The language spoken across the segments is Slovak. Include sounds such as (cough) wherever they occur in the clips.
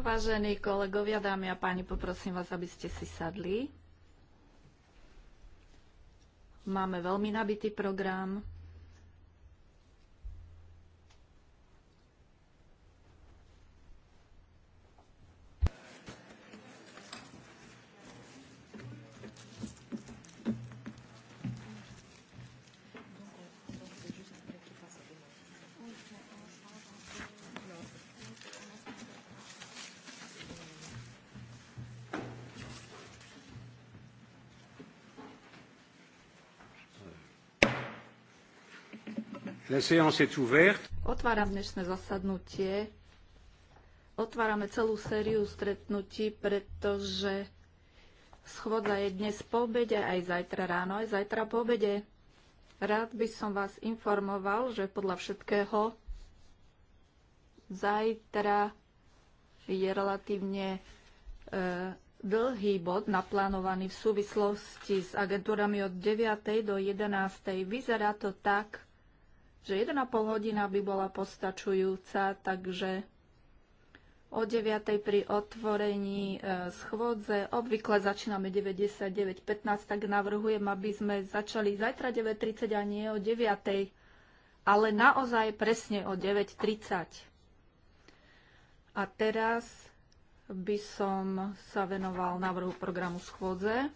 Vážení kolegovia, dámy a páni, poprosím vás, aby ste si sadli. Máme veľmi nabitý program. Otváram dnešné zasadnutie. Otvárame celú sériu stretnutí, pretože schôdza je dnes po obede, aj zajtra ráno, aj zajtra po obede. Rád by som vás informoval, že podľa všetkého zajtra je relatívne e, dlhý bod naplánovaný v súvislosti s agentúrami od 9. do 11. Vyzerá to tak, že 1,5 hodina by bola postačujúca, takže o 9.00 pri otvorení e, schôdze. Obvykle začíname 99.15, tak navrhujem, aby sme začali zajtra 9.30 a nie o 9.00, ale naozaj presne o 9.30. A teraz by som sa venoval návrhu programu schôdze.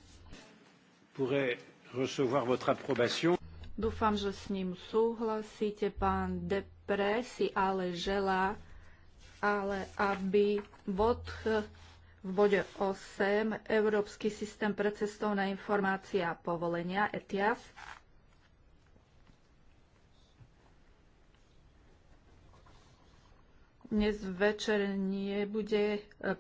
Pourrait recevoir votre approbation. Dúfam, že s ním súhlasíte. Pán Depre si ale želá, ale aby bod v bode 8 Európsky systém pre cestovné informácie a povolenia ETIAS dnes večer nebude e,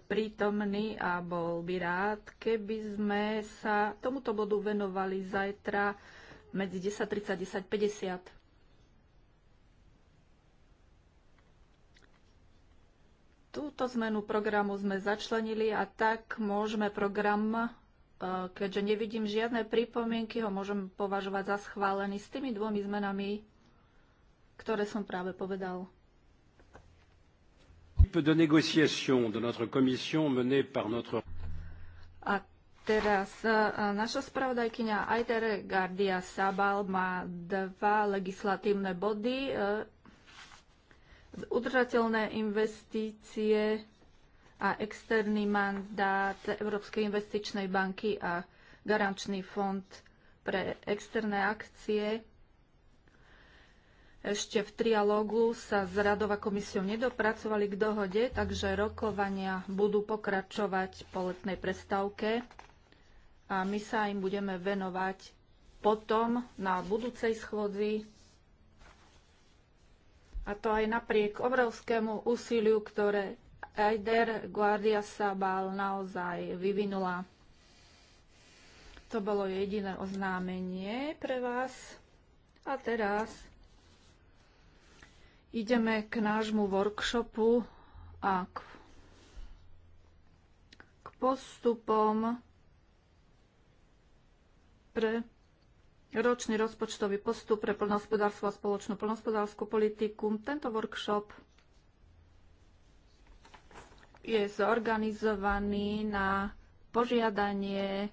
prítomný a bol by rád, keby sme sa tomuto bodu venovali zajtra medzi 10.30 a 10.50. Túto zmenu programu sme začlenili a tak môžeme program, e, keďže nevidím žiadne pripomienky, ho môžem považovať za schválený s tými dvomi zmenami, ktoré som práve povedal de de notre par notre... A Teraz e, e, naša spravodajkyňa Aitere Gardia Sabal má dva legislatívne body. E, udržateľné investície a externý mandát Európskej investičnej banky a garančný fond pre externé akcie. Ešte v trialógu sa z Radova komisiou nedopracovali k dohode, takže rokovania budú pokračovať po letnej prestávke a my sa im budeme venovať potom na budúcej schôdzi a to aj napriek obrovskému úsiliu, ktoré Eider Guardia Sabal naozaj vyvinula. To bolo jediné oznámenie pre vás. A teraz ideme k nášmu workshopu a k, k postupom pre ročný rozpočtový postup pre plnohospodárskú a spoločnú plnohospodárskú politiku. Tento workshop je zorganizovaný na požiadanie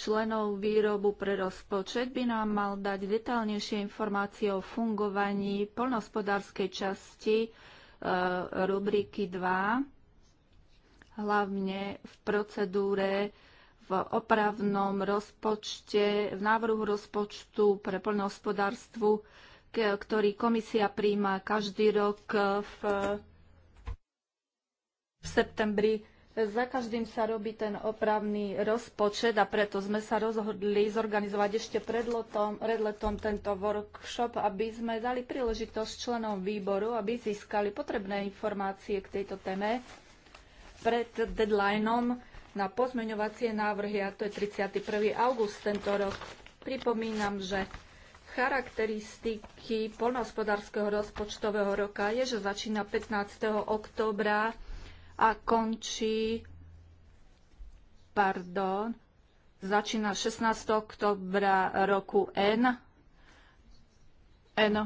členov výrobu pre rozpočet by nám mal dať detálnejšie informácie o fungovaní poľnohospodárskej časti e, rubriky 2, hlavne v procedúre v opravnom rozpočte, v návrhu rozpočtu pre poľnohospodárstvu, ktorý komisia príjma každý rok v, v septembri. Za každým sa robí ten opravný rozpočet a preto sme sa rozhodli zorganizovať ešte pred letom, pred letom tento workshop, aby sme dali príležitosť členom výboru, aby získali potrebné informácie k tejto téme pred deadlineom na pozmeňovacie návrhy a to je 31. august tento rok. Pripomínam, že charakteristiky poľnohospodárskeho rozpočtového roka je, že začína 15. októbra a končí pardon, začína 16. oktobra roku N, N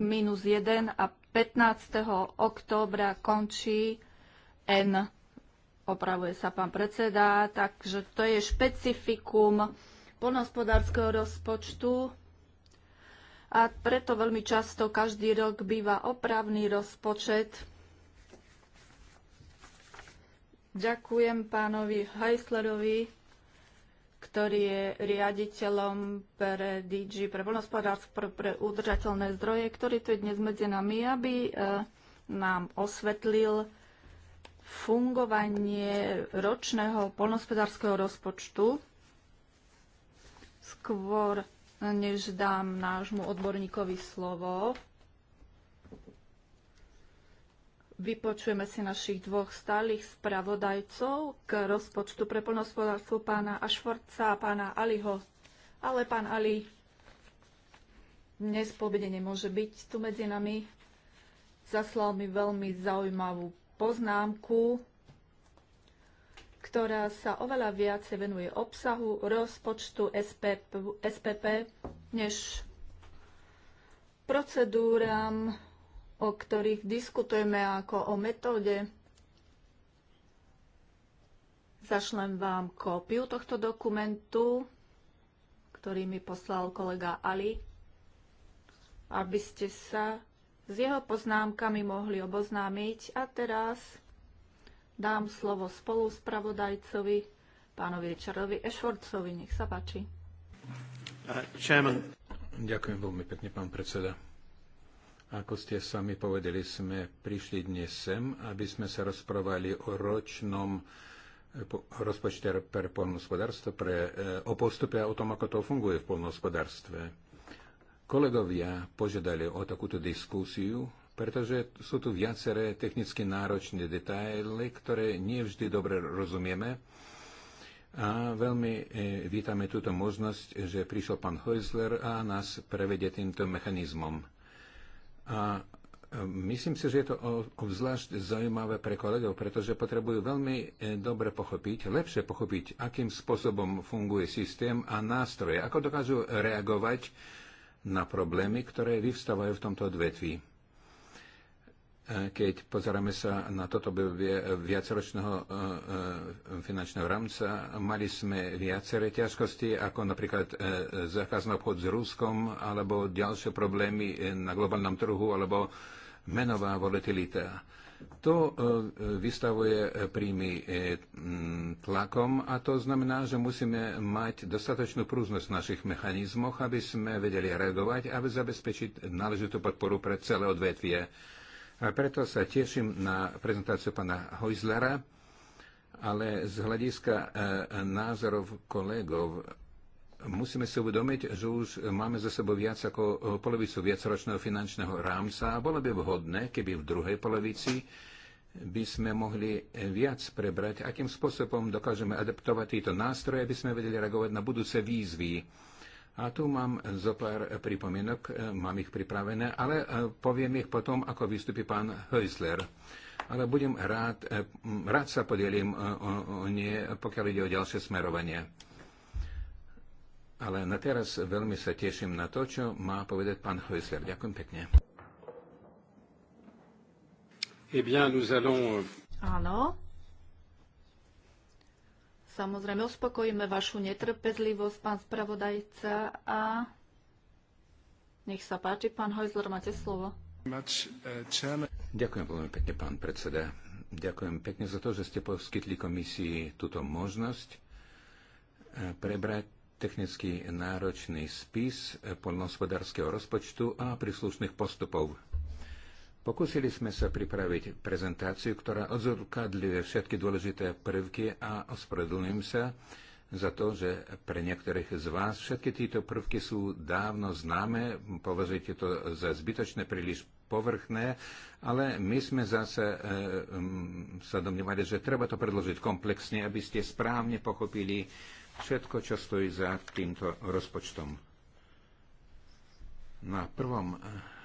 minus 1 a 15. októbra končí N opravuje sa pán predseda, takže to je špecifikum polnohospodárskeho rozpočtu a preto veľmi často každý rok býva opravný rozpočet. Ďakujem pánovi Heislerovi, ktorý je riaditeľom pre DG, pre polnohospodárstvo, pre, pre udržateľné zdroje, ktorý tu je dnes medzi nami, aby eh, nám osvetlil fungovanie ročného polnospodárskeho rozpočtu. Skôr než dám nášmu odborníkovi slovo, vypočujeme si našich dvoch stálych spravodajcov k rozpočtu pre plnospodárstvo pána Ašvorca a pána Aliho. Ale pán Ali dnes po obede nemôže byť tu medzi nami. Zaslal mi veľmi zaujímavú poznámku, ktorá sa oveľa viacej venuje obsahu rozpočtu SPP, SPP než procedúram, o ktorých diskutujeme ako o metóde. Zašlem vám kópiu tohto dokumentu, ktorý mi poslal kolega Ali, aby ste sa s jeho poznámkami mohli oboznámiť. A teraz dám slovo spravodajcovi, pánovi Richardovi Ešvorcovi. Nech sa páči. Uh, Ďakujem veľmi pekne, pán predseda. Ako ste sami povedali, sme prišli dnes sem, aby sme sa rozprávali o ročnom eh, rozpočte pre polnohospodárstvo, eh, pre, o postupe a o tom, ako to funguje v polnohospodárstve. Kolegovia požiadali o takúto diskusiu, pretože sú tu viaceré technicky náročné detaily, ktoré nie vždy dobre rozumieme. A veľmi e, vítame túto možnosť, že prišiel pán Heusler a nás prevedie týmto mechanizmom. A e, myslím si, že je to obzvlášť zaujímavé pre kolegov, pretože potrebujú veľmi e, dobre pochopiť, lepšie pochopiť, akým spôsobom funguje systém a nástroje, ako dokážu reagovať na problémy, ktoré vyvstávajú v tomto odvetví. E, keď pozeráme sa na toto obdobie viaceročného e, e, finančného rámca, mali sme viaceré ťažkosti, ako napríklad zákaz na obchod s Ruskom, alebo ďalšie problémy na globálnom trhu, alebo menová volatilita to e, vystavuje e, príjmy e, tlakom a to znamená, že musíme mať dostatočnú prúznosť v našich mechanizmoch, aby sme vedeli reagovať, aby zabezpečiť náležitú podporu pre celé odvetvie. A preto sa teším na prezentáciu pána Hojzlera, ale z hľadiska názorov kolegov musíme si uvedomiť, že už máme za sebou viac ako eh, polovicu viacročného finančného rámca a bolo by vhodné, keby v druhej polovici by sme mohli viac prebrať, akým spôsobom dokážeme adaptovať tieto nástroje, aby sme vedeli reagovať na budúce výzvy. A tu mám zo pár pripomienok, eh, mám ich pripravené, ale eh, poviem ich potom, ako vystupí pán Heusler. Ale budem rád, rád sa podelím o, o, o nie, pokiaľ ide o ďalšie smerovanie. Ale na teraz veľmi sa teším na to, čo má povedať pán Häusler. Ďakujem pekne. Eh bien, nous allons... Euh, Áno. Samozrejme, uspokojíme vašu netrpezlivosť, pán spravodajca, a nech sa páči, pán Hojzler, máte slovo. Eh, Ďakujem veľmi pekne, pán predseda. Ďakujem pekne za to, že ste poskytli komisii túto možnosť eh, prebrať technicky náročný spis poľnohospodárskeho rozpočtu a príslušných postupov. Pokúsili sme sa pripraviť prezentáciu, ktorá odzrkadľuje všetky dôležité prvky a ospravedlňujem sa za to, že pre niektorých z vás všetky títo prvky sú dávno známe, považujete to za zbytočné, príliš povrchné, ale my sme zase e, sa domnievali, že treba to predložiť komplexne, aby ste správne pochopili všetko, čo stojí za týmto rozpočtom. Na prvom eh,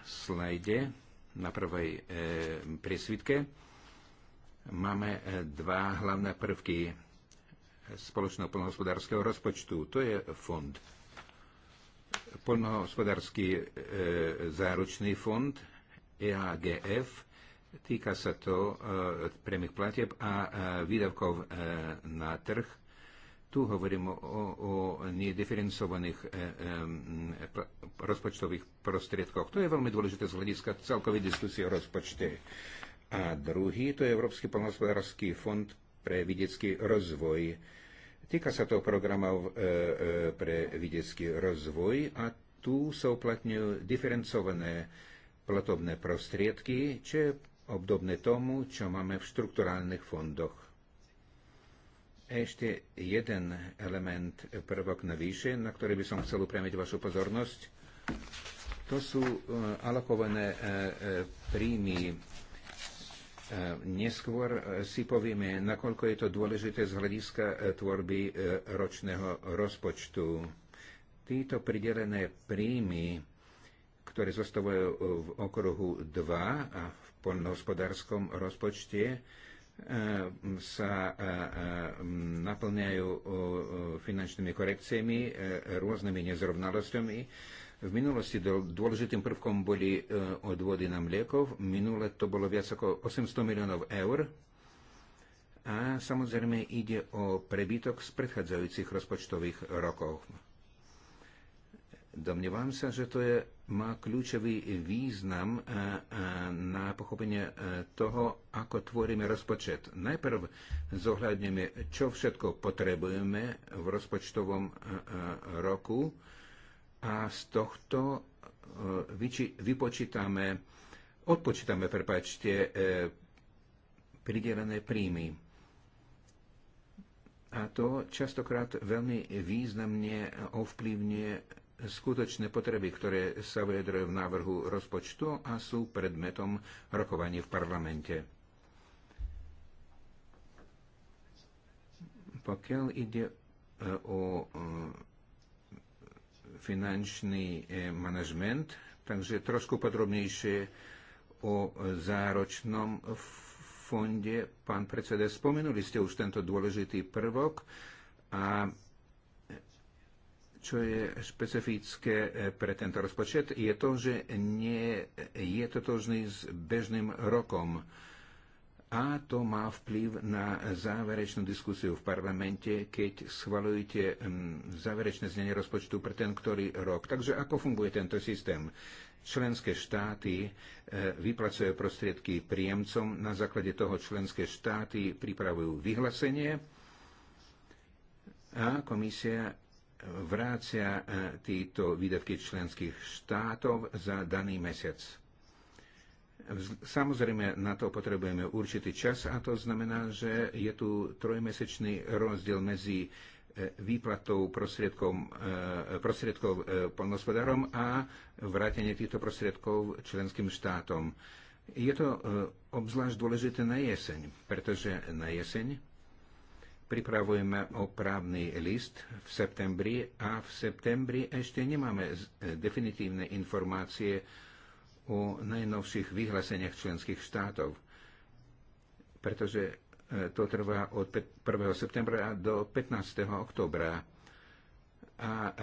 slajde, na prvej e, priesvitke, máme eh, dva hlavné prvky spoločného polnohospodárskeho rozpočtu. To je fond. Polnohospodársky e, záručný fond EAGF týka sa to e, priamých platieb a e, výdavkov e, na trh tu hovoríme o, o nediferencovaných e, e, rozpočtových prostriedkoch. To je veľmi dôležité z hľadiska celkovej diskusie o rozpočte. A druhý, to je Európsky polnohospodársky fond pre vidiecký rozvoj. Týka sa to programov e, pre vidiecký rozvoj a tu sa uplatňujú diferencované platobné prostriedky, čo je obdobné tomu, čo máme v štrukturálnych fondoch ešte jeden element prvok navyše, na ktorý by som chcel upriamiť vašu pozornosť. To sú e, alokované e, e, príjmy. Neskôr si povieme, nakoľko je to dôležité z hľadiska tvorby ročného rozpočtu. Títo pridelené príjmy, ktoré zostavujú v okruhu 2 a v poľnohospodárskom rozpočte, Ehm, sa ehm, ehm, naplňajú finančnými korekciami, e, rôznymi nezrovnalosťami. V minulosti dôležitým prvkom boli e, odvody na mliekov. Minule to bolo viac ako 800 miliónov eur. A samozrejme ide o prebytok z predchádzajúcich rozpočtových rokov. Domnievam sa, že to je má kľúčový význam e, e, na pochopenie e, toho, ako tvoríme rozpočet. Najprv zohľadneme, čo všetko potrebujeme v rozpočtovom roku a z tohto vypočítame, odpočítame, prepáčte, pridelené príjmy. A to častokrát veľmi významne ovplyvňuje skutočné potreby, ktoré sa vyjadrujú v návrhu rozpočtu a sú predmetom rokovaní v parlamente. Pokiaľ ide e, o e, finančný e, manažment, takže trošku podrobnejšie o záročnom fonde. Pán predseda, spomenuli ste už tento dôležitý prvok a čo je špecifické e, pre tento rozpočet, je to, že nie je totožný s bežným rokom. A to má vplyv na záverečnú diskusiu v parlamente, keď schvalujete záverečné znenie rozpočtu pre ten ktorý rok. Takže ako funguje tento systém? Členské štáty e, vyplacujú prostriedky príjemcom, na základe toho členské štáty pripravujú vyhlásenie a komisia vrácia e, tieto výdavky členských štátov za daný mesiac. Samozrejme, na to potrebujeme určitý čas a to znamená, že je tu trojmesečný rozdiel medzi e, výplatou e, prostriedkov, prostriedkov polnospodárom a vrátenie týchto prostriedkov členským štátom. Je to obzvlášť dôležité na jeseň, pretože na jeseň Pripravujeme opravný list v septembri a v septembri ešte nemáme e, definitívne informácie o najnovších vyhláseniach členských štátov, pretože e, to trvá od 1. septembra do 15. oktobra. A e,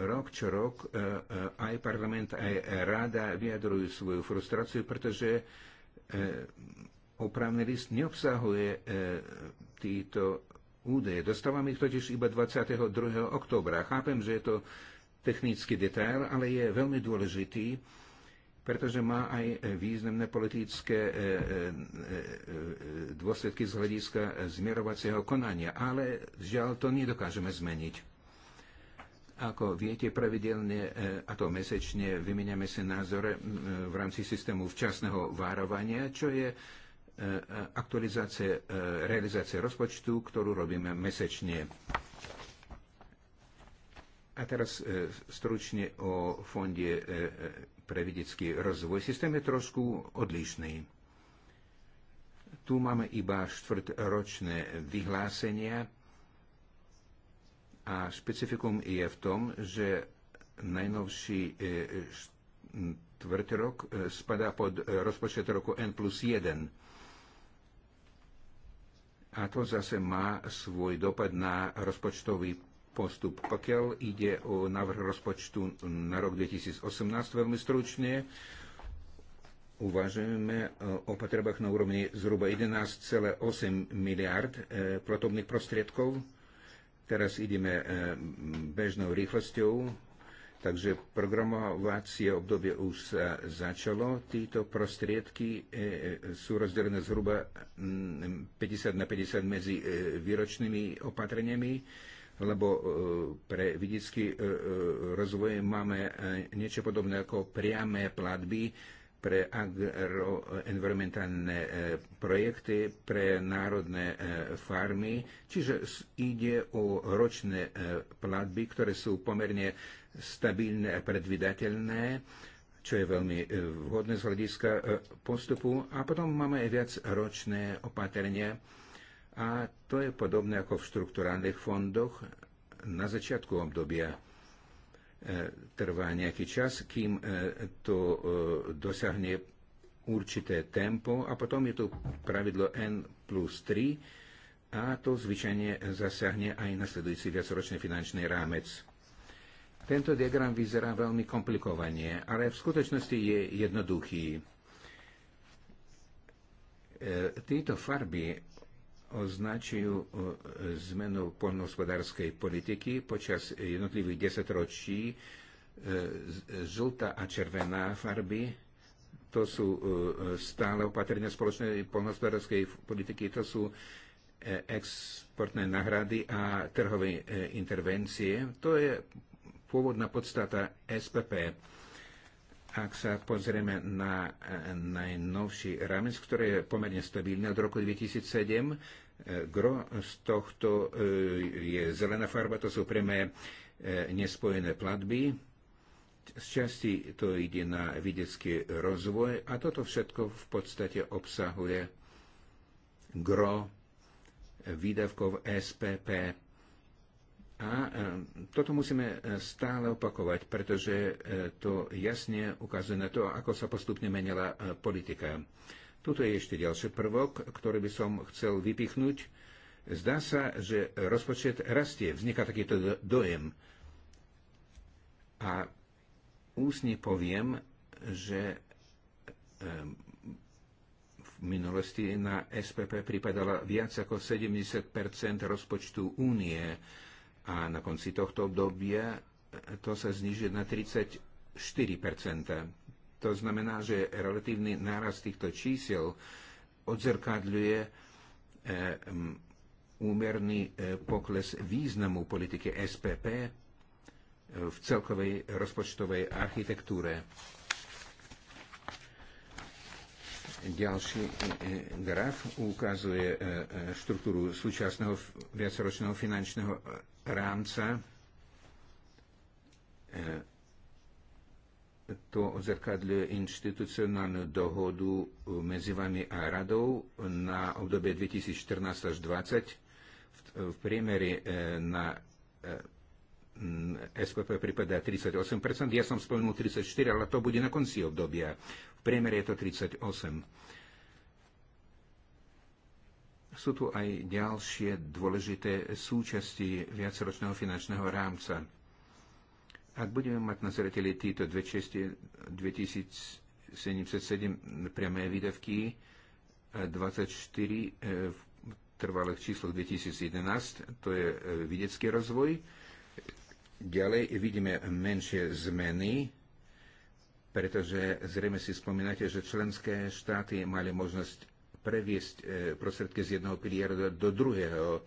rok čo rok aj parlament, aj rada vyjadrujú svoju frustráciu, pretože opravný list neobsahuje e, týto údaje. Dostávam ich totiž iba 22. októbra. Chápem, že je to technický detail, ale je veľmi dôležitý, pretože má aj významné politické e, e, dôsledky z hľadiska zmierovacieho konania. Ale žiaľ, to nedokážeme zmeniť. Ako viete, pravidelne a to mesečne vymeniame si názore v rámci systému včasného várovania, čo je aktualizácie, e, realizácie rozpočtu, ktorú robíme mesečne. A teraz e, stručne o fonde e, pre vedecký rozvoj. Systém je trošku odlišný. Tu máme iba štvrtročné vyhlásenia a špecifikum je v tom, že najnovší rok spadá pod rozpočet roku N plus 1 a to zase má svoj dopad na rozpočtový postup. Pokiaľ ide o návrh rozpočtu na rok 2018, veľmi stručne, uvažujeme e, o potrebách na úrovni zhruba 11,8 miliard e, platobných prostriedkov. Teraz ideme e, bežnou rýchlosťou Takže programovacie obdobie už sa začalo. Títo prostriedky e, e, sú rozdelené zhruba 50 mm, na 50 medzi e, výročnými opatreniami lebo pre vidický rozvoj máme niečo podobné ako priame platby pre agroenvironmentálne projekty, pre národné farmy. Čiže ide o ročné platby, ktoré sú pomerne stabilné a predvydateľné, čo je veľmi e, vhodné z hľadiska e, postupu. A potom máme aj viac ročné opatrenia. A to je podobné ako v štruktúrálnych fondoch na začiatku obdobia e, trvá nejaký čas, kým to dosiahne určité tempo a potom je tu pravidlo N plus 3 a to zvyčajne zasiahne aj nasledujúci viacročný finančný rámec. Tento diagram vyzerá veľmi komplikovanie, ale v skutočnosti je jednoduchý. E, tieto farby označujú e, zmenu poľnohospodárskej politiky počas jednotlivých desetročí. E, žltá a červená farby to sú stále opatrenia spoločnej poľnohospodárskej politiky, to sú exportné náhrady a trhové intervencie. To je pôvodná podstata SPP. Ak sa pozrieme na e, najnovší rámec, ktorý je pomerne stabilný od roku 2007, e, gro z tohto e, je zelená farba, to sú priame nespojené platby, z časti to ide na vedecký rozvoj a toto všetko v podstate obsahuje gro výdavkov SPP a e, toto musíme e, stále opakovať, pretože e, to jasne ukazuje na to, ako sa postupne menila politika. Tuto je ešte ďalší prvok, ktorý by som chcel vypichnúť. Zdá sa, že rozpočet rastie, vzniká takýto dojem. A úsne poviem, že v minulosti na SPP pripadala viac ako 70 rozpočtu únie a na konci tohto obdobia to sa zniží na 34 To znamená, že relatívny náraz týchto čísel odzrkadľuje eh, úmerný eh, pokles významu politiky SPP eh, v celkovej rozpočtovej architektúre. Ďalší graf ukazuje štruktúru súčasného viacročného finančného rámca e, to odzrkadľuje inštitucionálnu dohodu medzi vami a radou na obdobie 2014 až 2020. V priemere e, na SPP prípada 38%. Ja som spomenul 34, ale to bude na konci obdobia. V priemere je to 38 sú tu aj ďalšie dôležité súčasti viaceročného finančného rámca. Ak budeme mať na zreteli týto 2707 priamé výdavky, 24 v trvalých čísloch 2011, to je e, vedecký rozvoj. Ďalej vidíme menšie zmeny, pretože zrejme si spomínate, že členské štáty mali možnosť previesť e, prostredky z jedného piliera do druhého.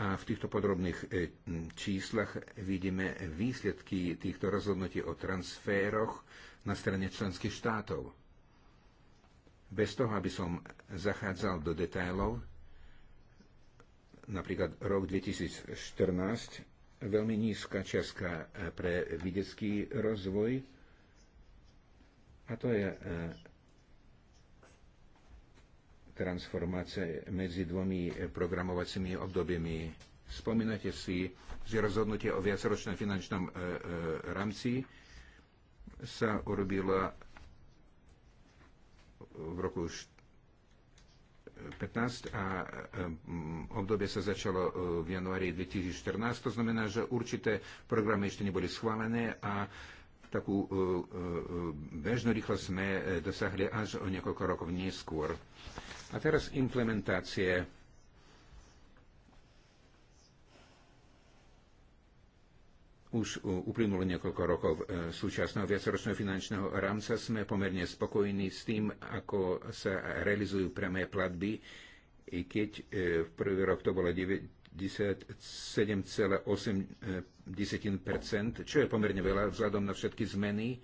A v týchto podrobných e, číslach vidíme výsledky týchto rozhodnutí o transféroch na strane členských štátov. Bez toho, aby som zachádzal do detailov, napríklad rok 2014, veľmi nízka časka e, pre vedecký rozvoj, a to je transformácie medzi dvomi programovacími obdobiami. Spomínate si, že rozhodnutie o viacročnom finančnom e, e, rámci sa urobilo v roku 15 a e, obdobie sa začalo v januári 2014. To znamená, že určité programy ešte neboli schválené a takú bežnú rýchlosť sme dosahli až o niekoľko rokov neskôr. A teraz implementácie. Už uplynulo niekoľko rokov e, súčasného viacročného finančného rámca. Sme pomerne spokojní s tým, ako sa realizujú priame platby, i keď e, v prvý rok to bolo 97,8%, e, čo je pomerne veľa vzhľadom na všetky zmeny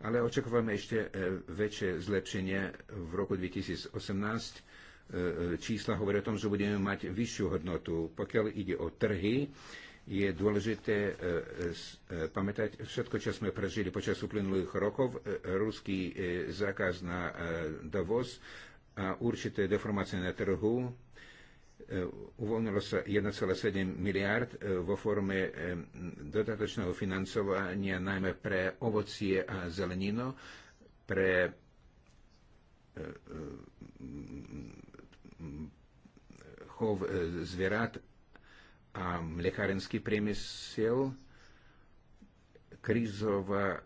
ale očakávame ešte e, väčšie zlepšenie v roku 2018. E, e, čísla hovoria o tom, že budeme mať vyššiu hodnotu. Pokiaľ ide o trhy, je dôležité pamätať všetko, čo sme prežili počas uplynulých rokov. Ruský zákaz na dovoz a určité deformácie na trhu E, uvoľnilo sa 1,7 miliard e, vo forme e, dodatočného financovania najmä pre ovocie a zelenino, pre chov zvierat a mlekárenský priemysel, krízová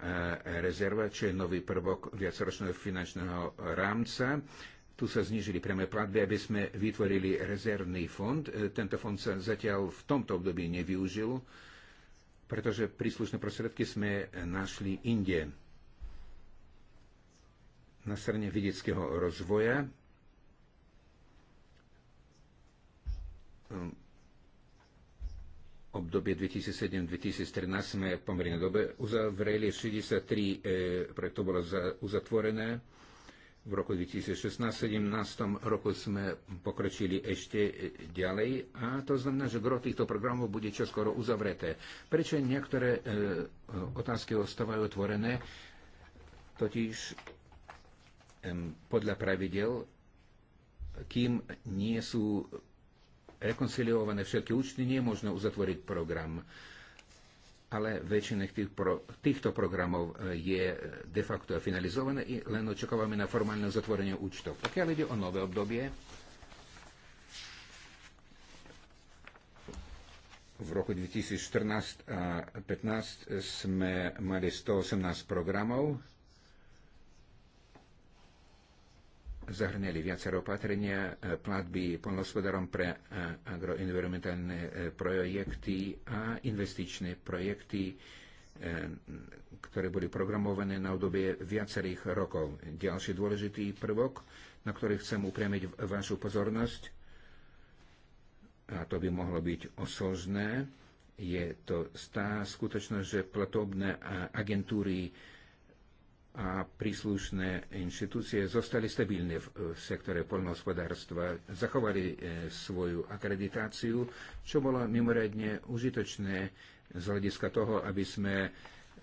rezerva, čo je nový prvok viacročného finančného rámca, tu sa znižili priame platby, aby sme vytvorili rezervný fond. E, tento fond sa zatiaľ v tomto období nevyužil, pretože príslušné prostriedky sme našli inde. Na strane vidieckého rozvoja e, obdobie 2007-2013 sme pomerne dobe uzavreli, 63 e, projektov bolo uzatvorené v roku 2016-2017 roku sme pokročili ešte ďalej a to znamená, že gro týchto programov bude čoskoro uzavreté. Prečo niektoré e, otázky ostávajú otvorené? Totiž e, podľa pravidel, kým nie sú rekonciliované všetky účty, nie je možné uzatvoriť program. E, ale väčšina tých pro, týchto programov e, je e, de facto finalizované i len očakávame na formálne zatvorenie účtov. Pokiaľ ide o nové obdobie, v roku 2014 a 2015 sme mali 118 programov, zahrňali viacero opatrenia, e, platby polnospodárom pre e, agroenvironmentálne e, projekty a investičné projekty, ktoré boli programované na obdobie viacerých rokov. Ďalší dôležitý prvok, na ktorý chcem upriamiť vašu pozornosť, a to by mohlo byť osožné, je to tá skutočnosť, že platobné agentúry a príslušné inštitúcie zostali stabilné v sektore poľnohospodárstva, zachovali e, svoju akreditáciu, čo bolo mimoriadne užitočné z hľadiska toho, aby sme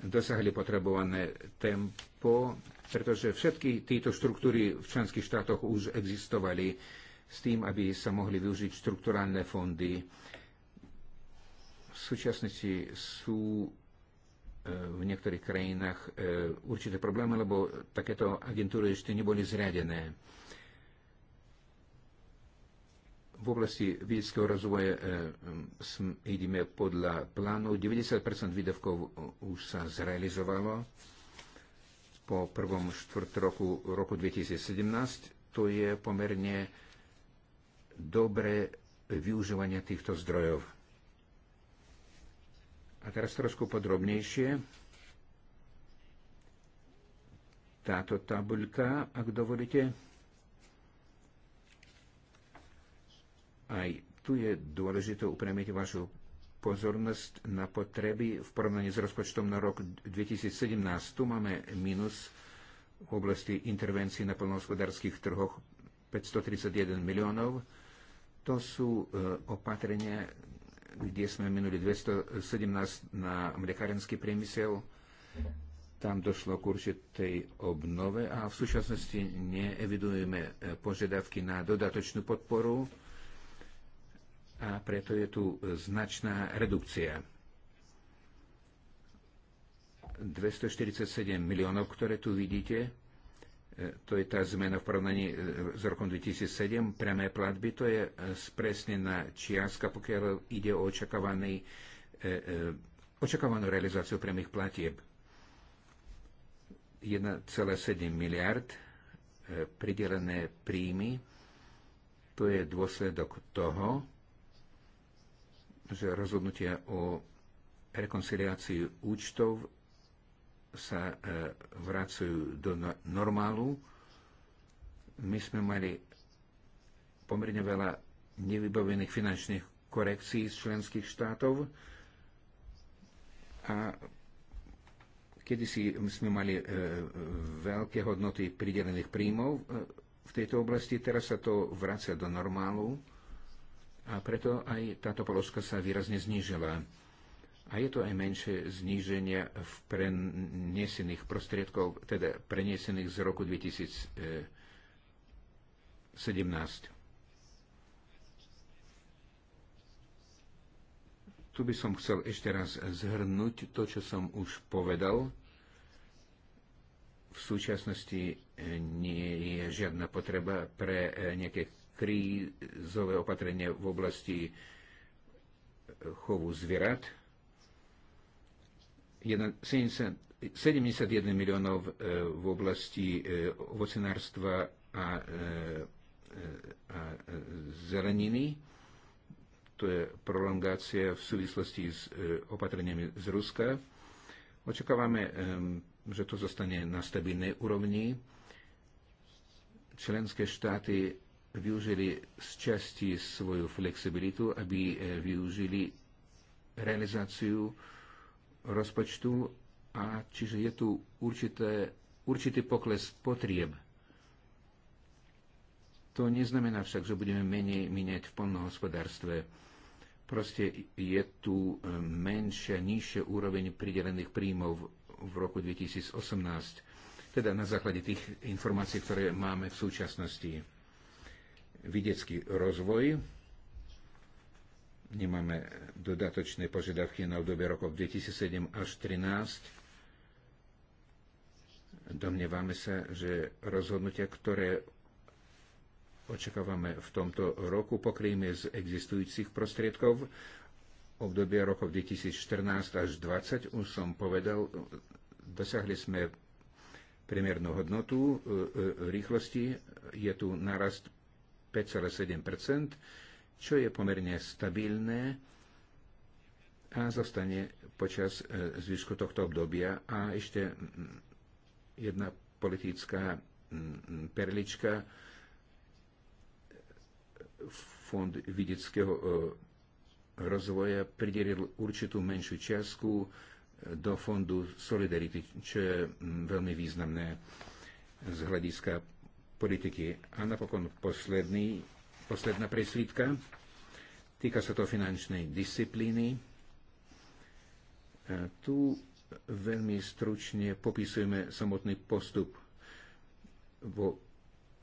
dosahli potrebované tempo, pretože všetky tieto štruktúry v členských štátoch už existovali s tým, aby sa mohli využiť štruktúrálne fondy. V súčasnosti sú E, v niektorých krajinách e, určité problémy, lebo takéto agentúry ešte neboli zriadené. V oblasti vedeckého rozvoja e, ideme podľa plánu. 90 výdavkov už sa zrealizovalo po prvom štvrt roku, roku 2017. To je pomerne dobré využívanie týchto zdrojov. A teraz trošku podrobnejšie. Táto tabuľka, ak dovolíte, aj tu je dôležité upriamiť vašu pozornosť na potreby v porovnaní s rozpočtom na rok 2017. Tu máme minus v oblasti intervencií na plnohospodárských trhoch 531 miliónov. To sú e, opatrenia, kde sme minuli 217 na mliekarenský priemysel. Tam došlo k určitej obnove a v súčasnosti neevidujeme e, požiadavky na dodatočnú podporu a preto je tu značná redukcia. 247 miliónov, ktoré tu vidíte, E, to je tá zmena v porovnaní e, s rokom 2007, priame platby, to je e, spresnená čiastka, pokiaľ ide o očakávaný, očakávanú realizáciu priamých platieb. 1,7 miliard pridelené príjmy, to je dôsledok toho, že rozhodnutia o rekonciliácii účtov sa e, vracajú do no-, normálu. My sme mali pomerne veľa nevybavených finančných korekcií z členských štátov a si sme mali e, veľké hodnoty pridelených príjmov e, v tejto oblasti, teraz sa to vracia do normálu a preto aj táto položka sa výrazne znížila. A je to aj menšie zníženie v prenesených prostriedkov, teda prenesených z roku 2017. Tu by som chcel ešte raz zhrnúť to, čo som už povedal. V súčasnosti e, nie je žiadna potreba pre e, nejaké krízové opatrenie v oblasti chovu zvierat 71 miliónov e, v oblasti e, ovocenárstva a, e, a zeleniny. To je prolongácia v súvislosti s opatreniami z Ruska. Očakávame, že to zostane na stabilnej úrovni. Členské štáty využili z časti svoju flexibilitu, aby využili realizáciu rozpočtu a čiže je tu určité, určitý pokles potrieb. To neznamená však, že budeme menej minieť v polnohospodárstve. Proste je tu e, menšia, nižšia úroveň pridelených príjmov v roku 2018, teda na základe tých informácií, ktoré máme v súčasnosti. Videcký rozvoj nemáme eh, dodatočné požiadavky na obdobie rokov 2007 až 2013. Domnievame sa, že rozhodnutia, ktoré očakávame v tomto roku, pokrýme z existujúcich prostriedkov. Obdobie rokov 2014 až 2020, už som povedal, dosiahli sme priemernú hodnotu eh, eh, rýchlosti, je tu narast 5,7 čo je pomerne stabilné a zostane počas e, zvyšku tohto obdobia. A ešte jedna politická mm, perlička Fond vidického e, rozvoja pridelil určitú menšiu čiastku e, do Fondu Solidarity, čo je mm, veľmi významné z hľadiska politiky. A napokon posledný posledná presvítka. Týka sa to finančnej disciplíny. E, tu veľmi stručne popisujeme samotný postup vo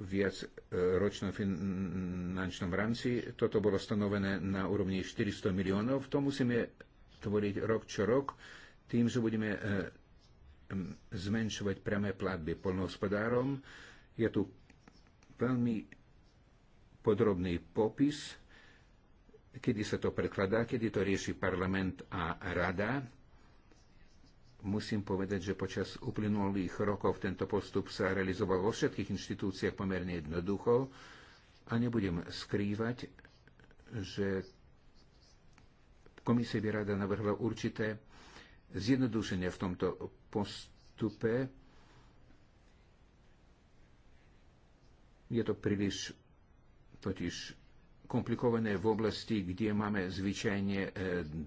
viac e, ročnom finančnom rámci. Toto bolo stanovené na úrovni 400 miliónov. To musíme tvoriť rok čo rok tým, že budeme e, zmenšovať priame platby polnohospodárom. Je tu veľmi podrobný popis, kedy sa to prekladá, kedy to rieši parlament a rada. Musím povedať, že počas uplynulých rokov tento postup sa realizoval vo všetkých inštitúciách pomerne jednoducho a nebudem skrývať, že komisie by rada navrhla určité zjednodušenie v tomto postupe. Je to príliš totiž komplikované v oblasti, kde máme zvyčajne e,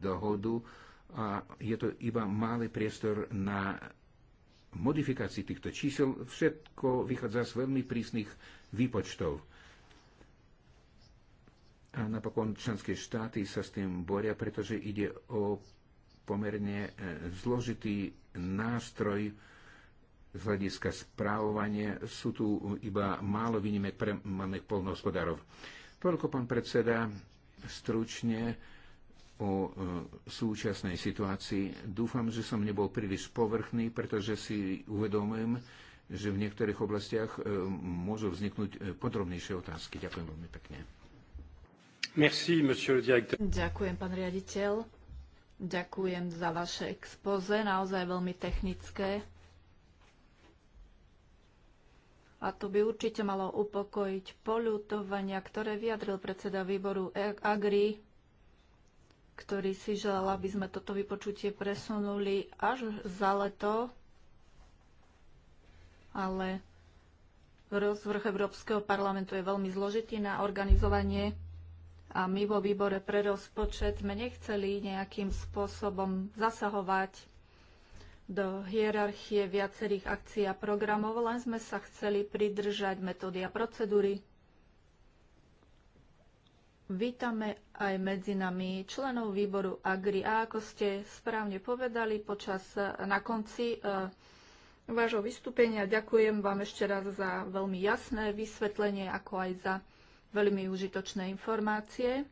dohodu a je to iba malý priestor na modifikácii týchto čísel. Všetko vychádza z veľmi prísnych výpočtov. A napokon členské štáty sa s tým boria, pretože ide o pomerne e, zložitý nástroj, z hľadiska správovania sú tu iba málo výnimek pre malých polnohospodárov. Toľko, pán predseda, stručne o e, súčasnej situácii. Dúfam, že som nebol príliš povrchný, pretože si uvedomujem, že v niektorých oblastiach e, môžu vzniknúť e, podrobnejšie otázky. Ďakujem veľmi pekne. Merci, monsieur le directeur. Ďakujem, pán riaditeľ. Ďakujem za vaše expoze, naozaj veľmi technické. A to by určite malo upokojiť poľutovania, ktoré vyjadril predseda výboru Agri, ktorý si želal, aby sme toto vypočutie presunuli až za leto, ale rozvrh Európskeho parlamentu je veľmi zložitý na organizovanie a my vo výbore pre rozpočet sme nechceli nejakým spôsobom zasahovať do hierarchie viacerých akcií a programov, len sme sa chceli pridržať metódy a procedúry. Vítame aj medzi nami členov výboru AGRI a ako ste správne povedali počas, na konci e, vášho vystúpenia, ďakujem vám ešte raz za veľmi jasné vysvetlenie, ako aj za veľmi užitočné informácie.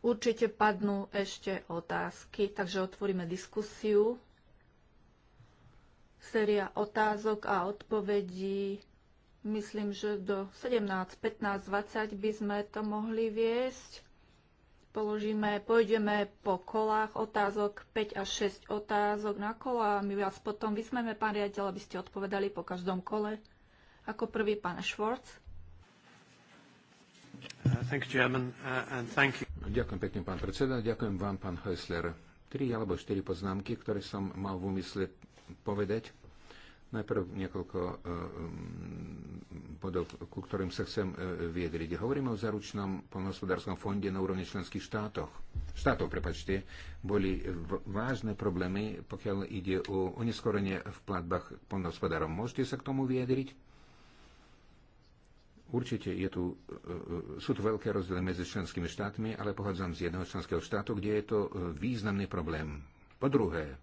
Určite padnú ešte otázky, takže otvoríme diskusiu. Séria otázok a odpovedí. Myslím, že do 17, 15, 20 by sme to mohli viesť. Položíme, pôjdeme po kolách otázok, 5 až 6 otázok na kola a my vás potom vysmeme, pán riaditeľ, aby ste odpovedali po každom kole. Ako prvý pán Schwartz. Uh, thank you, Chairman, uh, and thank you. Ďakujem pekne, pán predseda. Ďakujem vám, pán Häusler. Tri alebo štyri poznámky, ktoré som mal v úmysle povedať. Najprv niekoľko eh, mm, bodov, ku ktorým sa chcem eh, viedriť. Hovoríme o zaručnom polnohospodárskom fonde na úrovni členských štátoch. Štátov, prepačte, boli eh, vážne problémy, pokiaľ ide o oneskorenie v platbách polnohospodárom. Môžete sa k tomu viedriť? Určite je tu, e, e, sú tu veľké rozdiely medzi členskými štátmi, ale pochádzam z jedného členského štátu, kde je to e, významný problém. Po druhé,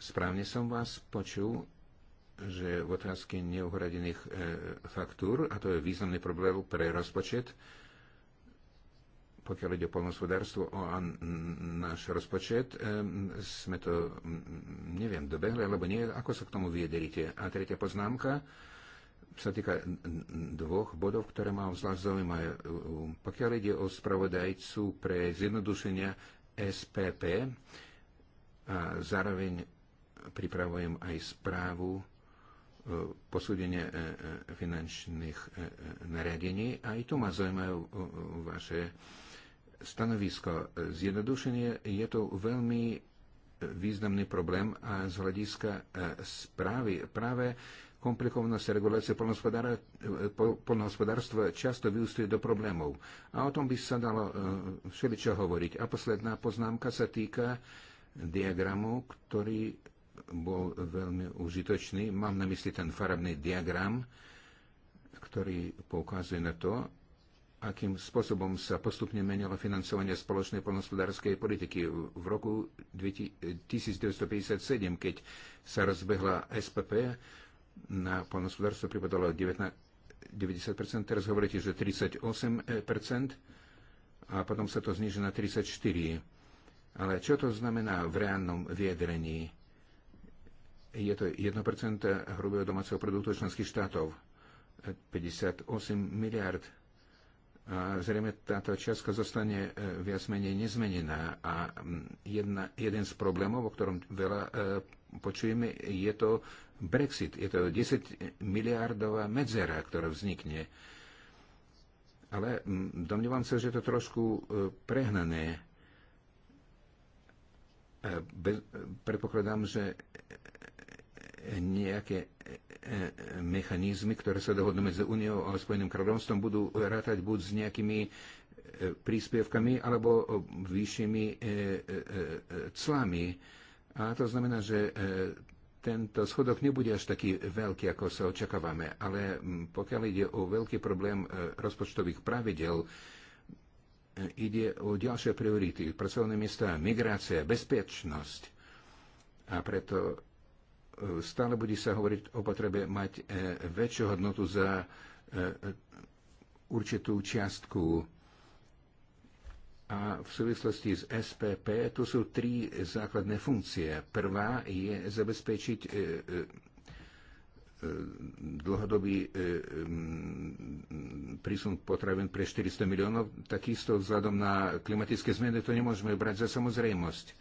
správne som vás počul, že v otázke neuhradených faktúr, a to je významný problém pre rozpočet, pokiaľ ide o polnospodárstvo a náš rozpočet, sme to, neviem, dobehli, alebo nie, ako sa k tomu vyjadrite. A tretia poznámka, sa týka dvoch bodov, ktoré ma zvlášť zaujímajú. Pokiaľ ide o spravodajcu pre zjednodušenia SPP, a zároveň pripravujem aj správu e, posúdenia e, e, finančných nariadení. A aj tu ma zaujímajú vaše stanovisko. Zjednodušenie je to veľmi významný problém a z hľadiska správy práve Komplikovanosť regulácie polnohospodárstva často vyústuje do problémov. A o tom by sa dalo e, všeličo hovoriť. A posledná poznámka sa týka diagramu, ktorý bol veľmi užitočný. Mám na mysli ten farabný diagram, ktorý poukazuje na to, akým spôsobom sa postupne menilo financovanie spoločnej poľnohospodárskej politiky. V roku 1957, keď sa rozbehla SPP, na polnospodárstvo pripadalo 19, 90%, teraz hovoríte, že 38% a potom sa to zniží na 34%. Ale čo to znamená v reálnom viedrení? Je to 1% hrubého domáceho produktu členských štátov, 58 miliard. A zrejme táto čiastka zostane e, viac menej nezmenená. A jedna, jeden z problémov, o ktorom veľa e, počujeme, je to Brexit. Je to 10 miliardová medzera, ktorá vznikne. Ale mm, domnívam sa, že je to trošku e, prehnané. E, predpokladám, že nejaké e, mechanizmy, ktoré sa dohodnú medzi Uniou a Spojeným kráľovstvom, budú rátať buď s nejakými príspevkami alebo vyššími clami. A to znamená, že tento schodok nebude až taký veľký, ako sa očakávame, ale mm, pokiaľ ide o veľký problém e, rozpočtových pravidel, e, ide o ďalšie priority, pracovné miesta, migrácia, bezpečnosť. A preto e, stále bude sa hovoriť o potrebe mať väčšiu hodnotu za určitú čiastku a v súvislosti s SPP tu sú tri základné funkcie. Prvá je zabezpečiť e, e, e, dlhodobý prísun potravín pre 400 miliónov. Takisto vzhľadom na klimatické zmeny to nemôžeme brať za samozrejmosť.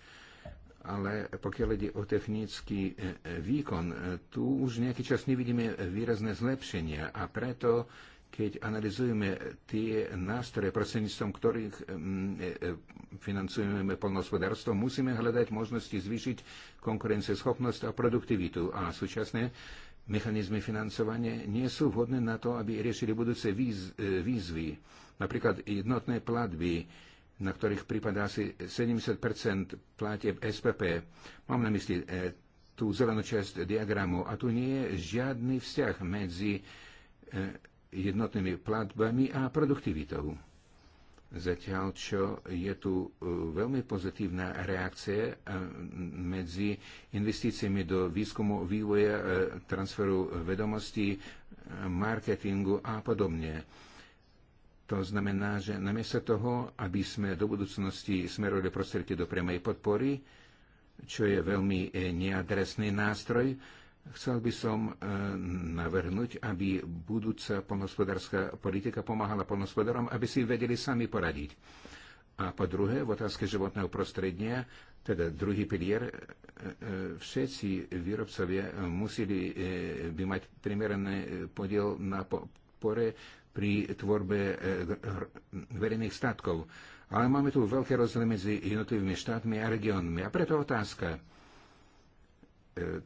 Ale pokiaľ ide o technický výkon, tu už nejaký čas nevidíme výrazné zlepšenia a preto keď analizujeme tie nástroje, prostredníctvom ktorých mm, e, e, financujeme polnohospodárstvo, musíme hľadať možnosti zvýšiť konkurencieschopnosť a produktivitu. A súčasné mechanizmy financovania nie sú vhodné na to, aby riešili budúce e, výzvy, napríklad jednotné platby, na ktorých prípada asi 70 platieb SPP. Mám na mysli e, tú zelenú časť diagramu a tu nie je žiadny vzťah medzi jednotnými platbami a produktivitou. Zatiaľ, čo je tu e, veľmi pozitívna reakcia e, medzi investíciami do výskumu, vývoja, e, transferu vedomostí, marketingu a podobne. To znamená, že namiesto toho, aby sme do budúcnosti smerovali prostriedky do priamej podpory, čo je veľmi neadresný nástroj, Chcel by som e, navrhnúť, aby budúca polnospodárska politika pomáhala polnospodárom, aby si vedeli sami poradiť. A po druhé, v otázke životného prostredia, teda druhý pilier, e, e, všetci výrobcovia museli by mať primeraný podiel na pore pri tvorbe verejných statkov. Ale máme tu veľké rozdiely medzi jednotlivými štátmi a regiónmi. A preto otázka,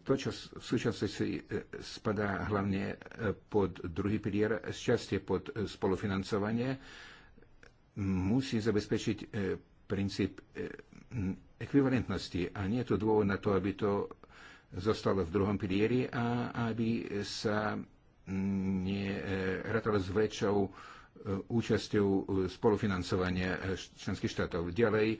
to, čo v súčasnosti e, spadá hlavne e, pod druhý pilier, z časti pod e, spolufinancovanie, musí zabezpečiť princíp ekvivalentnosti a nie je to dôvod na to, aby to zostalo v druhom pilieri a aby sa nerátalo s väčšou E, účasťou e, spolufinancovania e, členských štátov. Ďalej,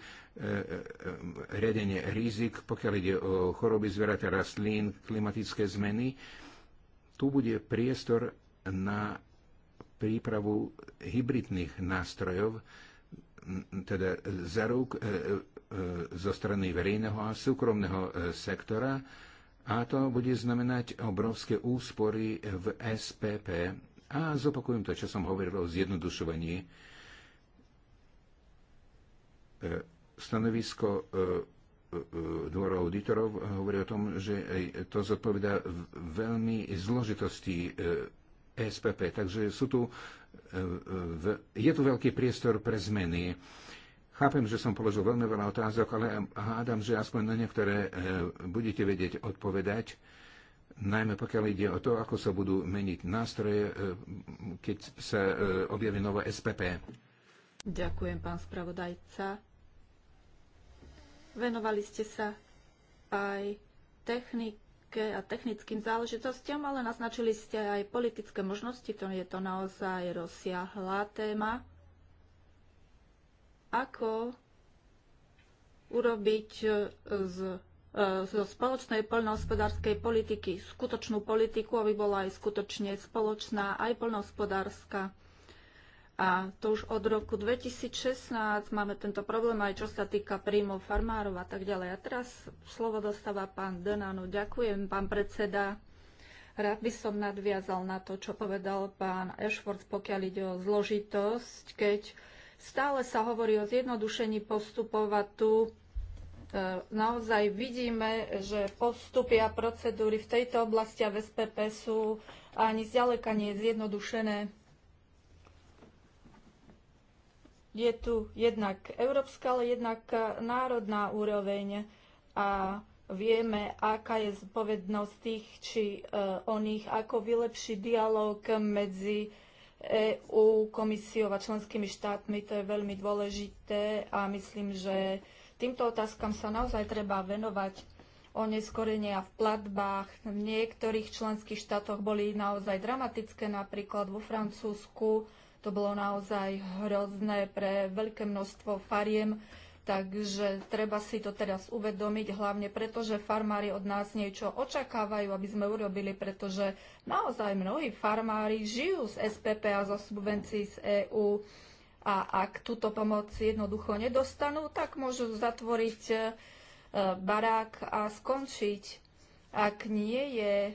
riadenie rizik, pokiaľ ide o choroby zvierat a rastlín, klimatické zmeny. Tu bude priestor na prípravu hybridných nástrojov, teda zarúk zo strany verejného a súkromného sektora, a to bude znamenať obrovské úspory v SPP a zopakujem to, čo som hovoril o zjednodušovaní. E, stanovisko e, e, dvora auditorov hovorí o tom, že to zodpovedá veľmi zložitosti SPP. Takže sú tu, je tu veľký priestor pre zmeny. Chápem, že som položil veľmi veľa otázok, ale hádam, že aspoň na niektoré budete vedieť odpovedať najmä pokiaľ ide o to, ako sa budú meniť nástroje, e, keď sa e, objaví nové SPP. Ďakujem, pán spravodajca. Venovali ste sa aj technike a technickým záležitostiam, ale naznačili ste aj politické možnosti. To je to naozaj rozsiahlá téma. Ako urobiť e, z E, zo spoločnej poľnohospodárskej politiky skutočnú politiku, aby bola aj skutočne spoločná, aj poľnohospodárska. A to už od roku 2016 máme tento problém aj čo sa týka príjmov farmárov a tak ďalej. A teraz slovo dostáva pán Denanu. Ďakujem, pán predseda. Rád by som nadviazal na to, čo povedal pán Ashford, pokiaľ ide o zložitosť, keď stále sa hovorí o zjednodušení postupov a tu E, naozaj vidíme, že postupy a procedúry v tejto oblasti a v SPP sú ani zďaleka nie zjednodušené. Je tu jednak európska, ale jednak národná úroveň a vieme, aká je zodpovednosť tých či e, oných, ako vylepší dialog medzi EU, komisiou a členskými štátmi. To je veľmi dôležité a myslím, že Týmto otázkam sa naozaj treba venovať. Oneskorenia v platbách v niektorých členských štátoch boli naozaj dramatické, napríklad vo Francúzsku to bolo naozaj hrozné pre veľké množstvo fariem, takže treba si to teraz uvedomiť, hlavne preto, že farmári od nás niečo očakávajú, aby sme urobili, pretože naozaj mnohí farmári žijú z SPP a zo subvencií z EÚ a ak túto pomoc jednoducho nedostanú, tak môžu zatvoriť e, barák a skončiť. Ak nie je e,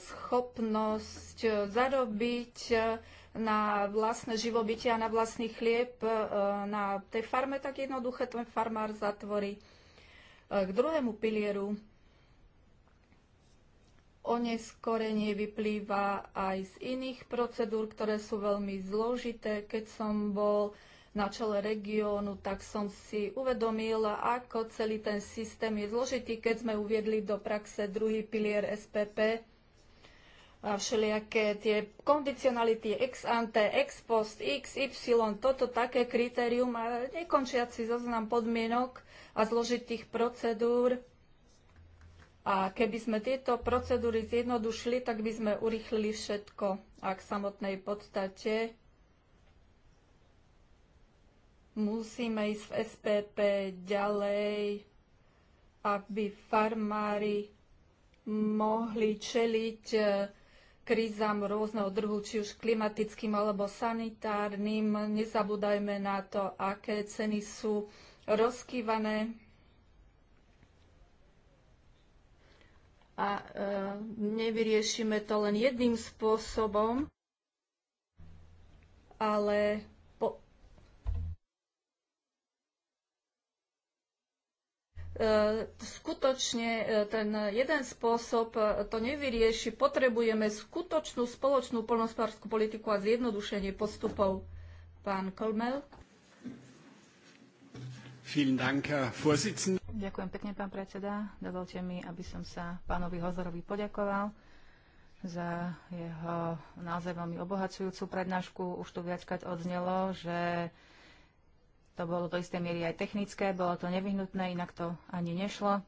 schopnosť e, zarobiť na vlastné živobytie a na vlastný chlieb na tej farme, tak jednoduché ten farmár zatvorí. K druhému pilieru Oneskorenie vyplýva aj z iných procedúr, ktoré sú veľmi zložité. Keď som bol na čele regiónu, tak som si uvedomila, ako celý ten systém je zložitý, keď sme uviedli do praxe druhý pilier SPP a všelijaké tie kondicionality ex ante, ex post, x, y, toto také kritérium a nekončiaci zoznam podmienok a zložitých procedúr a keby sme tieto procedúry zjednodušili, tak by sme urýchlili všetko. A k samotnej podstate musíme ísť v SPP ďalej, aby farmári mohli čeliť e, krízam rôzneho druhu, či už klimatickým alebo sanitárnym. Nezabúdajme na to, aké ceny sú rozkývané a e, nevyriešime to len jedným spôsobom, ale po... E, skutočne e, ten jeden spôsob e, to nevyrieši. Potrebujeme skutočnú spoločnú polnospárskú politiku a zjednodušenie postupov. Pán Kolmel. Ďakujem pekne, pán predseda. Dovolte mi, aby som sa pánovi Hozorovi poďakoval za jeho naozaj veľmi obohacujúcu prednášku. Už tu viackrát odznelo, že to bolo do istej miery aj technické, bolo to nevyhnutné, inak to ani nešlo.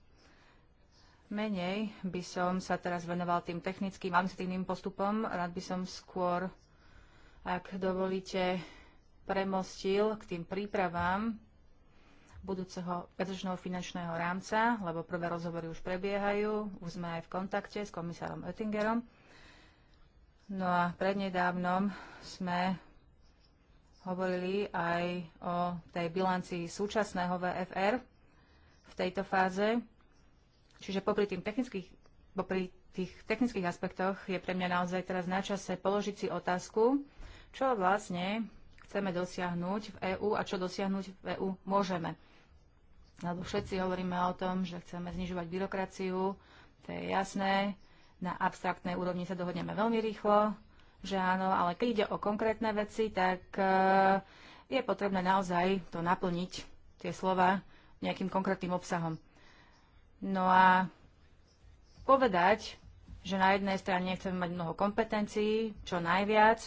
Menej by som sa teraz venoval tým technickým administratívnym postupom. Rád by som skôr, ak dovolíte, premostil k tým prípravám budúceho bezpečného finančného rámca, lebo prvé rozhovory už prebiehajú, už sme aj v kontakte s komisárom Oettingerom. No a prednedávnom sme hovorili aj o tej bilancii súčasného VFR v tejto fáze. Čiže popri, tým technických, popri tých technických aspektoch je pre mňa naozaj teraz na čase položiť si otázku, čo vlastne chceme dosiahnuť v EÚ a čo dosiahnuť v EÚ môžeme lebo všetci hovoríme o tom, že chceme znižovať byrokraciu, to je jasné, na abstraktnej úrovni sa dohodneme veľmi rýchlo, že áno, ale keď ide o konkrétne veci, tak eh, je potrebné naozaj to naplniť, tie slova, nejakým konkrétnym obsahom. No a povedať, že na jednej strane chceme mať mnoho kompetencií, čo najviac,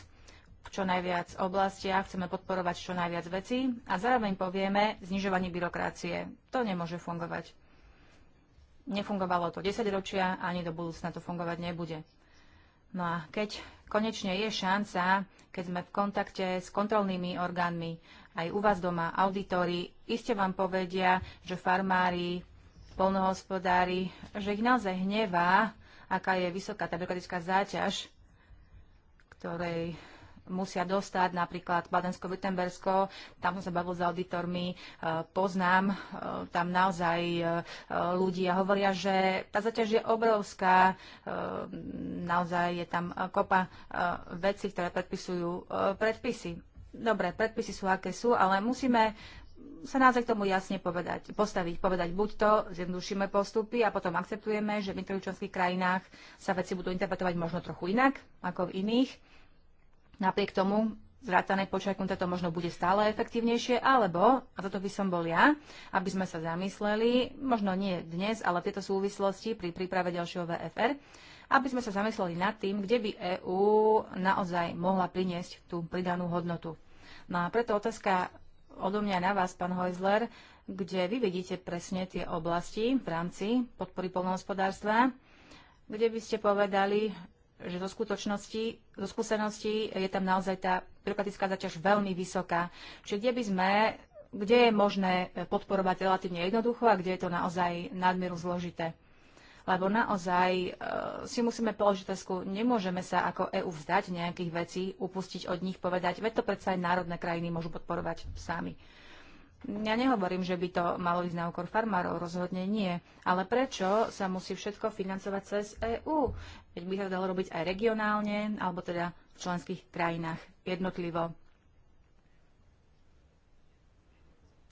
čo najviac oblastiach, chceme podporovať čo najviac vecí a zároveň povieme znižovanie byrokracie. To nemôže fungovať. Nefungovalo to 10 ročia, ani do budúcna to fungovať nebude. No a keď konečne je šanca, keď sme v kontakte s kontrolnými orgánmi, aj u vás doma, auditori, iste vám povedia, že farmári, polnohospodári, že ich naozaj hnevá, aká je vysoká tá byrokratická záťaž, ktorej musia dostať, napríklad Badensko-Württembersko, tam som sa bavil s auditormi, e, poznám e, tam naozaj e, ľudia, hovoria, že tá zaťaž je obrovská, naozaj je tam kopa veci, ktoré predpisujú predpisy. Dobre, predpisy sú aké sú, ale musíme sa naozaj k tomu jasne povedať, postaviť, povedať buď to zjednodušíme postupy a potom akceptujeme, že v niektorých členských krajinách sa veci budú interpretovať možno trochu inak ako v iných Napriek tomu zrátané počiarknuté to možno bude stále efektívnejšie, alebo, a toto by som bol ja, aby sme sa zamysleli, možno nie dnes, ale v tieto súvislosti pri príprave ďalšieho VFR, aby sme sa zamysleli nad tým, kde by EÚ naozaj mohla priniesť tú pridanú hodnotu. No a preto otázka odo mňa na vás, pán Hojzler, kde vy vidíte presne tie oblasti v rámci podpory polnohospodárstva, kde by ste povedali, že zo, skutočnosti, zo skúsenosti je tam naozaj tá byrokratická zaťaž veľmi vysoká. Čiže kde by sme, kde je možné podporovať relatívne jednoducho a kde je to naozaj nadmieru zložité. Lebo naozaj e, si musíme položiť otázku, nemôžeme sa ako EÚ vzdať nejakých vecí, upustiť od nich, povedať, veď to predsa aj národné krajiny môžu podporovať sami. Ja nehovorím, že by to malo ísť na úkor farmárov, rozhodne nie. Ale prečo sa musí všetko financovať cez EÚ? Veď by sa dalo robiť aj regionálne, alebo teda v členských krajinách jednotlivo.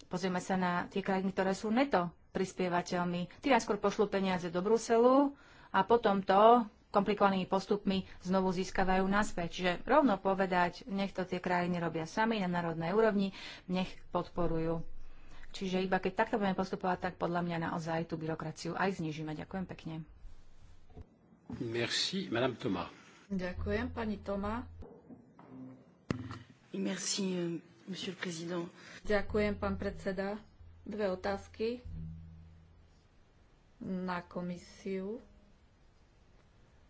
Pozrieme sa na tie krajiny, ktoré sú neto prispievateľmi. Tí najskôr pošlú peniaze do Bruselu a potom to komplikovanými postupmi znovu získavajú naspäť. Čiže rovno povedať, nech to tie krajiny robia sami na národnej úrovni, nech podporujú. Čiže iba keď takto budeme postupovať, tak podľa mňa naozaj tú byrokraciu aj znižíme. Ďakujem pekne. Merci, Madame Toma. Ďakujem, pani Toma. Merci, euh, Monsieur le Président. Ďakujem, pán predseda. Dve otázky na komisiu.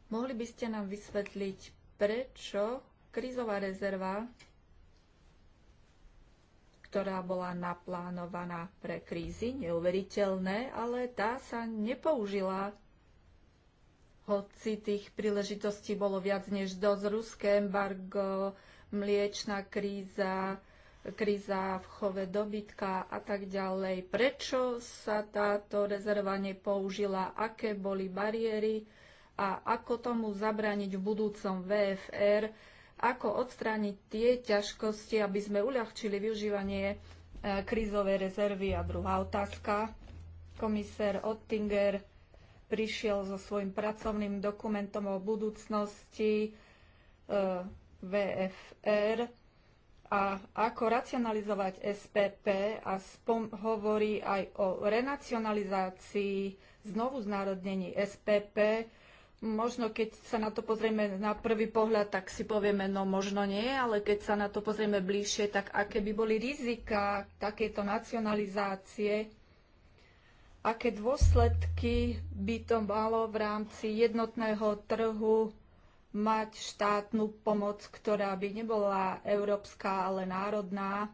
Mohli by ste nám vysvetliť, prečo krízová rezerva, ktorá bola naplánovaná pre krízy, neuveriteľné, ale tá sa nepoužila, hoci tých príležitostí bolo viac než dosť. Ruské embargo, mliečna kríza, kríza v chove dobytka a tak ďalej. Prečo sa táto rezerva nepoužila? Aké boli bariéry? a ako tomu zabrániť v budúcom VFR, ako odstrániť tie ťažkosti, aby sme uľahčili využívanie e, krízovej rezervy. A druhá otázka. Komisár Ottinger prišiel so svojím pracovným dokumentom o budúcnosti e, VFR a ako racionalizovať SPP a spom- hovorí aj o renacionalizácii, znovu znárodnení SPP Možno keď sa na to pozrieme na prvý pohľad, tak si povieme, no možno nie, ale keď sa na to pozrieme bližšie, tak aké by boli rizika takéto nacionalizácie, aké dôsledky by to malo v rámci jednotného trhu mať štátnu pomoc, ktorá by nebola európska, ale národná.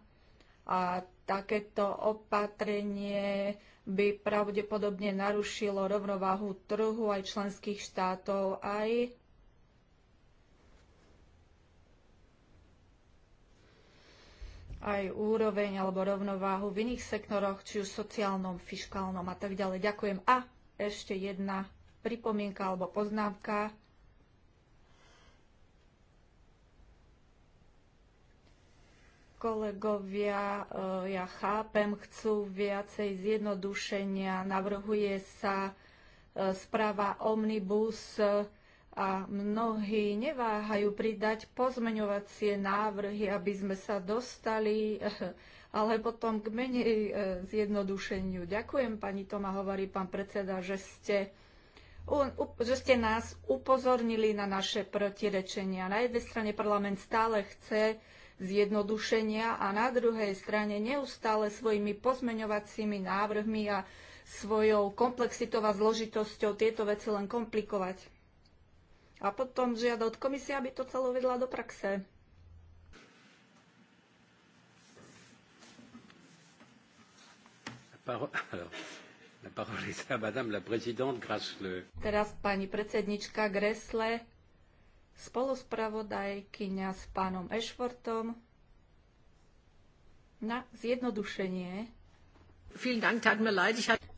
A takéto opatrenie by pravdepodobne narušilo rovnováhu trhu aj členských štátov, aj aj úroveň alebo rovnováhu v iných sektoroch, či už sociálnom, fiskálnom a tak ďalej. Ďakujem. A ešte jedna pripomienka alebo poznámka. kolegovia, eh, ja chápem, chcú viacej zjednodušenia, navrhuje sa eh, správa Omnibus eh, a mnohí neváhajú pridať pozmeňovacie návrhy, aby sme sa dostali ale potom k menej zjednodušeniu. Ďakujem, pani Toma, hovorí pán predseda, že ste, že ste nás upozornili na naše protirečenia. Na jednej strane parlament stále chce zjednodušenia a na druhej strane neustále svojimi pozmeňovacími návrhmi a svojou komplexitou a zložitosťou tieto veci len komplikovať. A potom žiada od komisie, aby to celo vedla do praxe. (laughs) Teraz pani predsednička Gresle spoluspravodajkyňa s pánom Ešfortom na zjednodušenie.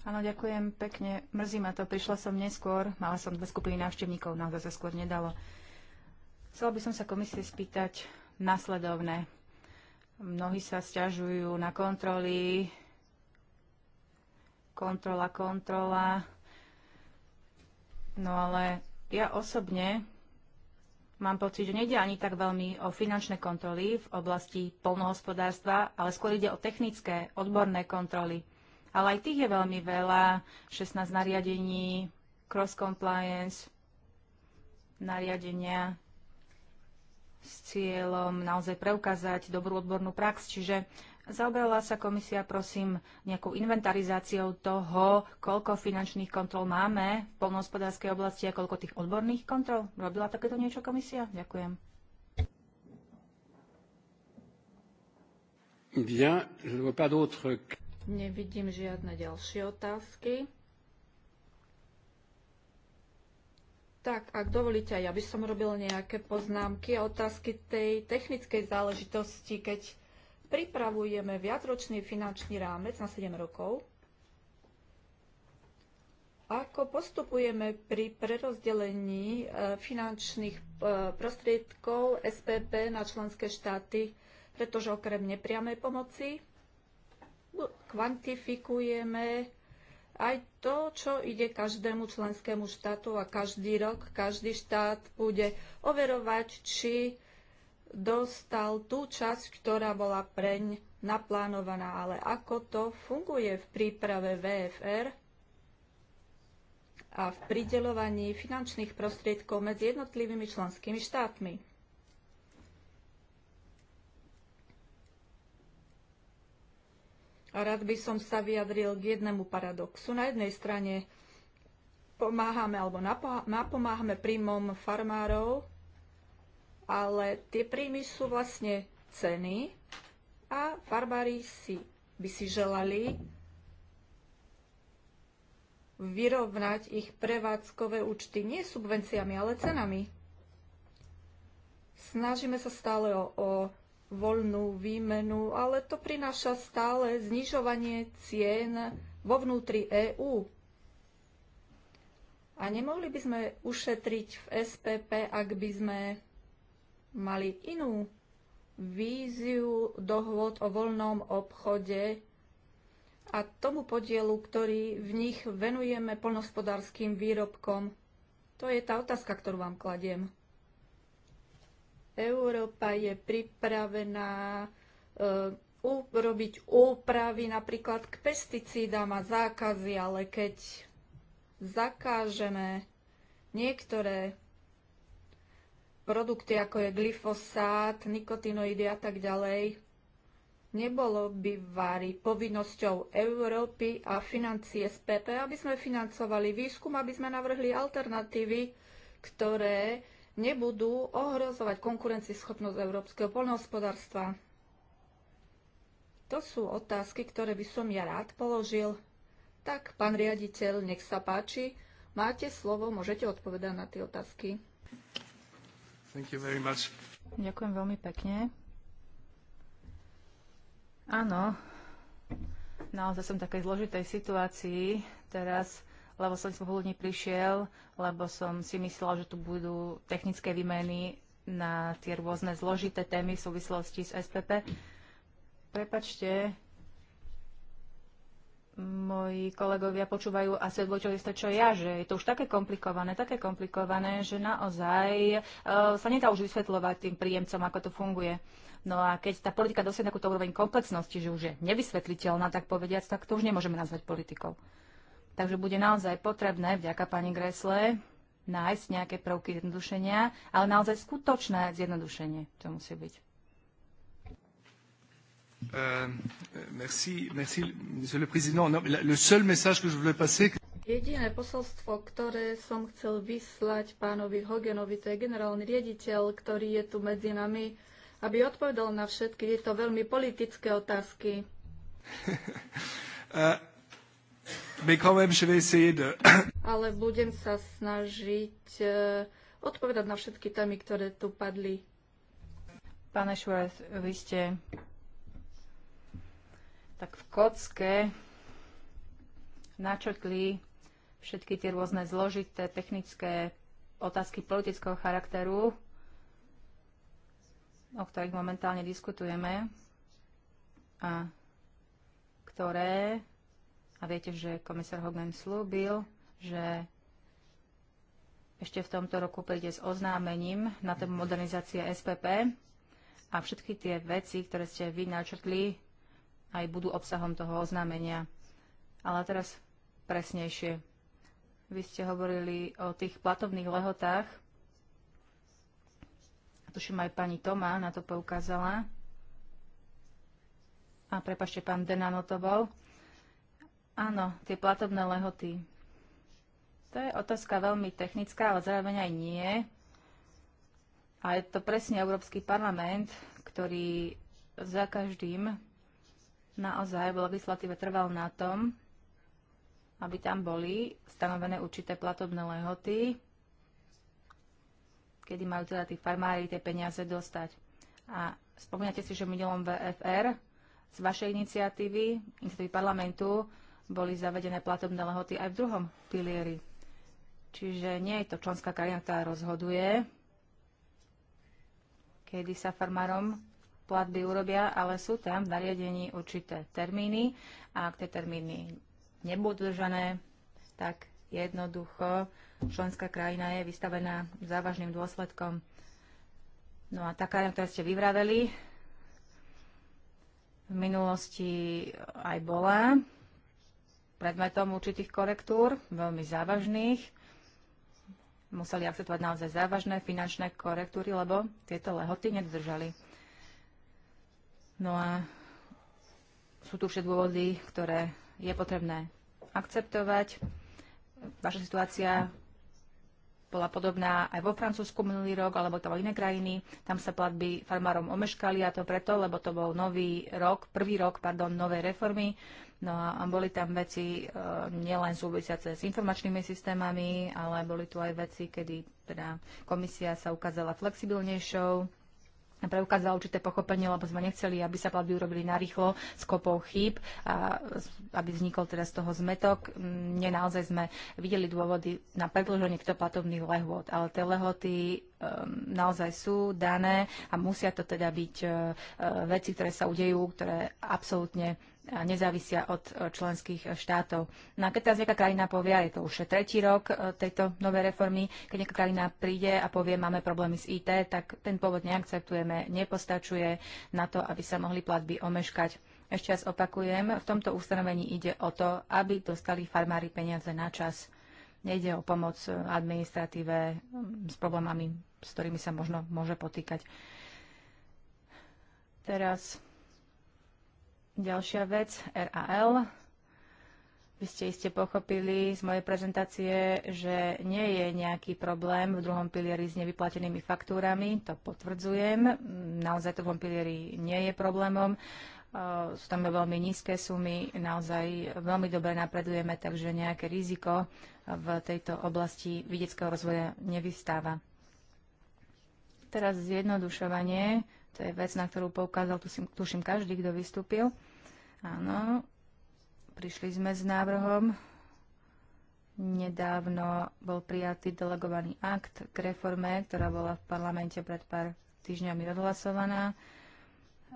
Áno, ďakujem pekne. Mrzí ma to, prišla som neskôr. Mala som dve skupiny návštevníkov, naozaj sa skôr nedalo. Chcela by som sa komisie spýtať nasledovné. Mnohí sa stiažujú na kontroly, kontrola, kontrola. No ale ja osobne mám pocit, že nejde ani tak veľmi o finančné kontroly v oblasti polnohospodárstva, ale skôr ide o technické, odborné kontroly. Ale aj tých je veľmi veľa, 16 nariadení, cross compliance, nariadenia s cieľom naozaj preukázať dobrú odbornú prax. Čiže Zaoberala sa komisia, prosím, nejakou inventarizáciou toho, koľko finančných kontrol máme v polnohospodárskej oblasti a koľko tých odborných kontrol? Robila takéto niečo komisia? Ďakujem. Nevidím žiadne ďalšie otázky. Tak, ak dovolíte, ja by som robil nejaké poznámky a otázky tej technickej záležitosti, keď pripravujeme viacročný finančný rámec na 7 rokov. Ako postupujeme pri prerozdelení e, finančných e, prostriedkov SPP na členské štáty, pretože okrem nepriamej pomoci no, kvantifikujeme aj to, čo ide každému členskému štátu a každý rok každý štát bude overovať, či dostal tú časť, ktorá bola preň naplánovaná. Ale ako to funguje v príprave VFR a v pridelovaní finančných prostriedkov medzi jednotlivými členskými štátmi? A rád by som sa vyjadril k jednému paradoxu. Na jednej strane pomáhame alebo napomáhame príjmom farmárov, ale tie príjmy sú vlastne ceny a barbári si, by si želali vyrovnať ich prevádzkové účty nie subvenciami, ale cenami. Snažíme sa stále o, o voľnú výmenu, ale to prináša stále znižovanie cien vo vnútri EÚ. A nemohli by sme ušetriť v SPP, ak by sme mali inú víziu dohôd o voľnom obchode a tomu podielu, ktorý v nich venujeme polnospodárským výrobkom. To je tá otázka, ktorú vám kladiem. Európa je pripravená e, urobiť úpravy napríklad k pesticídám a zákazy, ale keď zakážeme niektoré produkty, ako je glyfosát, nikotinoidy a tak ďalej, nebolo by vári povinnosťou Európy a financie z PP, aby sme financovali výskum, aby sme navrhli alternatívy, ktoré nebudú ohrozovať konkurencieschopnosť európskeho poľnohospodárstva. To sú otázky, ktoré by som ja rád položil. Tak, pán riaditeľ, nech sa páči. Máte slovo, môžete odpovedať na tie otázky. Ďakujem veľmi pekne. Áno, naozaj som v takej zložitej situácii teraz, lebo som svojho prišiel, lebo som si myslela, že tu budú technické výmeny na tie rôzne zložité témy v súvislosti s SPP. Prepačte, moji kolegovia počúvajú a svedločili ste, čo ja, že je to už také komplikované, také komplikované, že naozaj e, sa nedá už vysvetľovať tým príjemcom, ako to funguje. No a keď tá politika dosiahne takúto úroveň komplexnosti, že už je nevysvetliteľná, tak povediac, tak to už nemôžeme nazvať politikou. Takže bude naozaj potrebné, vďaka pani Gresle, nájsť nejaké prvky zjednodušenia, ale naozaj skutočné zjednodušenie to musí byť. Euh, merci, merci, monsieur le président. le seul message que je voulais passer... Jediné posolstvo, ktoré som chcel vyslať pánovi Hogenovi, to je generálny riaditeľ, ktorý je tu medzi nami, aby odpovedal na všetky tieto veľmi politické otázky. (laughs) Uh, (coughs) ale budem sa snažiť uh, odpovedať na všetky témy, ktoré tu padli. Pane Šuárez, vy ste tak v kocke načrtli všetky tie rôzne zložité technické otázky politického charakteru, o ktorých momentálne diskutujeme a ktoré, a viete, že komisár Hogan slúbil, že ešte v tomto roku príde s oznámením na tému modernizácie SPP a všetky tie veci, ktoré ste vy načrtli, aj budú obsahom toho oznámenia. Ale teraz presnejšie. Vy ste hovorili o tých platovných lehotách. Tuším aj pani Tomá na to poukázala. A prepašte, pán Denano to bol. Áno, tie platobné lehoty. To je otázka veľmi technická, ale zároveň aj nie. A je to presne Európsky parlament, ktorý za každým naozaj v legislatíve trval na tom, aby tam boli stanovené určité platobné lehoty, kedy majú teda tí farmári tie peniaze dostať. A spomínate si, že v minulom VFR z vašej iniciatívy, iniciatívy parlamentu, boli zavedené platobné lehoty aj v druhom pilieri. Čiže nie je to členská krajina, ktorá rozhoduje, kedy sa farmárom platby urobia, ale sú tam v nariadení určité termíny a ak tie termíny nebudú držané, tak jednoducho členská krajina je vystavená závažným dôsledkom. No a taká ktorá ste vyvraveli, v minulosti aj bola predmetom určitých korektúr, veľmi závažných. Museli akceptovať naozaj závažné finančné korektúry, lebo tieto lehoty nedržali. No a sú tu všetky dôvody, ktoré je potrebné akceptovať. Vaša situácia bola podobná aj vo Francúzsku minulý rok, alebo to iné krajiny. Tam sa platby farmárom omeškali a to preto, lebo to bol nový rok, prvý rok, pardon, novej reformy. No a boli tam veci e, nielen súvisiace s informačnými systémami, ale boli tu aj veci, kedy teda komisia sa ukázala flexibilnejšou preukázala určité pochopenie, lebo sme nechceli, aby sa platby urobili narýchlo s kopou chýb, a aby vznikol teda z toho zmetok. Mm, nie naozaj sme videli dôvody na predloženie týchto platobných lehôd, ale tie lehoty ehm, naozaj sú dané a musia to teda byť eh, eh, veci, ktoré sa udejú, ktoré absolútne nezávisia od e, členských e, štátov. No a keď teraz nejaká krajina povie, a je to už tretí rok e, tejto novej reformy, keď nejaká krajina príde a povie, máme problémy s IT, tak ten pôvod neakceptujeme, nepostačuje na to, aby sa mohli platby omeškať. Ešte raz opakujem, v tomto ustanovení ide o to, aby dostali farmári peniaze na čas. Nejde o pomoc administratíve s problémami, s ktorými sa možno môže potýkať. Teraz Ďalšia vec, RAL. Vy ste iste pochopili z mojej prezentácie, že nie je nejaký problém v druhom pilieri s nevyplatenými faktúrami, to potvrdzujem. Naozaj to v druhom pilieri nie je problémom. E, sú tam veľmi nízke sumy, naozaj veľmi dobre napredujeme, takže nejaké riziko v tejto oblasti vidieckého rozvoja nevystáva. Teraz zjednodušovanie to je vec, na ktorú poukázal, tuším, každý, kto vystúpil. Áno, prišli sme s návrhom. Nedávno bol prijatý delegovaný akt k reforme, ktorá bola v parlamente pred pár týždňami odhlasovaná.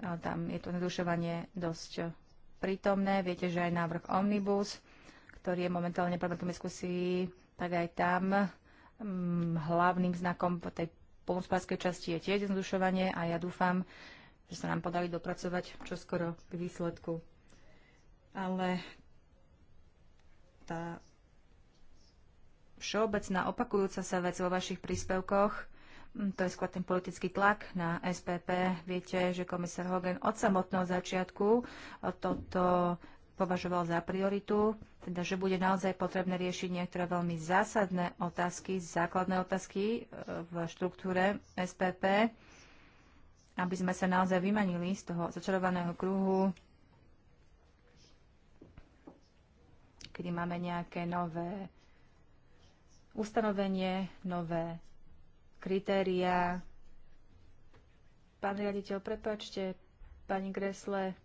A tam je to nadušovanie dosť prítomné. Viete, že aj návrh Omnibus, ktorý je momentálne predmetom diskusii, tak aj tam mm, hlavným znakom tej polnospodárskej časti je tiež zjednodušovanie a ja dúfam, že sa nám podali dopracovať čoskoro k výsledku. Ale tá všeobecná opakujúca sa vec vo vašich príspevkoch, mm, to je skôr ten politický tlak na SPP. Viete, že komisár Hogan od samotného začiatku toto považoval za prioritu, teda že bude naozaj potrebné riešiť niektoré veľmi zásadné otázky, základné otázky e, v štruktúre SPP, aby sme sa naozaj vymanili z toho začarovaného kruhu, kedy máme nejaké nové ustanovenie, nové kritéria. Pán riaditeľ, prepačte, pani Gresle,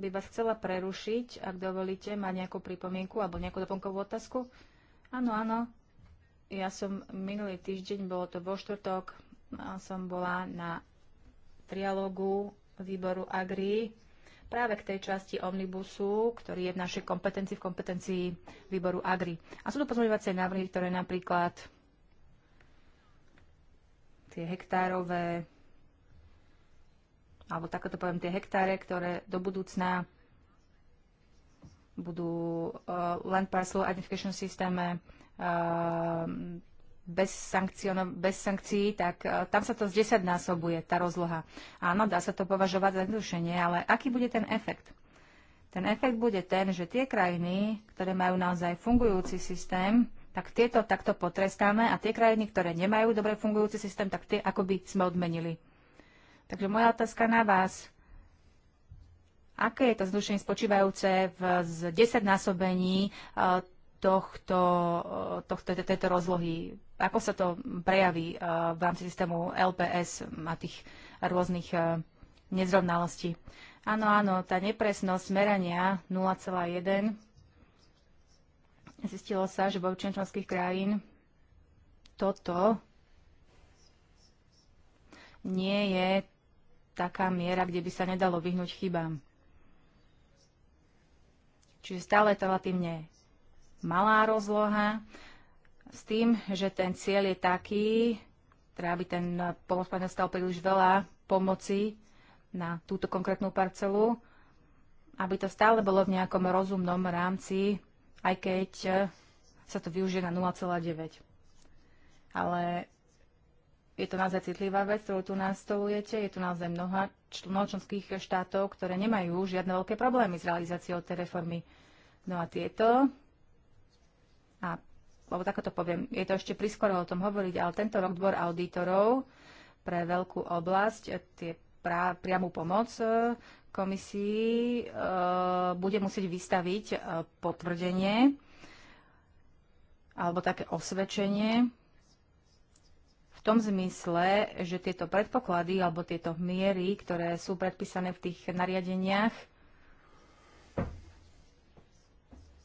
by vás chcela prerušiť, ak dovolíte, má nejakú pripomienku alebo nejakú doplnkovú otázku? Áno, áno. Ja som minulý týždeň, bolo to vo štvrtok, som bola na trialógu výboru Agri práve k tej časti omnibusu, ktorý je v našej kompetencii, v kompetencii výboru Agri. A sú to pozmeňovacie návrhy, ktoré napríklad tie hektárové alebo takoto poviem, tie hektáre, ktoré do budúcna budú uh, e, Land Parcel Identification systéme uh, bez, bez sankcií, tak uh, tam sa to z 10 násobuje, tá rozloha. Áno, dá sa to považovať za zrušenie, ale aký bude ten efekt? Ten efekt bude ten, že tie krajiny, ktoré majú naozaj fungujúci systém, tak tieto takto potrestáme a tie krajiny, ktoré nemajú dobre fungujúci systém, tak tie akoby sme odmenili. Takže moja otázka na vás. Aké je to zdušenie spočívajúce v 10-násobení e, tohto, e, tohto, tejto rozlohy? Ako sa to prejaví e, v rámci systému LPS a tých rôznych nezrovnalostí? Áno, áno, tá nepresnosť merania 0,1 zistilo sa, že vo väčšine členských krajín toto nie je taká miera, kde by sa nedalo vyhnúť chybám. Čiže stále to relatívne malá rozloha, s tým, že ten cieľ je taký, teda aby ten pomospať stal príliš veľa pomoci na túto konkrétnu parcelu, aby to stále bolo v nejakom rozumnom rámci, aj keď sa to využije na 0,9. Ale je to naozaj citlivá vec, ktorú tu nastolujete. Je tu naozaj mnoha členských štátov, ktoré nemajú žiadne veľké problémy s realizáciou tej reformy. No a tieto, a lebo takto to poviem, je to ešte priskoro o tom hovoriť, ale tento rok dvor auditorov pre veľkú oblasť e, tie pra, priamu pomoc e, komisii e, bude musieť vystaviť e, potvrdenie alebo také osvedčenie v tom zmysle, že tieto predpoklady alebo tieto miery, ktoré sú predpísané v tých nariadeniach,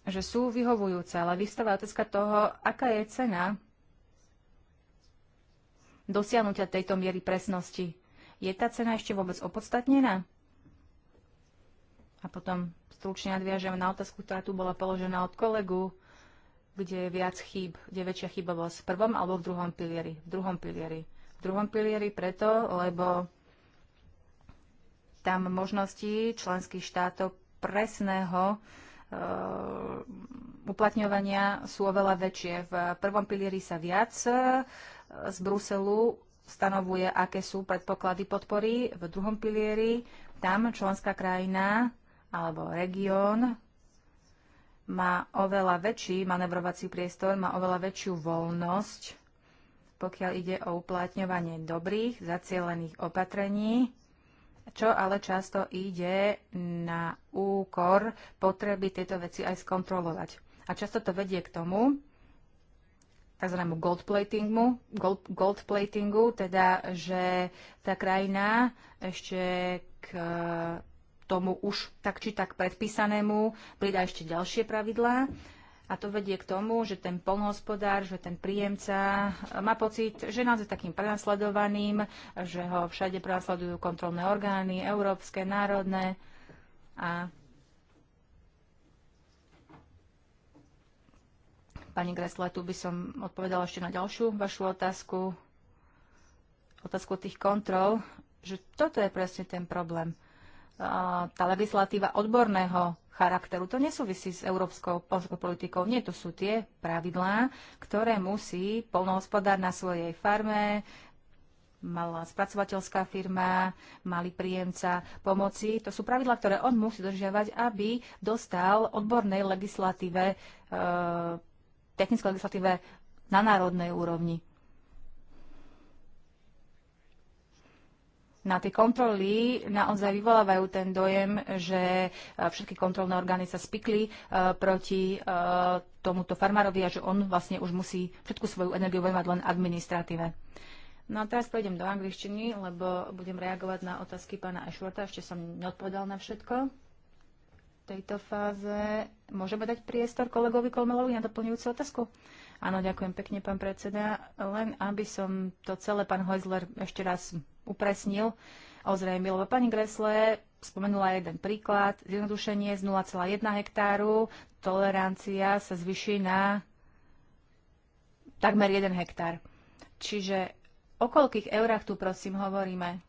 že sú vyhovujúce, ale vystáva otázka toho, aká je cena dosiahnutia tejto miery presnosti. Je tá cena ešte vôbec opodstatnená? A potom stručne nadviažem na otázku, ktorá tu bola položená od kolegu kde je viac chýb, kde je väčšia chybovosť v prvom alebo v druhom pilieri. V druhom pilieri. V druhom pilieri preto, lebo tam možnosti členských štátov presného e, uplatňovania sú oveľa väčšie. V prvom pilieri sa viac e, z Bruselu stanovuje, aké sú predpoklady podpory. V druhom pilieri tam členská krajina alebo región má oveľa väčší manevrovací priestor, má oveľa väčšiu voľnosť, pokiaľ ide o uplatňovanie dobrých, zacielených opatrení, čo ale často ide na úkor potreby tieto veci aj skontrolovať. A často to vedie k tomu, tzv. goldplatingu, gold, goldplatingu, teda že tá krajina ešte k tomu už tak či tak predpísanému pridá ešte ďalšie pravidlá. A to vedie k tomu, že ten polnohospodár, že ten príjemca e, má pocit, že naozaj takým prenasledovaným, že ho všade prenasledujú kontrolné orgány, európske, národné. A Pani Gresla, tu by som odpovedala ešte na ďalšiu vašu otázku, otázku tých kontrol, že toto je presne ten problém tá legislatíva odborného charakteru. To nesúvisí s európskou politikou. Nie, to sú tie pravidlá, ktoré musí polnohospodár na svojej farme, malá spracovateľská firma, malý príjemca pomoci. To sú pravidlá, ktoré on musí dodržiavať, aby dostal odbornej legislatíve, e, technickej technické legislatíve na národnej úrovni. na tie kontroly naozaj vyvolávajú ten dojem, že e, všetky kontrolné orgány sa spikli e, proti e, tomuto farmárovi a že on vlastne už musí všetku svoju energiu venovať len administratíve. No a teraz pôjdem do angličtiny, lebo budem reagovať na otázky pána Ešvorta. Ešte som neodpovedal na všetko v tejto fáze. Môžeme dať priestor kolegovi Kolmelovi na doplňujúcu otázku? Áno, ďakujem pekne, pán predseda. Len aby som to celé, pán Hojzler, ešte raz upresnil, ozrejmil. Lebo pani Gresle spomenula jeden príklad, zjednodušenie z 0,1 hektáru, tolerancia sa zvyší na takmer 1 hektár. Čiže o koľkých eurách tu prosím hovoríme?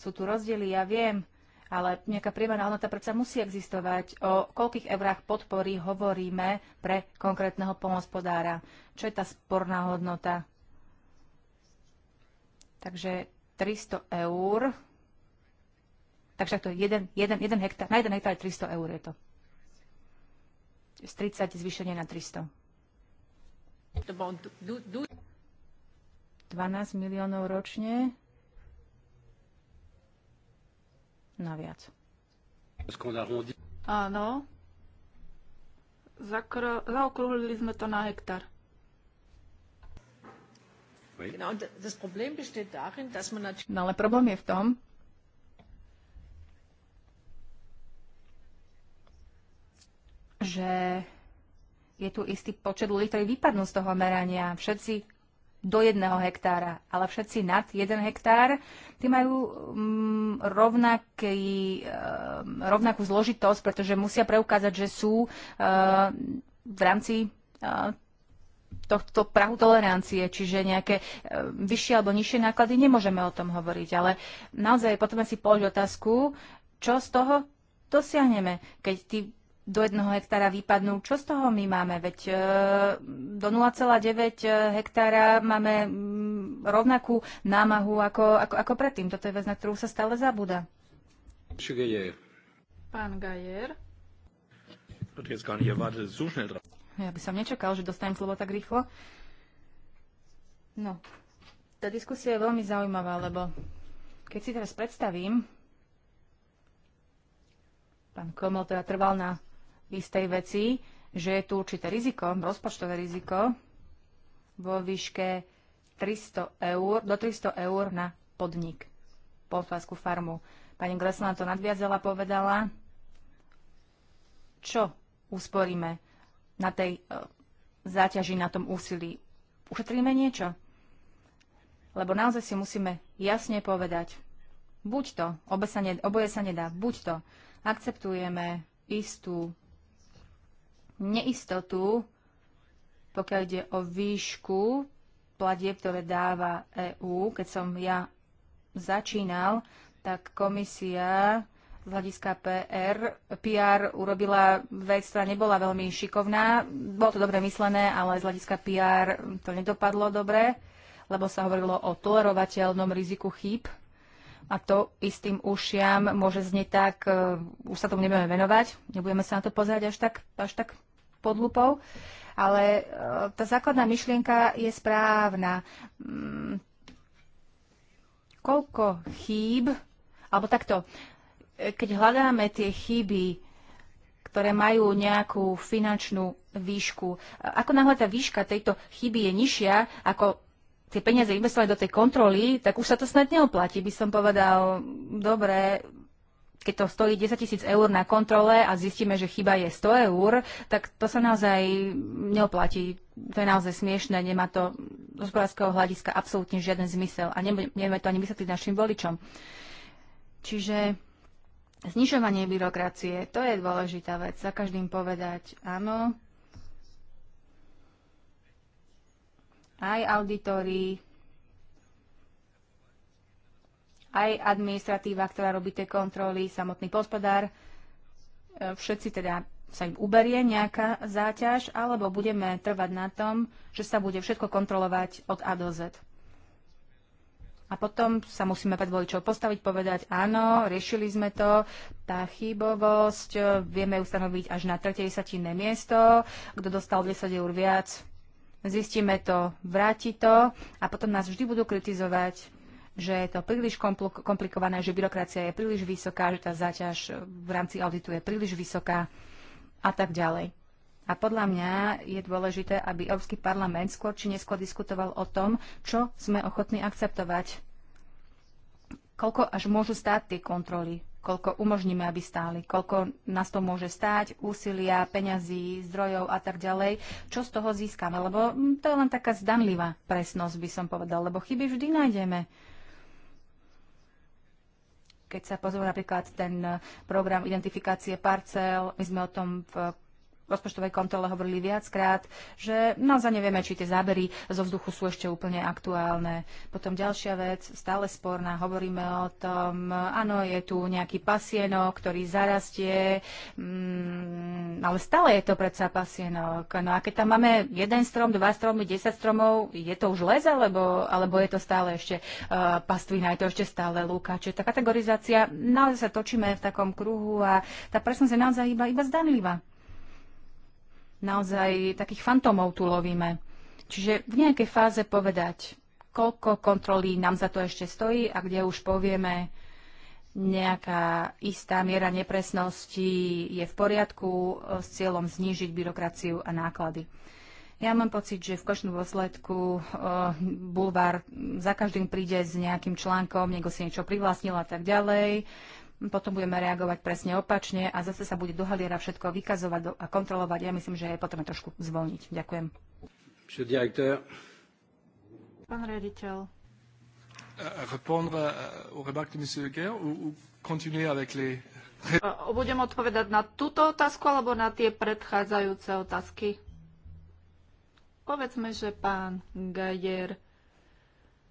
Sú tu rozdiely, ja viem, ale nejaká priemerná hodnota predsa musí existovať. O koľkých eurách podpory hovoríme pre konkrétneho pomospodára? Čo je tá sporná hodnota? Takže 300 eur. Takže to je 1, 1, 1 hektár, na 1 hektár je 300 eur je to. Z 30 zvýšenie na 300. 12 miliónov ročne na viac. Áno. Zakro- zaokrúhlili sme to na hektár. No ale problém je v tom, že je tu istý počet ľudí, ktorí vypadnú z toho merania. Všetci do jedného hektára, ale všetci nad jeden hektár, tí majú mm, rovnaký, eh, rovnakú zložitosť, pretože musia preukázať, že sú eh, v rámci eh, tohto prahu tolerancie, čiže nejaké e, vyššie alebo nižšie náklady, nemôžeme o tom hovoriť. Ale naozaj potom si položiť otázku, čo z toho dosiahneme, keď tí do jednoho hektára vypadnú. Čo z toho my máme? Veď e, do 0,9 e, hektára máme rovnakú námahu ako, ako, ako predtým. Toto je vec, na ktorú sa stále zabúda. Pán Gajer. Ja by som nečakal, že dostanem slovo tak rýchlo. No, tá diskusia je veľmi zaujímavá, lebo keď si teraz predstavím, pán Komol teda trval na istej veci, že je tu určité riziko, rozpočtové riziko vo výške 300 eur, do 300 eur na podnik, polfáskú farmu. Pani Gresslan to nadviazala, povedala, čo usporíme na tej e, záťaži, na tom úsilí ušetríme niečo. Lebo naozaj si musíme jasne povedať, buď to, obe sa ne, oboje sa nedá, buď to akceptujeme istú neistotu, pokiaľ ide o výšku platieb, ktoré dáva EÚ. Keď som ja začínal, tak komisia z hľadiska PR, PR urobila vec, ktorá nebola veľmi šikovná. Bolo to dobre myslené, ale z hľadiska PR to nedopadlo dobre, lebo sa hovorilo o tolerovateľnom riziku chýb. A to istým ušiam môže znieť tak, uh, už sa tomu nebudeme venovať, nebudeme sa na to pozerať až tak, až tak pod lupou. Ale uh, tá základná myšlienka je správna. Mm, koľko chýb, alebo takto, keď hľadáme tie chyby, ktoré majú nejakú finančnú výšku, ako náhle tá výška tejto chyby je nižšia ako tie peniaze investovať do tej kontroly, tak už sa to snad neoplatí. By som povedal, dobre, keď to stojí 10 tisíc eur na kontrole a zistíme, že chyba je 100 eur, tak to sa naozaj neoplatí. To je naozaj smiešné, nemá to z hospodárskeho hľadiska absolútne žiaden zmysel a nevieme to ani vysvetliť našim voličom. Čiže Znižovanie byrokracie, to je dôležitá vec. Za každým povedať áno. Aj auditori, aj administratíva, ktorá robí tie kontroly, samotný hospodár, e, všetci teda sa im uberie nejaká záťaž, alebo budeme trvať na tom, že sa bude všetko kontrolovať od A do Z. A potom sa musíme pred voličov postaviť, povedať áno, riešili sme to, tá chybovosť, e, vieme ustanoviť až na tretej satine miesto, kto dostal 10 eur viac, zistíme to, vráti to a potom nás vždy budú kritizovať, že je to príliš komplikované, že byrokracia je príliš vysoká, že tá záťaž v rámci auditu je príliš vysoká a tak ďalej. A podľa mňa je dôležité, aby Európsky parlament skôr či neskôr diskutoval o tom, čo sme ochotní akceptovať. Koľko až môžu stáť tie kontroly? Koľko umožníme, aby stáli? Koľko nás to môže stáť? Úsilia, peňazí, zdrojov a tak ďalej. Čo z toho získame? Lebo hm, to je len taká zdanlivá presnosť, by som povedal. Lebo chyby vždy nájdeme keď sa pozrieme napríklad ten eh, program identifikácie parcel, my sme o tom v rozpočtovej kontrole hovorili viackrát, že naozaj nevieme, či tie zábery zo vzduchu sú ešte úplne aktuálne. Potom ďalšia vec, stále sporná, hovoríme o tom, áno, je tu nejaký pasienok, ktorý zarastie, mm, ale stále je to predsa pasienok. No a keď tam máme jeden strom, dva stromy, desať stromov, je to už leza, alebo, alebo je to stále ešte uh, pastvina, je to ešte stále lúka. Čiže tá kategorizácia, naozaj sa točíme v takom kruhu a tá presnosť je naozaj iba, iba zdanlivá naozaj takých fantómov tu lovíme. Čiže v nejakej fáze povedať, koľko kontrolí nám za to ešte stojí a kde už povieme, nejaká istá miera nepresnosti je v poriadku e, s cieľom znížiť byrokraciu a náklady. Ja mám pocit, že v končnom dôsledku e, bulvár za každým príde s nejakým článkom, niekto si niečo privlastnil a tak ďalej potom budeme reagovať presne opačne a zase sa bude dohaliera všetko vykazovať a kontrolovať. Ja myslím, že je potrebné trošku zvolniť. Ďakujem. Pán riaditeľ. Euh, euh, euh, budem odpovedať na túto otázku alebo na tie predchádzajúce otázky? Povedzme, že pán Gajer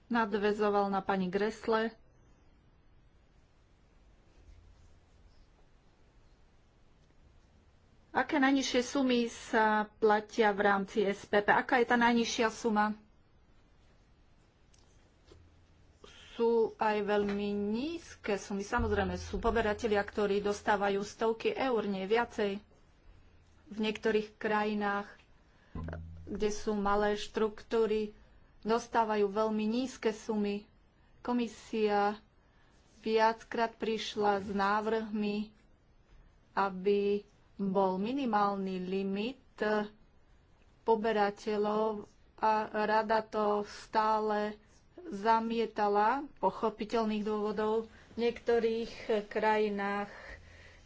nadvezoval na pani Gresle Aké najnižšie sumy sa platia v rámci SPP? Aká je tá najnižšia suma? Sú aj veľmi nízke sumy. Samozrejme, sú poberatelia, ktorí dostávajú stovky eur, nie viacej. V niektorých krajinách, kde sú malé štruktúry, dostávajú veľmi nízke sumy. Komisia viackrát prišla s návrhmi, aby bol minimálny limit eh, poberateľov a rada to stále zamietala pochopiteľných dôvodov. V niektorých eh, krajinách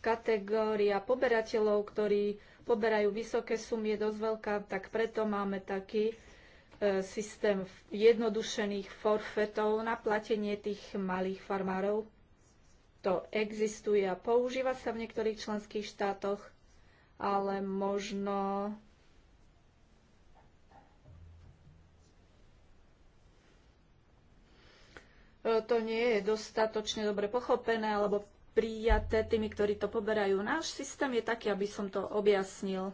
kategória poberateľov, ktorí poberajú vysoké sumy, je dosť veľká, tak preto máme taký eh, systém jednodušených forfetov na platenie tých malých farmárov. To existuje a používa sa v niektorých členských štátoch ale možno to nie je dostatočne dobre pochopené alebo prijaté tými, ktorí to poberajú. Náš systém je taký, aby som to objasnil.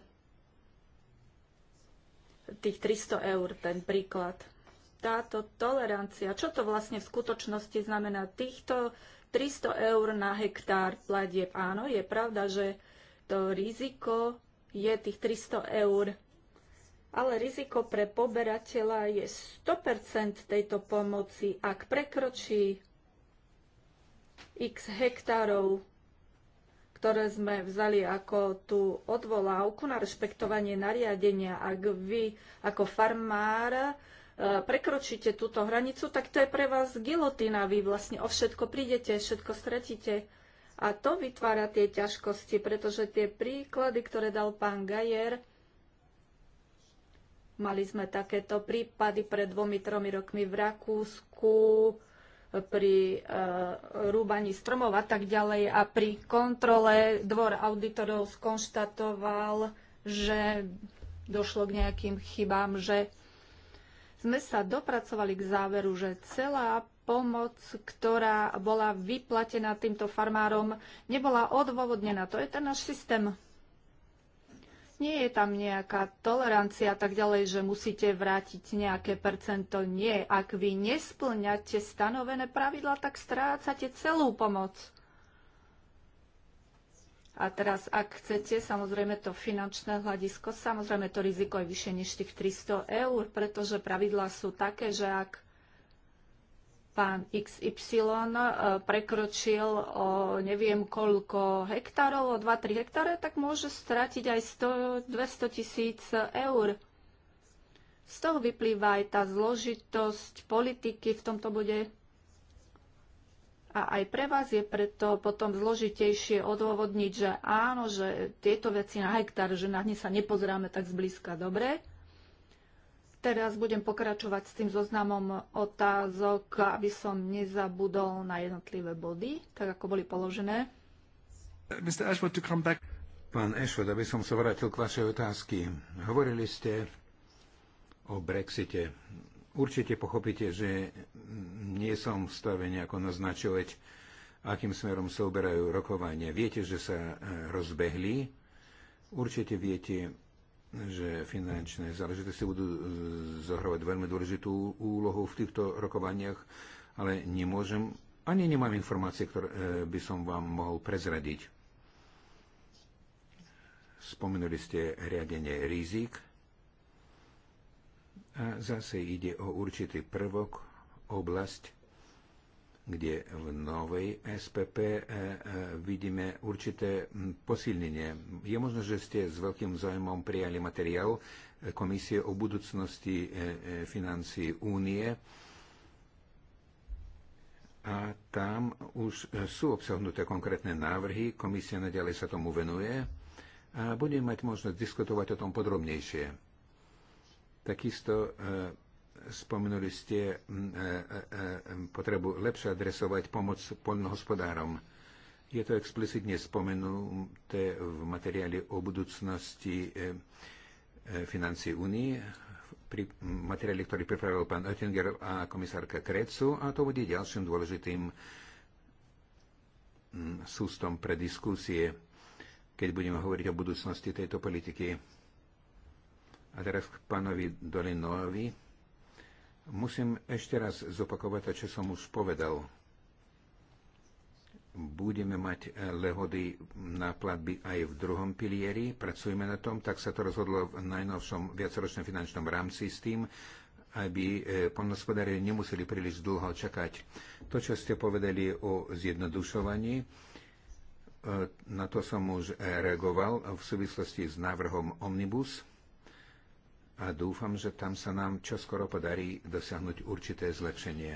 Tých 300 eur, ten príklad. Táto tolerancia, čo to vlastne v skutočnosti znamená? Týchto 300 eur na hektár pladieb. Áno, je pravda, že to riziko je tých 300 eur. Ale riziko pre poberateľa je 100% tejto pomoci, ak prekročí x hektárov, ktoré sme vzali ako tú odvolávku na rešpektovanie nariadenia. Ak vy ako farmár e, prekročíte túto hranicu, tak to je pre vás gilotína. Vy vlastne o všetko prídete, všetko stratíte. A to vytvára tie ťažkosti, pretože tie príklady, ktoré dal pán Gajer, mali sme takéto prípady pred dvomi, tromi rokmi v Rakúsku, pri e, rúbaní stromov a tak ďalej. A pri kontrole dvor auditorov skonštatoval, že došlo k nejakým chybám, že sme sa dopracovali k záveru, že celá pomoc, ktorá bola vyplatená týmto farmárom, nebola odôvodnená. To je ten náš systém. Nie je tam nejaká tolerancia a tak ďalej, že musíte vrátiť nejaké percento. Nie. Ak vy nesplňate stanovené pravidla, tak strácate celú pomoc. A teraz, ak chcete, samozrejme to finančné hľadisko, samozrejme to riziko je vyššie než tých 300 eur, pretože pravidlá sú také, že ak pán XY eh, prekročil o neviem koľko hektárov, o 2-3 hektáre, tak môže stratiť aj 100, 200 tisíc eur. Z toho vyplýva aj tá zložitosť politiky v tomto bode. A aj pre vás je preto potom zložitejšie odôvodniť, že áno, že tieto veci na hektár, že na ne sa nepozeráme tak zblízka. Dobre, Teraz budem pokračovať s tým zoznamom otázok, aby som nezabudol na jednotlivé body, tak ako boli položené. Mr. Ashford, to come back. Pán Ashford, aby som sa vrátil k vašej otázky. Hovorili ste o Brexite. Určite pochopíte, že nie som v stave nejako naznačovať, akým smerom sa uberajú rokovania. Viete, že sa eh, rozbehli. Určite viete, že finančné záležitosti budú e, zohrávať veľmi dôležitú úlohu v týchto rokovaniach, ale nemôžem, ani nemám informácie, ktoré e, by som vám mohol prezradiť. Spomenuli ste riadenie rizik a zase ide o určitý prvok, oblasť, kde v novej SPP e, e, vidíme určité posilnenie. Je možno, že ste s veľkým zájmom prijali materiál e, Komisie o budúcnosti financí únie a tam už sú obsahnuté konkrétne návrhy, komisia nadalej sa tomu venuje a budeme mať možnosť diskutovať o tom podrobnejšie. Takisto Spomenuli ste e, e, e, potrebu lepšie adresovať pomoc poľnohospodárom. Je to explicitne spomenuté v materiáli o budúcnosti financie únie, pri materiáli, ktorý pripravil pán Oettinger a komisárka Krecu a to bude ďalším dôležitým sústom pre diskusie, keď budeme hovoriť o budúcnosti tejto politiky. A teraz k pánovi Dolinovi. Musím ešte raz zopakovať to, čo som už povedal. Budeme mať e, lehody na platby aj v druhom pilieri, pracujeme na tom, tak sa to rozhodlo v najnovšom viacročnom finančnom rámci s tým, aby e, polnospodári nemuseli príliš dlho čakať. To, čo ste povedali o zjednodušovaní, e, na to som už reagoval v súvislosti s návrhom Omnibus – a dúfam, že tam sa nám čoskoro podarí dosiahnuť určité zlepšenie.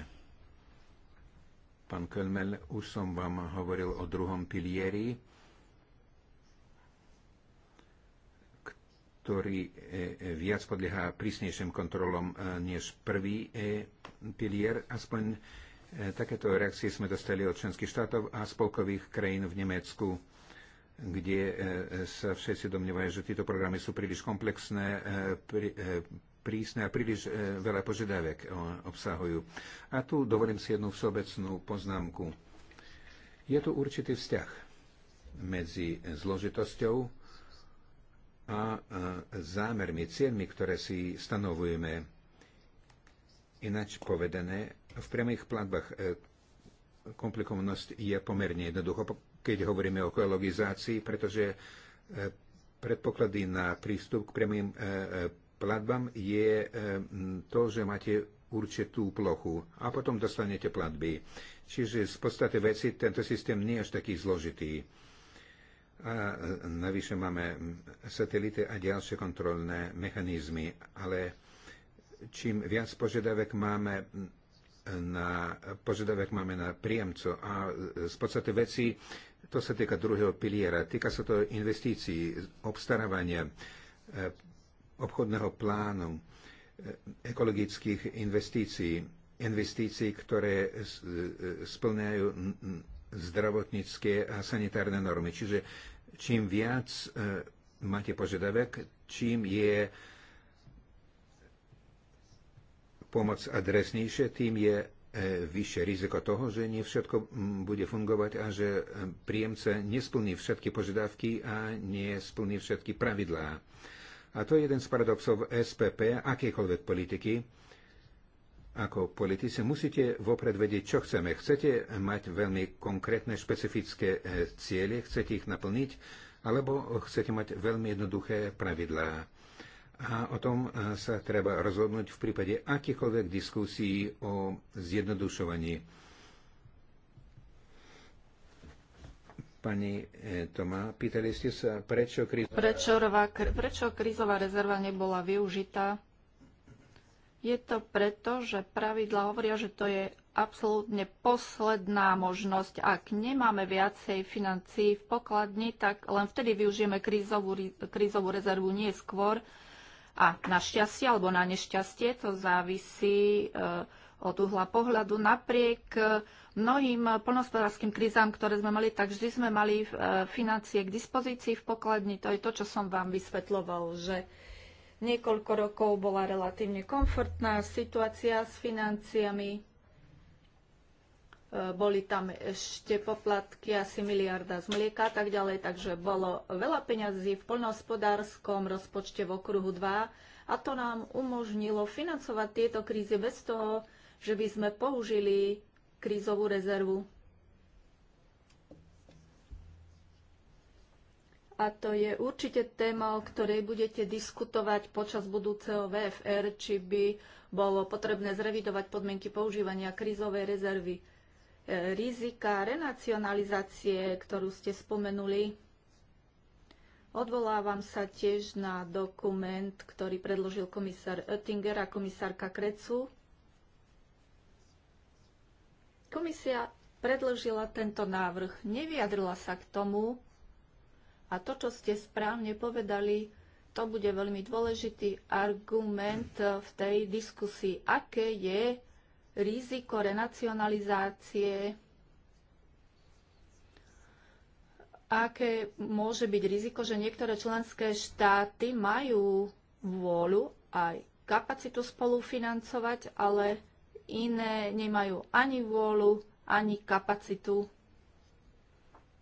Pán Kölmel, už som vám hovoril o druhom pilieri, ktorý e, e, viac podlieha prísnejším kontrolom e, než prvý pilier. Aspoň takéto reakcie sme dostali od členských štátov a spolkových krajín v Nemecku kde e, sa všetci domnievajú, že tieto programy sú príliš komplexné, e, e, prísne a príliš veľa požiadavek obsahujú. A tu dovolím si jednu všeobecnú poznámku. Je tu určitý vzťah medzi zložitosťou a zámermi, cieľmi, ktoré si stanovujeme. Ináč povedané, v priamých platbách komplikovanosť je pomerne jednoducho keď hovoríme o ekologizácii, pretože e, predpoklady na prístup k priamým e, e, platbám je to, že máte určitú plochu a potom dostanete platby. Čiže z podstate veci tento systém nie je až taký zložitý. A navyše máme satelity a ďalšie kontrolné mechanizmy, ale čím viac požiadavek máme na požiadavek máme na príjemco a z podstate veci to sa týka druhého piliera. Týka sa to investícií, obstarávania, e, obchodného plánu, e, ekologických investícií, investícií, ktoré e, splňajú zdravotnícke a sanitárne normy. Čiže čím viac máte požiadavek, čím je pomoc adresnejšia, tým je E, vyššie riziko toho, že nie všetko bude fungovať a že e, príjemca nesplní všetky požiadavky a nesplní všetky pravidlá. A to je jeden z paradoxov SPP, akékoľvek politiky. Ako politici musíte vopred vedieť, čo chceme. Chcete mať veľmi konkrétne, špecifické e, ciele, chcete ich naplniť, alebo chcete mať veľmi jednoduché pravidlá a o tom e, sa treba rozhodnúť v prípade akýchkoľvek diskusí o zjednodušovaní. Pani e, Tomá, pýtali ste sa, prečo krizová... Prečo, rová, prečo krizová rezerva nebola využitá? Je to preto, že pravidla hovoria, že to je absolútne posledná možnosť. Ak nemáme viacej financií v pokladni, tak len vtedy využijeme krízovú, krízovú rezervu nie skôr, a na šťastie alebo na nešťastie to závisí eh, od uhla pohľadu. Napriek eh, mnohým plnospodárským krízam, ktoré sme mali, tak vždy sme mali eh, financie k dispozícii v pokladni. To je to, čo som vám vysvetloval, že niekoľko rokov bola relatívne komfortná situácia s financiami E, boli tam ešte poplatky asi miliarda z mlieka a tak ďalej, takže bolo veľa peňazí v poľnohospodárskom rozpočte v okruhu 2 a to nám umožnilo financovať tieto krízy bez toho, že by sme použili krízovú rezervu. A to je určite téma, o ktorej budete diskutovať počas budúceho VFR, či by bolo potrebné zrevidovať podmienky používania krízovej rezervy E, rizika renacionalizácie, ktorú ste spomenuli. Odvolávam sa tiež na dokument, ktorý predložil komisár Oettinger a komisárka Krecu. Komisia predložila tento návrh, nevyjadrila sa k tomu a to, čo ste správne povedali, to bude veľmi dôležitý argument v tej diskusii, aké je riziko renacionalizácie, aké môže byť riziko, že niektoré členské štáty majú vôľu aj kapacitu spolufinancovať, ale iné nemajú ani vôľu, ani kapacitu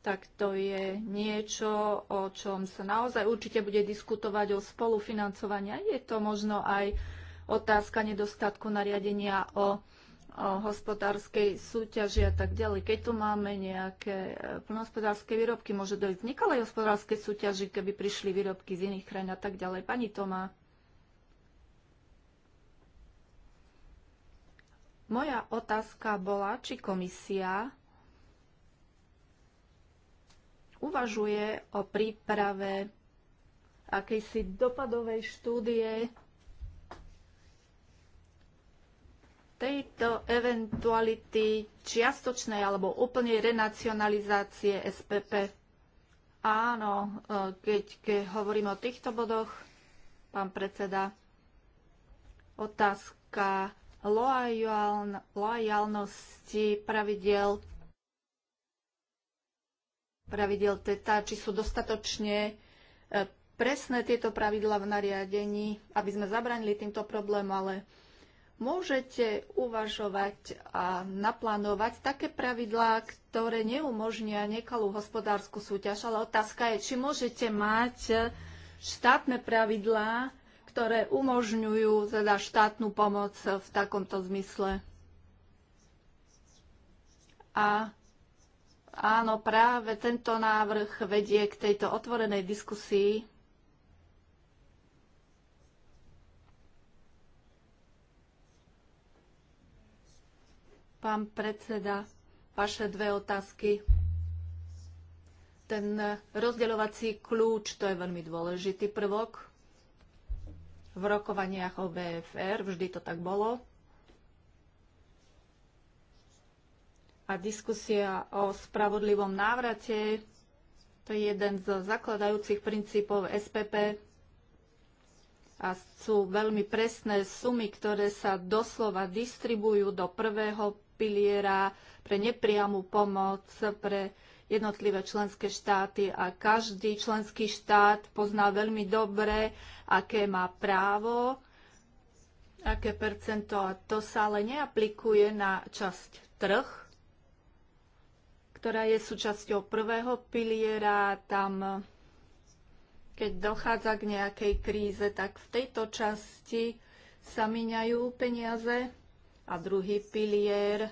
tak to je niečo, o čom sa naozaj určite bude diskutovať o spolufinancovaní. Je to možno aj otázka nedostatku nariadenia o o hospodárskej súťaži a tak ďalej. Keď tu máme nejaké e, plnohospodárske výrobky, môže dojsť v nekalej hospodárskej súťaži, keby prišli výrobky z iných krajín a tak ďalej. Pani Tomá. Moja otázka bola, či komisia uvažuje o príprave akejsi dopadovej štúdie tejto eventuality čiastočnej alebo úplnej renacionalizácie SPP. Áno, e, keď, keď hovorím o týchto bodoch, pán predseda, otázka lojalnosti loajálnosti pravidel pravidel TETA, či sú dostatočne e, presné tieto pravidla v nariadení, aby sme zabranili týmto problémom, ale môžete uvažovať a naplánovať také pravidlá, ktoré neumožnia nekalú hospodárskú súťaž, ale otázka je, či môžete mať štátne pravidlá, ktoré umožňujú teda štátnu pomoc v takomto zmysle. A áno, práve tento návrh vedie k tejto otvorenej diskusii Pán predseda, vaše dve otázky. Ten rozdeľovací kľúč, to je veľmi dôležitý prvok v rokovaniach o BFR vždy to tak bolo. A diskusia o spravodlivom návrate, to je jeden z zakladajúcich princípov SPP a sú veľmi presné sumy, ktoré sa doslova distribujú do prvého piliera pre nepriamú pomoc pre jednotlivé členské štáty a každý členský štát pozná veľmi dobre, aké má právo, aké percento a to sa ale neaplikuje na časť trh, ktorá je súčasťou prvého piliera. Tam, keď dochádza k nejakej kríze, tak v tejto časti sa míňajú peniaze a druhý pilier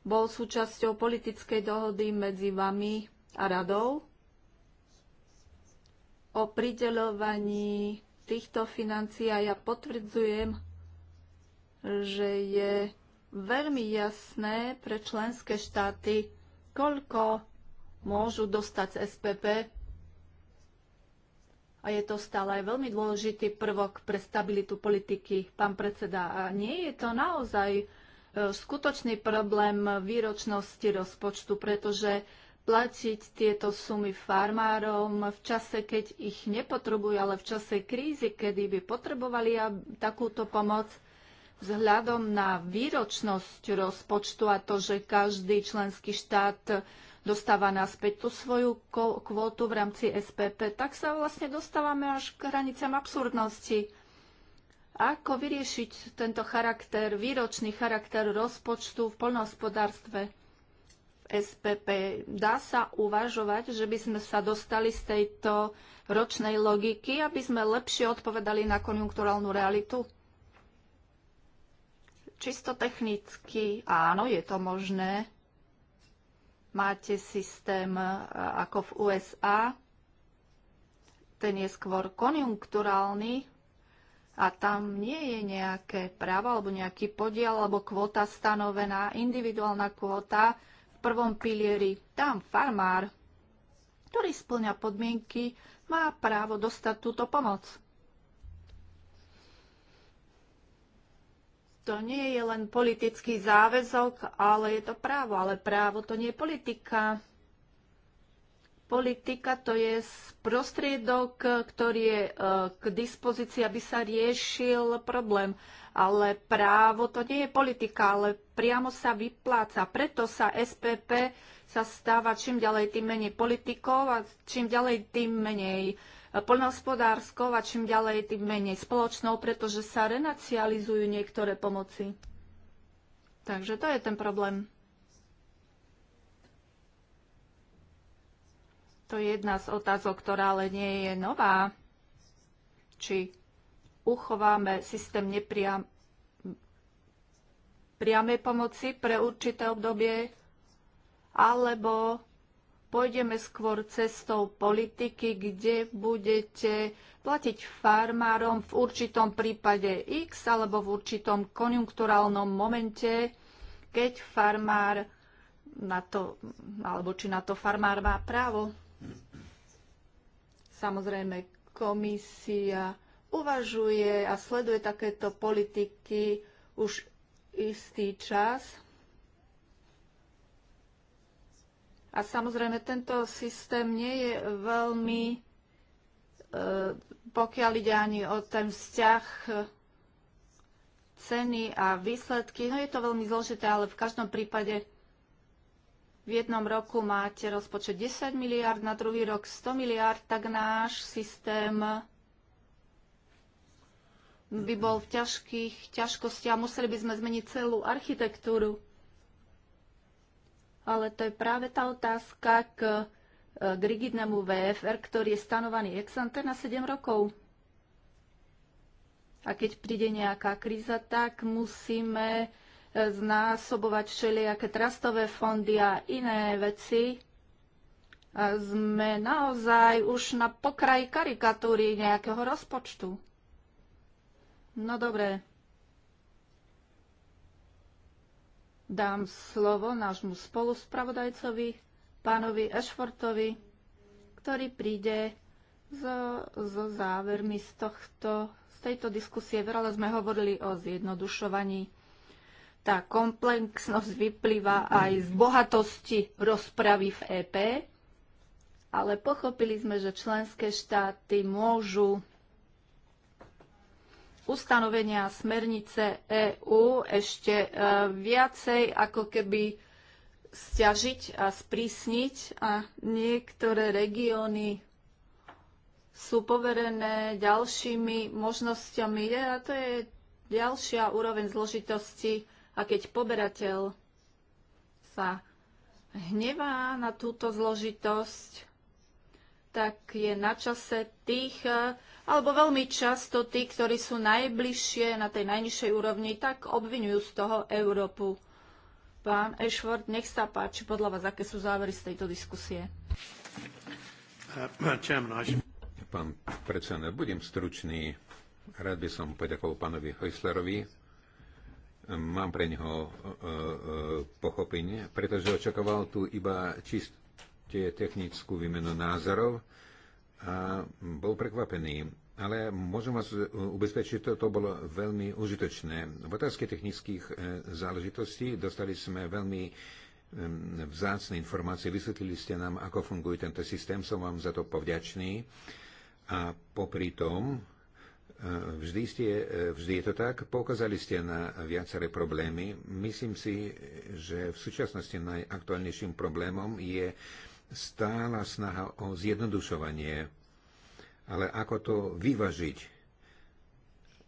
bol súčasťou politickej dohody medzi vami a radou o prideľovaní týchto financií a ja potvrdzujem, že je veľmi jasné pre členské štáty, koľko môžu dostať z SPP a je to stále aj veľmi dôležitý prvok pre stabilitu politiky, pán predseda. A nie je to naozaj e, skutočný problém výročnosti rozpočtu, pretože platiť tieto sumy farmárom v čase, keď ich nepotrebujú, ale v čase krízy, kedy by potrebovali takúto pomoc, vzhľadom na výročnosť rozpočtu a to, že každý členský štát dostáva naspäť tú svoju kvótu v rámci SPP, tak sa vlastne dostávame až k hraniciam absurdnosti. Ako vyriešiť tento charakter, výročný charakter rozpočtu v poľnohospodárstve v SPP? Dá sa uvažovať, že by sme sa dostali z tejto ročnej logiky, aby sme lepšie odpovedali na konjunkturálnu realitu? Čisto technicky áno, je to možné Máte systém e, ako v USA, ten je skôr konjunkturálny a tam nie je nejaké právo alebo nejaký podiel alebo kvota stanovená, individuálna kvota v prvom pilieri. Tam farmár, ktorý splňa podmienky, má právo dostať túto pomoc. to nie je len politický záväzok, ale je to právo. Ale právo to nie je politika. Politika to je prostriedok, ktorý je e, k dispozícii, aby sa riešil problém. Ale právo to nie je politika, ale priamo sa vypláca. Preto sa SPP sa stáva čím ďalej tým menej politikov a čím ďalej tým menej uh, poľnohospodárskou a čím ďalej, tým menej spoločnou, pretože sa renacializujú niektoré pomoci. Takže to je ten problém. To je jedna z otázok, ktorá ale nie je nová. Či uchováme systém nepriam, priamej pomoci pre určité obdobie, alebo pôjdeme skôr cestou politiky, kde budete platiť farmárom v určitom prípade X alebo v určitom konjunkturálnom momente, keď farmár na to, alebo či na to farmár má právo. Samozrejme, komisia uvažuje a sleduje takéto politiky už istý čas. A samozrejme, tento systém nie je veľmi, e, pokiaľ ide ani o ten vzťah e, ceny a výsledky, no je to veľmi zložité, ale v každom prípade v jednom roku máte rozpočet 10 miliard, na druhý rok 100 miliard, tak náš systém by bol v ťažkých ťažkostiach. Museli by sme zmeniť celú architektúru ale to je práve tá otázka k, e, k rigidnému VFR, ktorý je stanovaný ex ante na 7 rokov. A keď príde nejaká kríza, tak musíme e, znásobovať všelijaké trastové fondy a iné veci. A sme naozaj už na pokraji karikatúry nejakého rozpočtu. No dobre, dám slovo nášmu spoluspravodajcovi, pánovi Ešfortovi, ktorý príde so, so závermi z, tohto, z tejto diskusie. Veľa sme hovorili o zjednodušovaní. Tá komplexnosť vyplýva aj z bohatosti rozpravy v EP, ale pochopili sme, že členské štáty môžu ustanovenia smernice EÚ ešte e, viacej ako keby stiažiť a sprísniť a niektoré regióny sú poverené ďalšími možnosťami a to je ďalšia úroveň zložitosti a keď poberateľ sa hnevá na túto zložitosť, tak je na čase tých e, alebo veľmi často tí, ktorí sú najbližšie na tej najnižšej úrovni, tak obvinujú z toho Európu. Pán Ashford, nech sa páči, podľa vás, aké sú závery z tejto diskusie? Uh, Pán predseda, budem stručný. Rád by som poďakoval pánovi Heuslerovi. Mám pre neho uh, uh, pochopenie, pretože očakával tu iba čisté technickú výmenu názorov a bol prekvapený. Ale môžem vás ubezpečiť, že to bolo veľmi užitočné. V otázke technických e, záležitostí dostali sme veľmi e, vzácne informácie. Vysvetlili ste nám, ako funguje tento systém. Som vám za to povďačný. A popri tom, e, vždy, ste, vždy je to tak, poukázali ste na viaceré problémy. Myslím si, že v súčasnosti najaktuálnejším problémom je stála snaha o zjednodušovanie, ale ako to vyvažiť,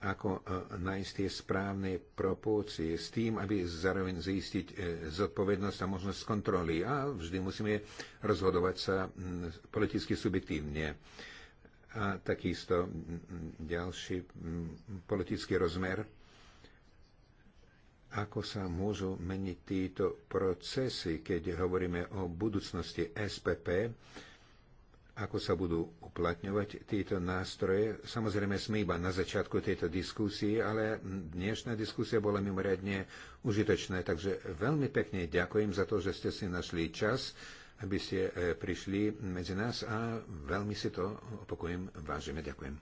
ako e, nájsť tie správne proporcie s tým, aby zároveň zistiť e, zodpovednosť a možnosť kontroly. A vždy musíme rozhodovať sa mm, politicky subjektívne. A takisto mm, mm, ďalší politický rozmer ako sa môžu meniť títo procesy, keď hovoríme o budúcnosti SPP, ako sa budú uplatňovať títo nástroje. Samozrejme, sme iba na začiatku tejto diskusie, ale dnešná diskusia bola mimoriadne užitočná. Takže veľmi pekne ďakujem za to, že ste si našli čas, aby ste e, prišli medzi nás a veľmi si to, opakujem, vážime. Ďakujem.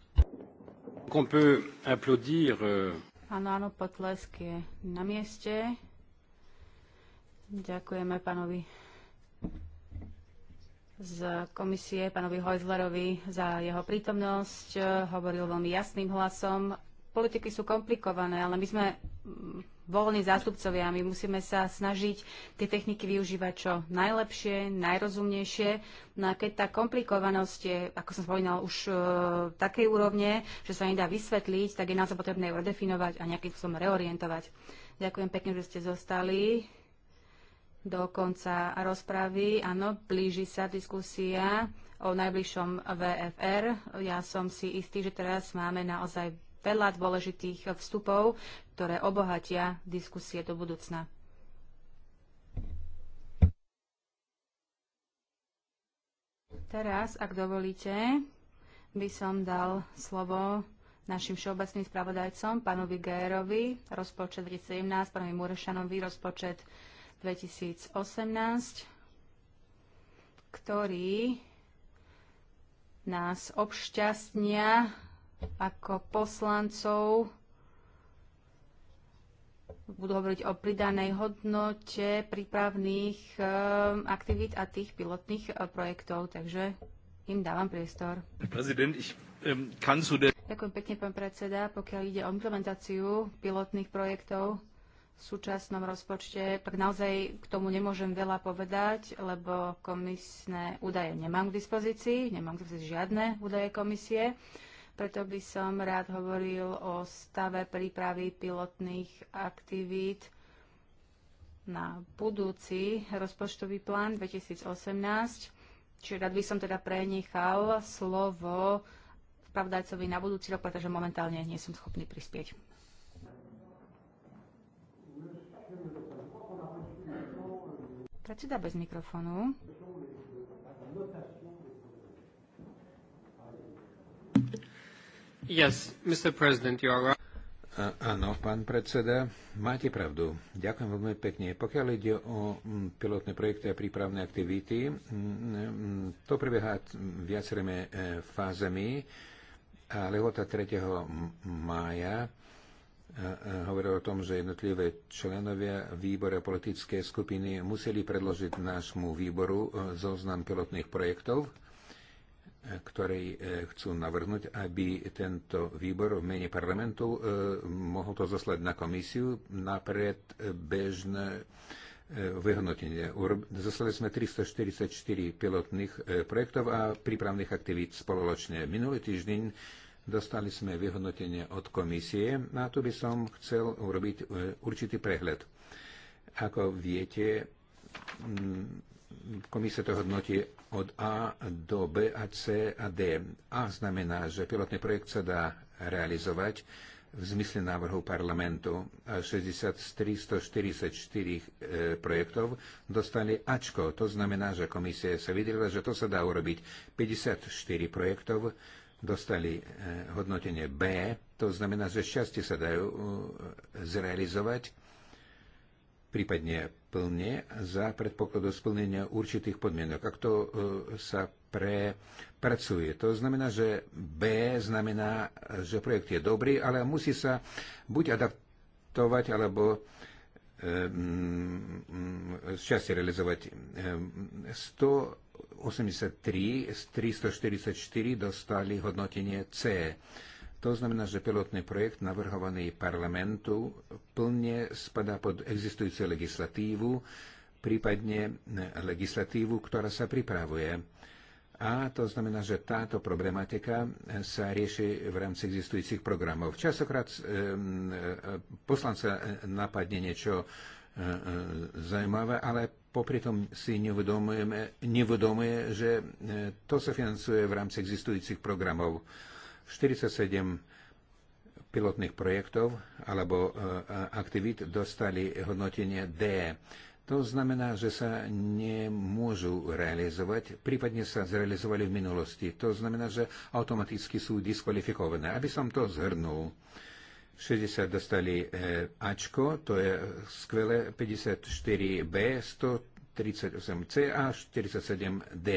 On peut applaudir euh, Áno, áno, potlesk je na mieste. Ďakujeme pánovi z komisie, pánovi Hojzlerovi za jeho prítomnosť. Hovoril veľmi jasným hlasom. Politiky sú komplikované, ale my sme voľní zástupcovia. My musíme sa snažiť tie techniky využívať čo najlepšie, najrozumnejšie. No a keď tá komplikovanosť je, ako som spomínal, už e, takej úrovne, že sa nedá vysvetliť, tak je naozaj potrebné ju redefinovať a nejakým spôsobom reorientovať. Ďakujem pekne, že ste zostali do konca rozpravy. Áno, blíži sa diskusia o najbližšom VFR. Ja som si istý, že teraz máme naozaj veľa dôležitých vstupov, ktoré obohatia diskusie do budúcna. Teraz, ak dovolíte, by som dal slovo našim všeobecným spravodajcom, pánovi Gérovi, rozpočet 2017, pánovi Murešanovi, rozpočet 2018, ktorý nás obšťastnia ako poslancov budú hovoriť o pridanej hodnote prípravných eh, aktivít a tých pilotných eh, projektov, takže im dávam priestor. Prezident, ich um, kann zu Ďakujem pekne, pán predseda. Pokiaľ ide o implementáciu pilotných projektov v súčasnom rozpočte, tak naozaj k tomu nemôžem veľa povedať, lebo komisné údaje nemám k dispozícii, nemám k dispozícii žiadne údaje komisie. Preto by som rád hovoril o stave prípravy pilotných aktivít na budúci rozpočtový plán 2018. Čiže rád by som teda prenechal slovo pravdajcovi na budúci rok, pretože momentálne nie som schopný prispieť. Predseda bez mikrofónu. Yes, Mr. President, you are right. Áno, pán predseda, máte pravdu. Ďakujem veľmi pekne. Pokiaľ ide o pilotné projekty a prípravné aktivity, to prebieha viacerými e, fázami a lehota 3. mája e, e, hovoril o tom, že jednotlivé členovia výbora politické skupiny museli predložiť nášmu výboru zoznam pilotných projektov ktorej e, chcú navrhnúť, aby tento výbor v mene parlamentu e, mohol to zaslať na komisiu na predbežné e, vyhodnotenie. Zaslali sme 344 pilotných projektov a prípravných aktivít spoločne. Minulý týždeň dostali sme vyhodnotenie od komisie a tu by som chcel urobiť určitý prehľad. Ako viete, Komisia to hodnotí od A do B a C a D. A znamená, že pilotný projekt sa dá realizovať v zmysle návrhu parlamentu. 60 z 344 projektov dostali Ačko. To znamená, že komisia sa vydrila, že to sa dá urobiť. 54 projektov dostali e, hodnotenie B. To znamená, že šťastie sa dajú e, zrealizovať prípadne plne za predpokladu splnenia určitých podmienok. Ak to e, sa prepracuje, to znamená, že B znamená, že projekt je dobrý, ale musí sa buď adaptovať, alebo e, z časti realizovať 183 e, z 344 dostali hodnotenie C. To znamená, že pilotný projekt navrhovaný parlamentu plne spadá pod existujúcu legislatívu, prípadne legislatívu, ktorá sa pripravuje. A to znamená, že táto problematika sa rieši v rámci existujúcich programov. Časokrát eh, eh, poslanca eh, napadne niečo zaujímavé, ale popri tom si nevedomuje, že to sa financuje v rámci existujúcich programov. 47 pilotných projektov alebo e, aktivít dostali hodnotenie D. To znamená, že sa nemôžu realizovať, prípadne sa zrealizovali v minulosti. To znamená, že automaticky sú diskvalifikované. Aby som to zhrnul, 60 dostali e, Ačko, to je skvelé, 54 B, 138 C a 47 D.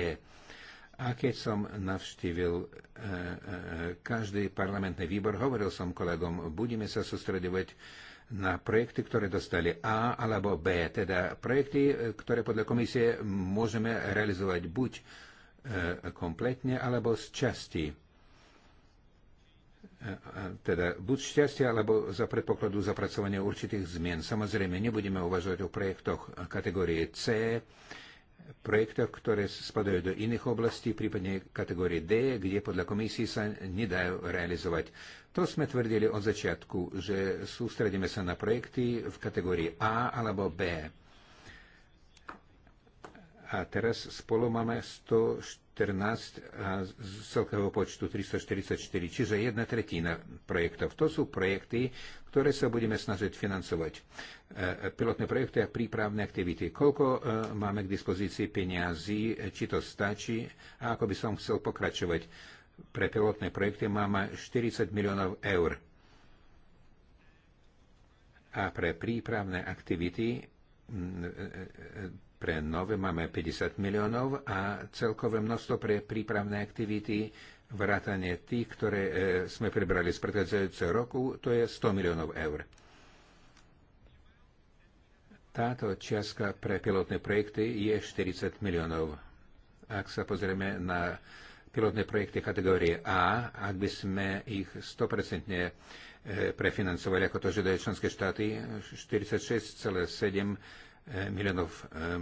A keď som navštívil e, e, každý parlamentný výbor, hovoril som kolegom, budeme sa sústredovať na projekty, ktoré dostali A alebo B, teda projekty, e, ktoré podľa komisie môžeme realizovať buď kompletne alebo z časti. Teda buď šťastie, alebo za predpokladu zapracovania určitých zmien. Samozrejme, nebudeme uvažovať o projektoch kategórie C, projektoch, ktoré spadajú do iných oblastí, prípadne kategórie D, kde podľa komisie sa nedajú realizovať. To sme tvrdili od začiatku, že sústredíme sa na projekty v kategórii A alebo B. A teraz spolu máme 140 a z celkového počtu 344, čiže jedna tretina projektov. To sú projekty, ktoré sa budeme snažiť financovať. E, pilotné projekty a prípravné aktivity. Koľko e, máme k dispozícii peniazy, e, či to stačí a ako by som chcel pokračovať. Pre pilotné projekty máme 40 miliónov eur. A pre prípravné aktivity pre nové máme 50 miliónov a celkové množstvo pre prípravné aktivity vrátanie tých, ktoré e, sme prebrali z predchádzajúceho roku, to je 100 miliónov eur. Táto čiastka pre pilotné projekty je 40 miliónov. Ak sa pozrieme na pilotné projekty kategórie A, ak by sme ich 100% e, prefinancovali, ako to žiadajú členské štáty, 46,7 Eh, miliónov. Eh,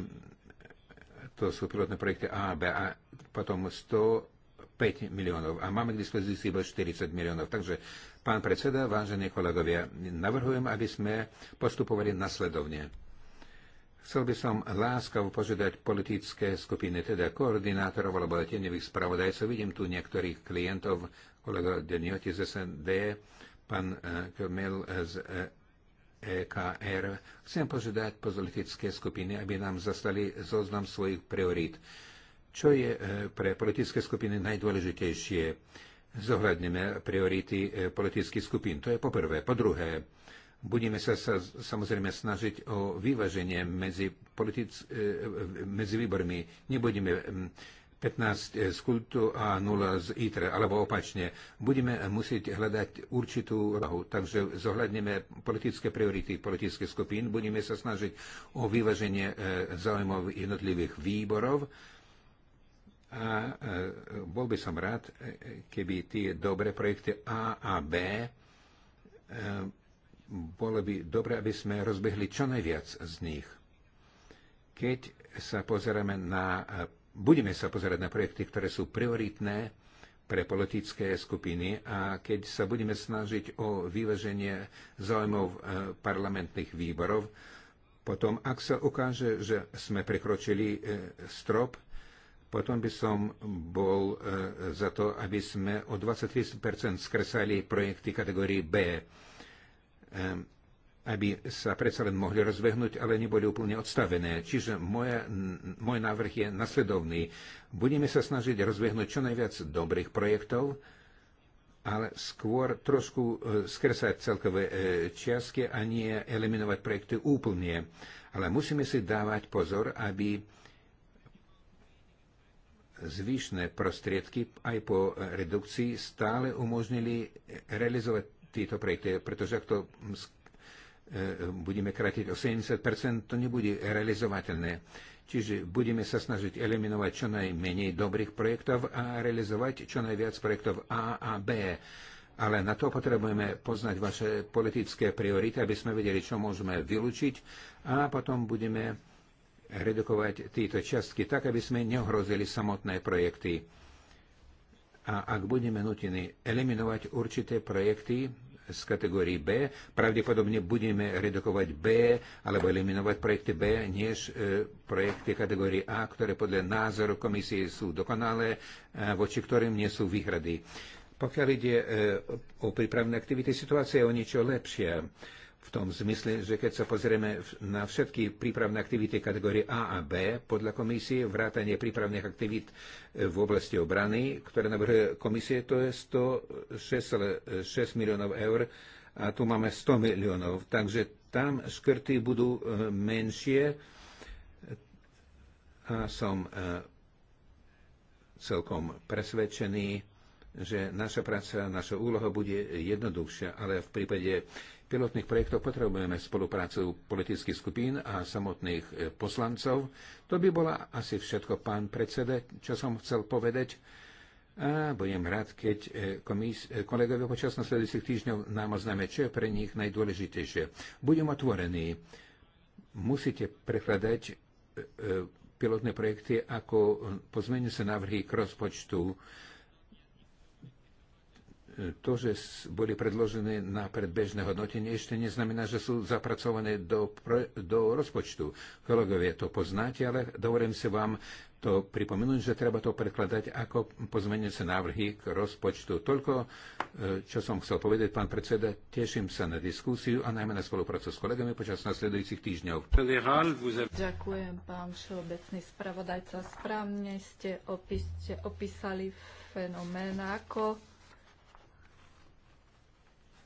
to sú pilotné projekty A, B a potom 105 miliónov. A máme k dispozícii iba 40 miliónov. Takže, pán predseda, vážení kolegovia, navrhujem, aby sme postupovali nasledovne. Chcel by som láskavo požiadať politické skupiny, teda koordinátorov alebo tieňových spravodajcov. Vidím tu niektorých klientov, kolega Denioti z SND, pán eh, Kermel z EKR, chcem požiadať politické skupiny, aby nám zastali zoznam svojich priorít. Čo je e, pre politické skupiny najdôležitejšie? Zohľadneme priority e, politických skupín. To je poprvé. Po druhé, Budeme sa, sa samozrejme snažiť o vyváženie medzi, politic, e, medzi výbormi. Nebudeme 15 e, z kultu a 0 z ITRE, alebo opačne. Budeme musieť hľadať určitú rohu, takže zohľadneme politické priority politických skupín, budeme sa snažiť o vyvaženie e, záujmov jednotlivých výborov a e, bol by som rád, keby tie dobré projekty A a B bolo by dobre, aby sme rozbehli čo najviac z nich. Keď sa pozeráme na budeme sa pozerať na projekty, ktoré sú prioritné pre politické skupiny a keď sa budeme snažiť o vyváženie záujmov e, parlamentných výborov, potom ak sa ukáže, že sme prekročili e, strop, potom by som bol e, za to, aby sme o 23% skresali projekty kategórii B ehm, aby sa predsa len mohli rozbehnúť, ale neboli úplne odstavené. Čiže moja, môj návrh je nasledovný. Budeme sa snažiť rozbehnúť čo najviac dobrých projektov, ale skôr trošku e, skresať celkové e, čiastky a nie eliminovať projekty úplne. Ale musíme si dávať pozor, aby zvyšné prostriedky aj po redukcii stále umožnili realizovať tieto projekty, pretože ak to E, budeme kratiť o 70%, to nebude realizovateľné. Čiže budeme sa snažiť eliminovať čo najmenej dobrých projektov a realizovať čo najviac projektov A a B. Ale na to potrebujeme poznať vaše politické priority, aby sme vedeli, čo môžeme vylúčiť a potom budeme redukovať tieto častky tak, aby sme neohrozili samotné projekty. A ak budeme nutení eliminovať určité projekty, z kategórií B. Pravdepodobne budeme redukovať B alebo eliminovať projekty B, než e, projekty kategórie A, ktoré podľa názoru komisie sú dokonalé, e, voči ktorým nie sú výhrady. Pokiaľ ide e, o prípravné aktivity, situácia je o niečo lepšia v tom zmysle, že keď sa pozrieme na všetky prípravné aktivity kategórie A a B podľa komisie, vrátanie prípravných aktivít e, v oblasti obrany, ktoré navrhuje komisie, to je 106,6 miliónov eur a tu máme 100 miliónov. Takže tam škrty budú e, menšie a som e, celkom presvedčený, že naša práca, naša úloha bude jednoduchšia, ale v prípade pilotných projektoch potrebujeme spoluprácu politických skupín a samotných e, poslancov. To by bola asi všetko, pán predseda, čo som chcel povedať. A budem rád, keď e, komis- e, kolegovia počas nasledujúcich týždňov nám oznáme, čo je pre nich najdôležitejšie. Budem otvorení. Musíte prekladať pilotné projekty ako pozmeniu sa návrhy k rozpočtu to, že boli predložené na predbežné hodnotenie, ešte neznamená, že sú zapracované do, do rozpočtu. Kolegovia to poznáte, ale dovolím si vám to pripomenúť, že treba to predkladať ako pozmenujúce návrhy k rozpočtu. Toľko, e, čo som chcel povedať, pán predseda, teším sa na diskusiu a najmä na spoluprácu s kolegami počas nasledujúcich týždňov. Ďakujem, pán všeobecný spravodajca. Správne ste opísali fenomén, ako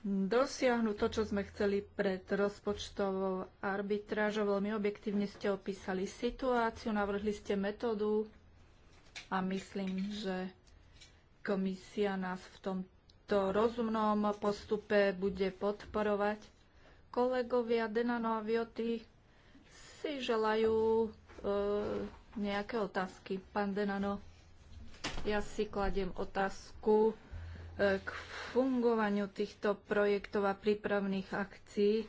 dosiahnuť to, čo sme chceli pred rozpočtovou arbitrážou. Veľmi objektívne ste opísali situáciu, navrhli ste metódu a myslím, že komisia nás v tomto rozumnom postupe bude podporovať. Kolegovia Denano a Vioty si želajú e, nejaké otázky. Pán Denano, ja si kladiem otázku k fungovaniu týchto projektov a prípravných akcií.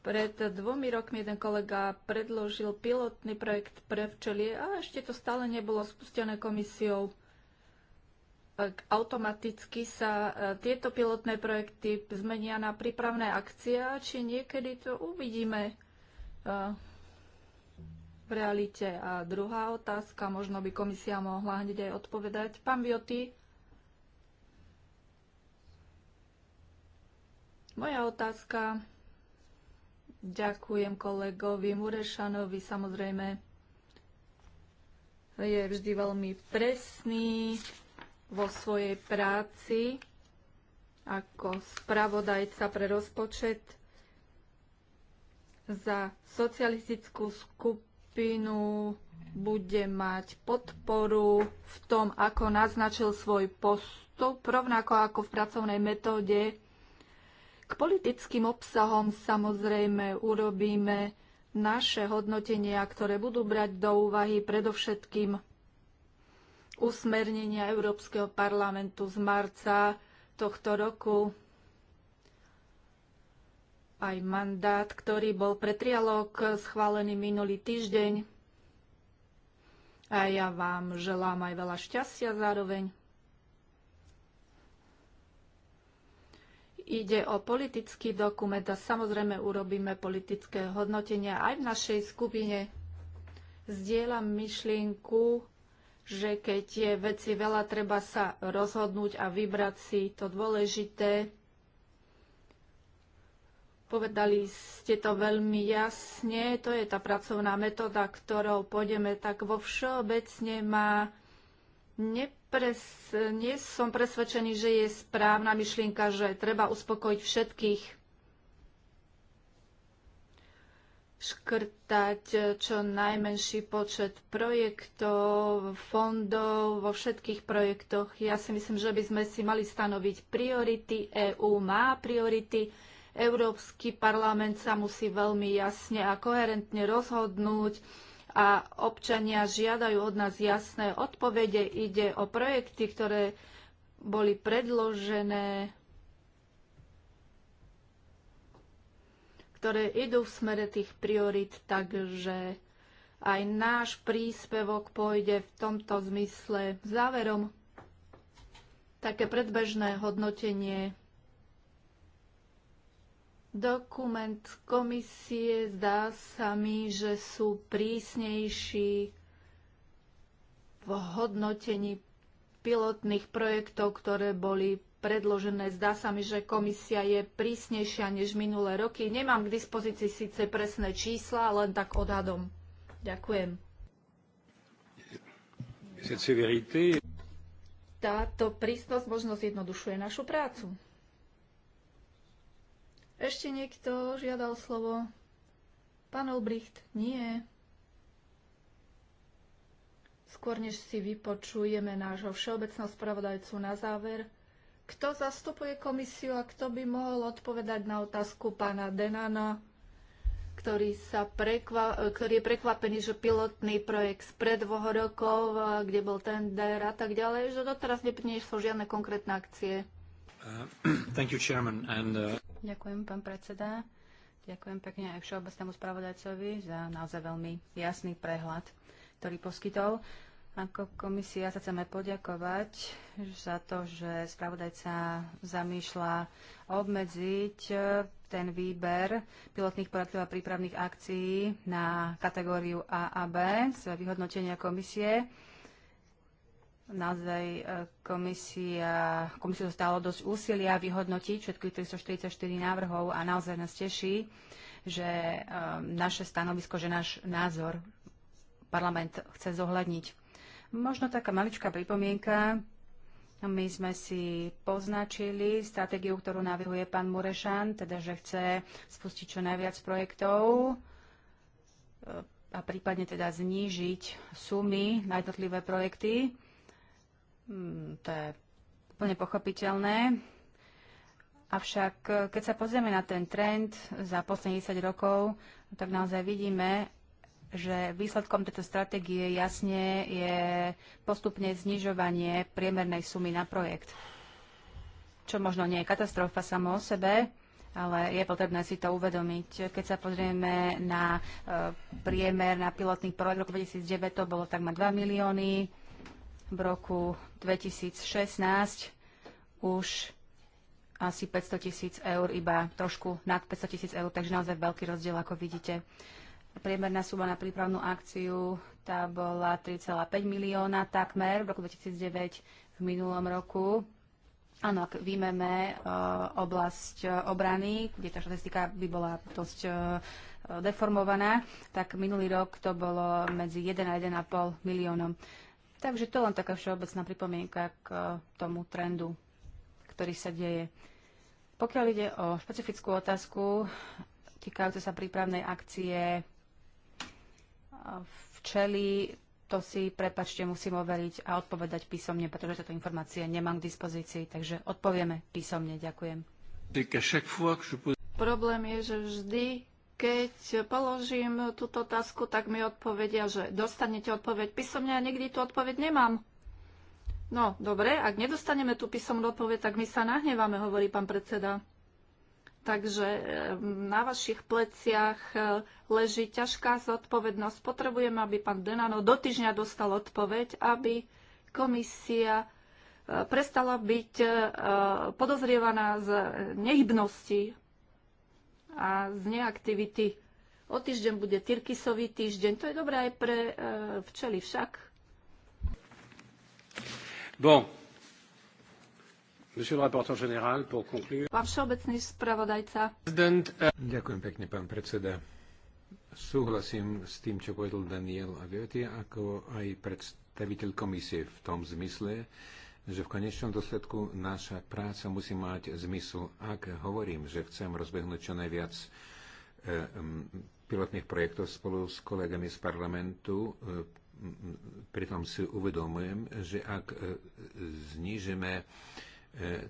Pred dvomi rokmi jeden kolega predložil pilotný projekt pre včelie a ešte to stále nebolo spustené komisiou. Automaticky sa e, tieto pilotné projekty zmenia na prípravné akcie, či niekedy to uvidíme e, v realite. A druhá otázka, možno by komisia mohla hneď aj odpovedať. Pán Vioty, Moja otázka, ďakujem kolegovi Murešanovi, samozrejme je vždy veľmi presný vo svojej práci ako spravodajca pre rozpočet za socialistickú skupinu bude mať podporu v tom, ako naznačil svoj postup, rovnako ako v pracovnej metóde k politickým obsahom samozrejme urobíme naše hodnotenia, ktoré budú brať do úvahy predovšetkým usmernenia Európskeho parlamentu z marca tohto roku, aj mandát, ktorý bol pre trialog schválený minulý týždeň. A ja vám želám aj veľa šťastia zároveň. Ide o politický dokument a samozrejme urobíme politické hodnotenia aj v našej skupine. Zdieľam myšlienku, že keď je veci veľa, treba sa rozhodnúť a vybrať si to dôležité. Povedali ste to veľmi jasne, to je tá pracovná metóda, ktorou pôjdeme, tak vo všeobecne má nep- presne som presvedčený, že je správna myšlienka, že treba uspokojiť všetkých, škrtať eh, čo najmenší počet projektov, fondov vo všetkých projektoch. Ja si myslím, že by sme si mali stanoviť priority. EÚ má priority. Európsky parlament sa musí veľmi jasne a koherentne rozhodnúť a občania žiadajú od nás jasné odpovede. Ide o projekty, ktoré boli predložené, ktoré idú v smere tých priorit, takže aj náš príspevok pôjde v tomto zmysle. Záverom také predbežné hodnotenie Dokument komisie zdá sa mi, že sú prísnejší v hodnotení pilotných projektov, ktoré boli predložené. Zdá sa mi, že komisia je prísnejšia než minulé roky. Nemám k dispozícii síce presné čísla, len tak odhadom. Ďakujem. Táto prísnosť možno zjednodušuje našu prácu. Ešte niekto žiadal slovo? Pán Olbricht, nie. Skôr než si vypočujeme nášho všeobecného spravodajcu na záver, kto zastupuje komisiu a kto by mohol odpovedať na otázku pána Denana, ktorý, sa prekva- ktorý je prekvapený, že pilotný projekt z pred dvoch rokov, kde bol tender a tak ďalej, že doteraz nepriniesol žiadne konkrétne akcie. Uh, (clears throat) uh, Ďakujem, pán predseda. Ďakujem pekne aj všeobecnému spravodajcovi za naozaj veľmi jasný prehľad, ktorý poskytol. Ako komisia sa chceme poďakovať za to, že spravodajca zamýšľa obmedziť uh, ten výber pilotných projektov a prípravných akcií na kategóriu A a B z vyhodnotenia komisie naozaj e, komisia, komisiu stálo dosť úsilia vyhodnotiť všetkých 344 návrhov a naozaj nás teší, že e, naše stanovisko, že náš názor parlament chce zohľadniť. Možno taká maličká pripomienka. My sme si poznačili stratégiu, ktorú navrhuje pán Murešan, teda že chce spustiť čo najviac projektov e, a prípadne teda znížiť sumy na jednotlivé projekty. Mm, to je úplne pochopiteľné. Avšak e, keď sa pozrieme na ten trend za posledných 10 rokov, tak naozaj vidíme, že výsledkom tejto stratégie jasne je postupne znižovanie priemernej sumy na projekt. Čo možno nie je katastrofa samo o sebe, ale je potrebné si to uvedomiť. Keď sa pozrieme na e, priemer na pilotný projekt roku 2009, to bolo takmer 2 milióny, v roku 2016 už asi 500 tisíc eur, iba trošku nad 500 tisíc eur, takže naozaj veľký rozdiel, ako vidíte. Priemerná suma na prípravnú akciu tá bola 3,5 milióna takmer v roku 2009 v minulom roku. Áno, ak výmeme e, oblasť e, obrany, kde tá štatistika by bola dosť e, deformovaná, tak minulý rok to bolo medzi 1 a 1,5 miliónom. Takže to len taká všeobecná pripomienka k e, tomu trendu, ktorý sa deje. Pokiaľ ide o špecifickú otázku týkajúce sa prípravnej akcie e, včeli, to si, prepačte, musím overiť a odpovedať písomne, pretože táto informácie nemám k dispozícii, takže odpovieme písomne. Ďakujem. Problém je, že vždy, keď položím túto otázku, tak mi odpovedia, že dostanete odpoveď písomne a nikdy tú odpoveď nemám. No, dobre, ak nedostaneme tú písomnú odpoveď, tak my sa nahnevame, hovorí pán predseda. Takže na vašich pleciach e, leží ťažká zodpovednosť. Potrebujem, aby pán Denano do týždňa dostal odpoveď, aby komisia e, prestala byť e, podozrievaná z nehybnosti a z neaktivity. O týždeň bude Tyrkisový týždeň. To je dobré aj pre e, včely však. Bon. Monsieur le rapporteur général, pour conclure. Pán všeobecný spravodajca. E- Ďakujem pekne, pán predseda. Súhlasím s tým, čo povedal Daniel Avioty, ako aj predstaviteľ komisie v tom zmysle, že v konečnom dôsledku naša práca musí mať zmysel. Ak hovorím, že chcem rozbehnúť čo najviac e, pilotných projektov spolu s kolegami z parlamentu, e, pritom si uvedomujem, že ak e, znížime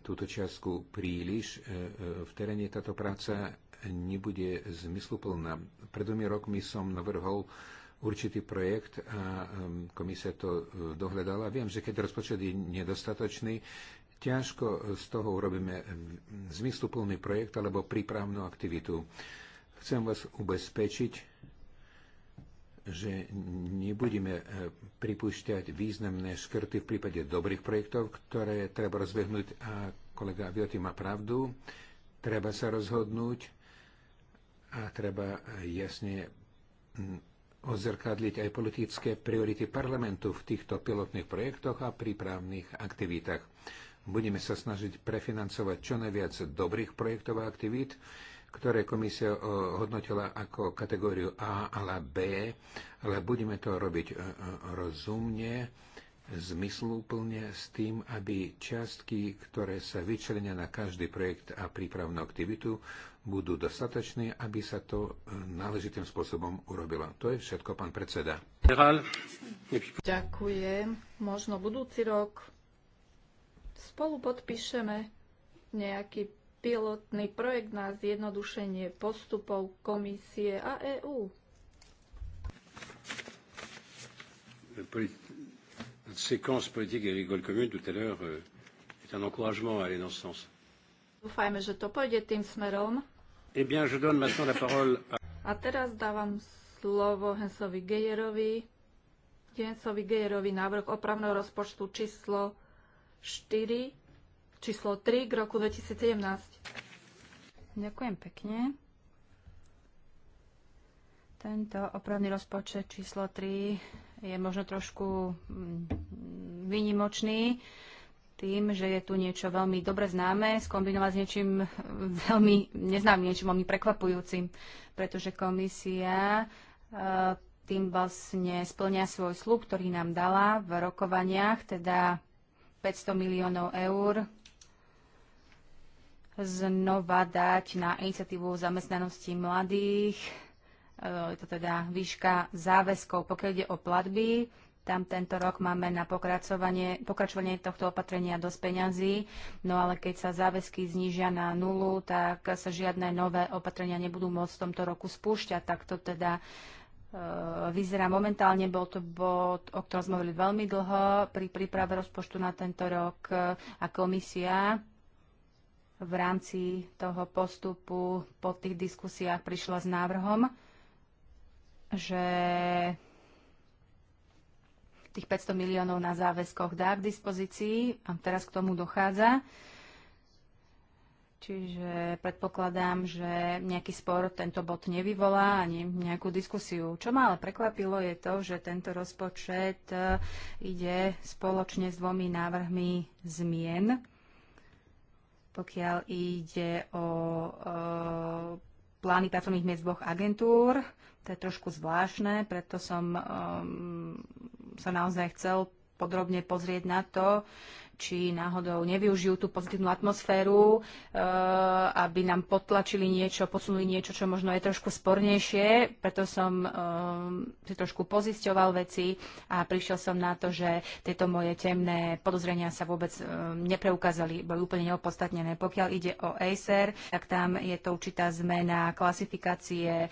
túto čiastku príliš, v teréne táto práca nebude zmysluplná. Pred dvomi rokmi som navrhol určitý projekt a komisia to e, dohľadala. Viem, že keď rozpočet je nedostatočný, ťažko z toho urobíme zmysluplný projekt alebo prípravnú aktivitu. Chcem vás ubezpečiť, že nebudeme e, pripúšťať významné škrty v prípade dobrých projektov, ktoré treba rozbehnúť a kolega Vioti má pravdu. Treba sa rozhodnúť a treba jasne ozrkadliť aj politické priority parlamentu v týchto pilotných projektoch a prípravných aktivitách. Budeme sa snažiť prefinancovať čo najviac dobrých projektov a aktivít, ktoré komisia eh, hodnotila ako kategóriu A ale B, ale budeme to robiť eh, eh, rozumne, zmysluplne s tým, aby častky, ktoré sa vyčlenia na každý projekt a prípravnú aktivitu, budú dostatočné, aby sa to e, náležitým spôsobom urobilo. To je všetko, pán predseda. Ďakujem. Možno budúci rok spolu podpíšeme nejaký pilotný projekt na zjednodušenie postupov komisie a EÚ. séquence politique agricole commune tout à l'heure euh, est un encouragement à aller dans ce sens. Dúfajme, že to pôjde tým smerom. Eh A teraz dávam slovo Hensovi Gejerovi. Hensovi Gejerovi návrh opravného rozpočtu číslo 4, číslo 3 k roku 2017. Ďakujem pekne. Tento opravný rozpočet číslo 3 je možno trošku mm, výnimočný tým, že je tu niečo veľmi dobre známe, skombinovať s niečím veľmi neznámym, niečím veľmi prekvapujúcim, pretože komisia e, tým vlastne splňa svoj slub, ktorý nám dala v rokovaniach, teda 500 miliónov eur znova dať na iniciatívu zamestnanosti mladých, e, je to teda výška záväzkov. Pokiaľ ide o platby, tam tento rok máme na pokračovanie, pokračovanie tohto opatrenia dosť peňazí, no ale keď sa záväzky znížia na nulu, tak sa žiadne nové opatrenia nebudú môcť v tomto roku spúšťať, tak to teda e, vyzerá momentálne. Bol to bod, o ktorom sme hovorili veľmi dlho pri príprave rozpočtu na tento rok e, a komisia v rámci toho postupu po tých diskusiách prišla s návrhom, že tých 500 miliónov na záväzkoch dá k dispozícii a teraz k tomu dochádza. Čiže predpokladám, že nejaký spor tento bod nevyvolá ani nejakú diskusiu. Čo ma ale prekvapilo je to, že tento rozpočet e, ide spoločne s dvomi návrhmi zmien, pokiaľ ide o, o e, plány pracovných miest dvoch agentúr. To je trošku zvláštne, preto som e, sa naozaj chcel podrobne pozrieť na to, či náhodou nevyužijú tú pozitívnu atmosféru, e, aby nám potlačili niečo, posunuli niečo, čo možno je trošku spornejšie. Preto som e, si trošku pozisťoval veci a prišiel som na to, že tieto moje temné podozrenia sa vôbec e, nepreukázali, boli úplne neopodstatnené. Pokiaľ ide o Acer, tak tam je to určitá zmena klasifikácie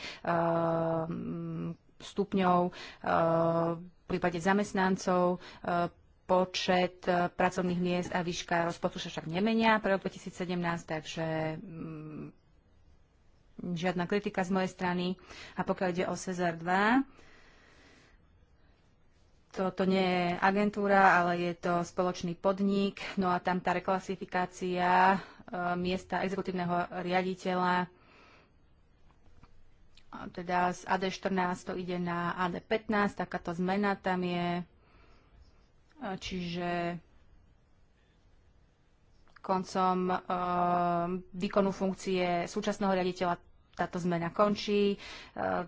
stupňov prípade zamestnancov e, počet e, pracovných miest a výška rozpočtu sa však nemenia pre rok 2017, takže mm, žiadna kritika z mojej strany. A pokiaľ ide o Cezar 2, toto nie je agentúra, ale je to spoločný podnik. No a tam tá reklasifikácia e, miesta exekutívneho riaditeľa teda z AD14 to ide na AD15, takáto zmena tam je, e, čiže koncom e, výkonu funkcie súčasného riaditeľa táto zmena končí, e,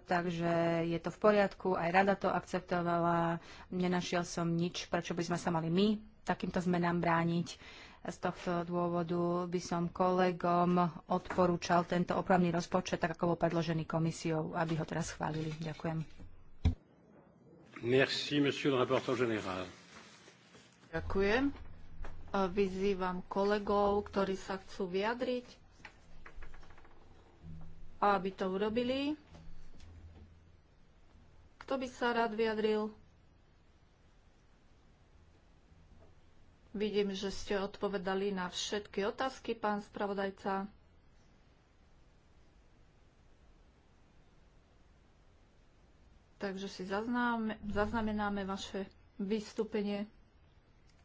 takže je to v poriadku, aj rada to akceptovala, nenašiel som nič, prečo by sme sa mali my takýmto zmenám brániť. Z tohto dôvodu by som kolegom odporúčal tento opravný rozpočet, tak ako bol predložený komisiou, aby ho teraz schválili. Ďakujem. Merci, monsieur le rapporteur général. Ďakujem. Vyzývam kolegov, ktorí sa chcú vyjadriť, aby to urobili. Kto by sa rád vyjadril? Vidím, že ste odpovedali na všetky otázky, pán spravodajca. Takže si zaznamenáme vaše vystúpenie.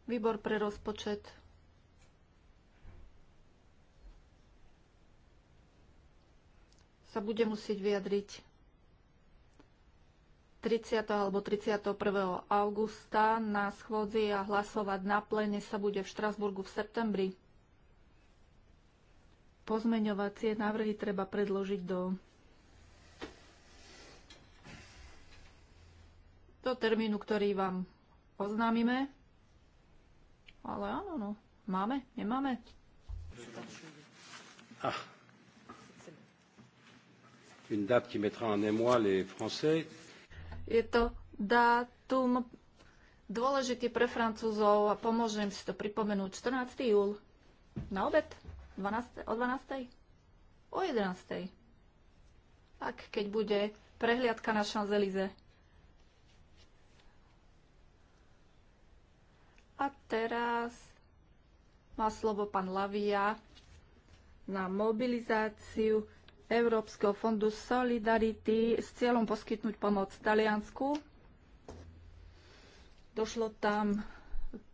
Výbor pre rozpočet. sa bude musieť vyjadriť 30. alebo 31. augusta na schôdzi a hlasovať na plene sa bude v Štrasburgu v septembri. Pozmeňovacie návrhy treba predložiť do, do termínu, ktorý vám oznámime. Ale áno, no. Máme? Nemáme? Ah. Une date qui mettra en émoi les Français je to dátum dôležitý pre Francúzov a pomôžem si to pripomenúť. 14. júl na obed 12, o 12. o 11. Ak keď bude prehliadka na Champs-Élysées. A teraz má slovo pán Lavia na mobilizáciu Európskeho fondu Solidarity s cieľom poskytnúť pomoc Taliansku. Došlo tam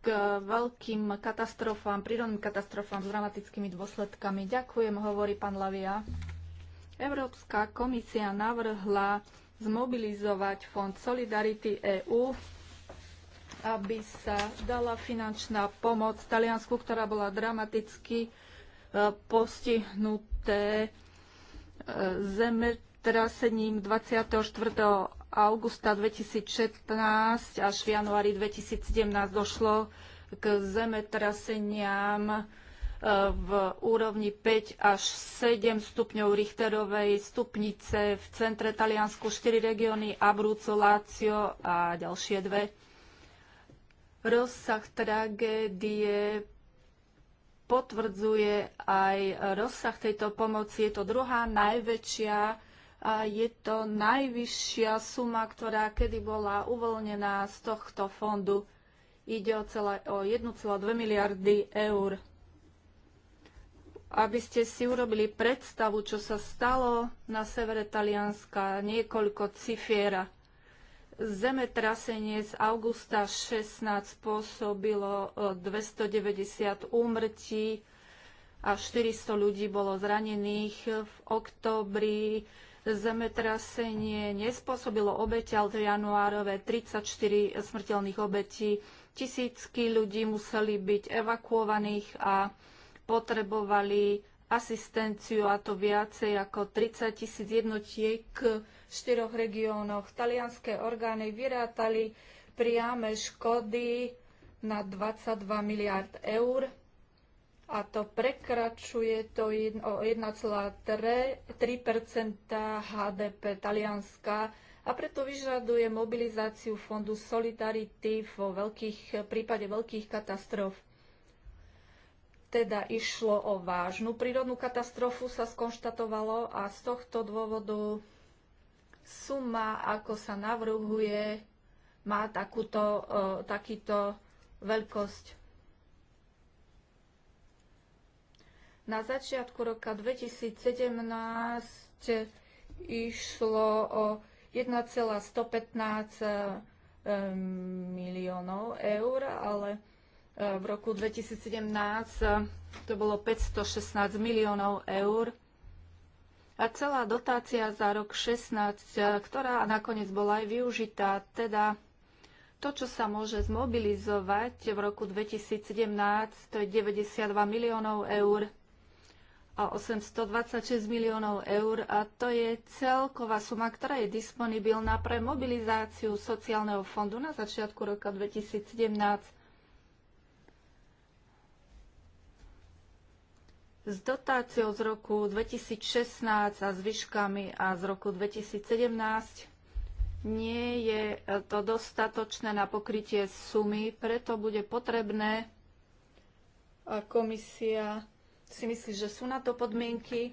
k veľkým katastrofám, prírodným katastrofám s dramatickými dôsledkami. Ďakujem, hovorí pán Lavia. Európska komisia navrhla zmobilizovať fond Solidarity EU aby sa dala finančná pomoc Taliansku, ktorá bola dramaticky e, postihnuté zemetrasením 24. augusta 2016 až v januári 2017 došlo k zemetraseniam e, v úrovni 5 až 7 stupňov Richterovej stupnice v centre Taliansku 4 regióny Abruzzo, Lazio a ďalšie dve. Rozsah tragédie potvrdzuje aj rozsah tejto pomoci. Je to druhá najväčšia a je to najvyššia suma, ktorá kedy bola uvoľnená z tohto fondu. Ide o, celé, o 1,2 miliardy eur. Aby ste si urobili predstavu, čo sa stalo na severe Talianska, niekoľko cifiera. Zemetrasenie z augusta 16 spôsobilo 290 e, úmrtí a 400 ľudí bolo zranených. V októbri zemetrasenie nespôsobilo obete, ale v januárove 34 smrteľných obetí. Tisícky ľudí museli byť evakuovaných a potrebovali asistenciu, a to viacej ako 30 tisíc jednotiek štyroch regiónoch. Talianské orgány vyrátali priame škody na 22 miliard eur a to prekračuje to o 1,3 HDP Talianska a preto vyžaduje mobilizáciu Fondu Solidarity vo veľkých, prípade veľkých katastrof teda išlo o vážnu prírodnú katastrofu, sa skonštatovalo a z tohto dôvodu suma, ako sa navrhuje, má takúto, e, takýto veľkosť. Na začiatku roka 2017 išlo o 1,115 e, miliónov eur, ale e, v roku 2017 to bolo 516 miliónov eur a celá dotácia za rok 16, e, ktorá nakoniec bola aj využitá, teda to, čo sa môže zmobilizovať v roku 2017, to je 92 miliónov eur a 826 miliónov eur a to je celková suma, ktorá je disponibilná pre mobilizáciu sociálneho fondu na začiatku roka 2017 S dotáciou z roku 2016 a zvyškami a z roku 2017 nie je to dostatočné na pokrytie sumy, preto bude potrebné a komisia si myslí, že sú na to podmienky,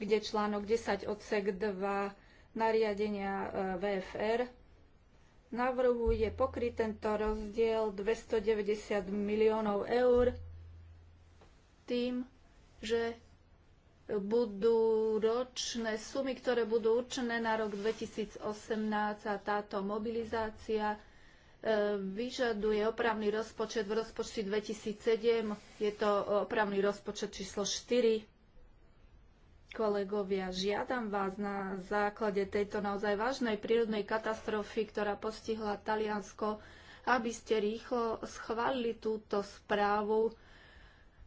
kde článok 10 odsek 2 nariadenia e, VFR navrhuje pokryť tento rozdiel 290 miliónov eur tým, že budú ročné sumy, ktoré budú určené na rok 2018 a táto mobilizácia e, vyžaduje opravný rozpočet v rozpočti 2007. Je to opravný rozpočet číslo 4. Kolegovia, žiadam vás na základe tejto naozaj vážnej prírodnej katastrofy, ktorá postihla Taliansko, aby ste rýchlo schválili túto správu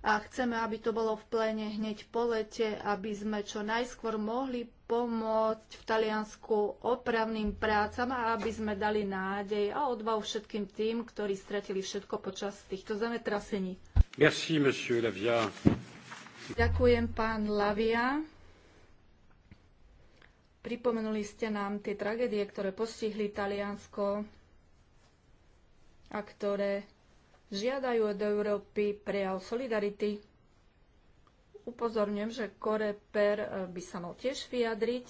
a chceme, aby to bolo v pléne hneď po lete, aby sme čo najskôr mohli pomôcť v Taliansku opravným prácam a aby sme dali nádej a odvahu všetkým tým, ktorí stratili všetko počas týchto zemetrasení. Merci, monsieur Lavia. Ďakujem, pán Lavia. Pripomenuli ste nám tie tragédie, ktoré postihli Taliansko a ktoré žiadajú od Európy prejav solidarity. Upozorňujem, že Koreper eh, by sa mal tiež vyjadriť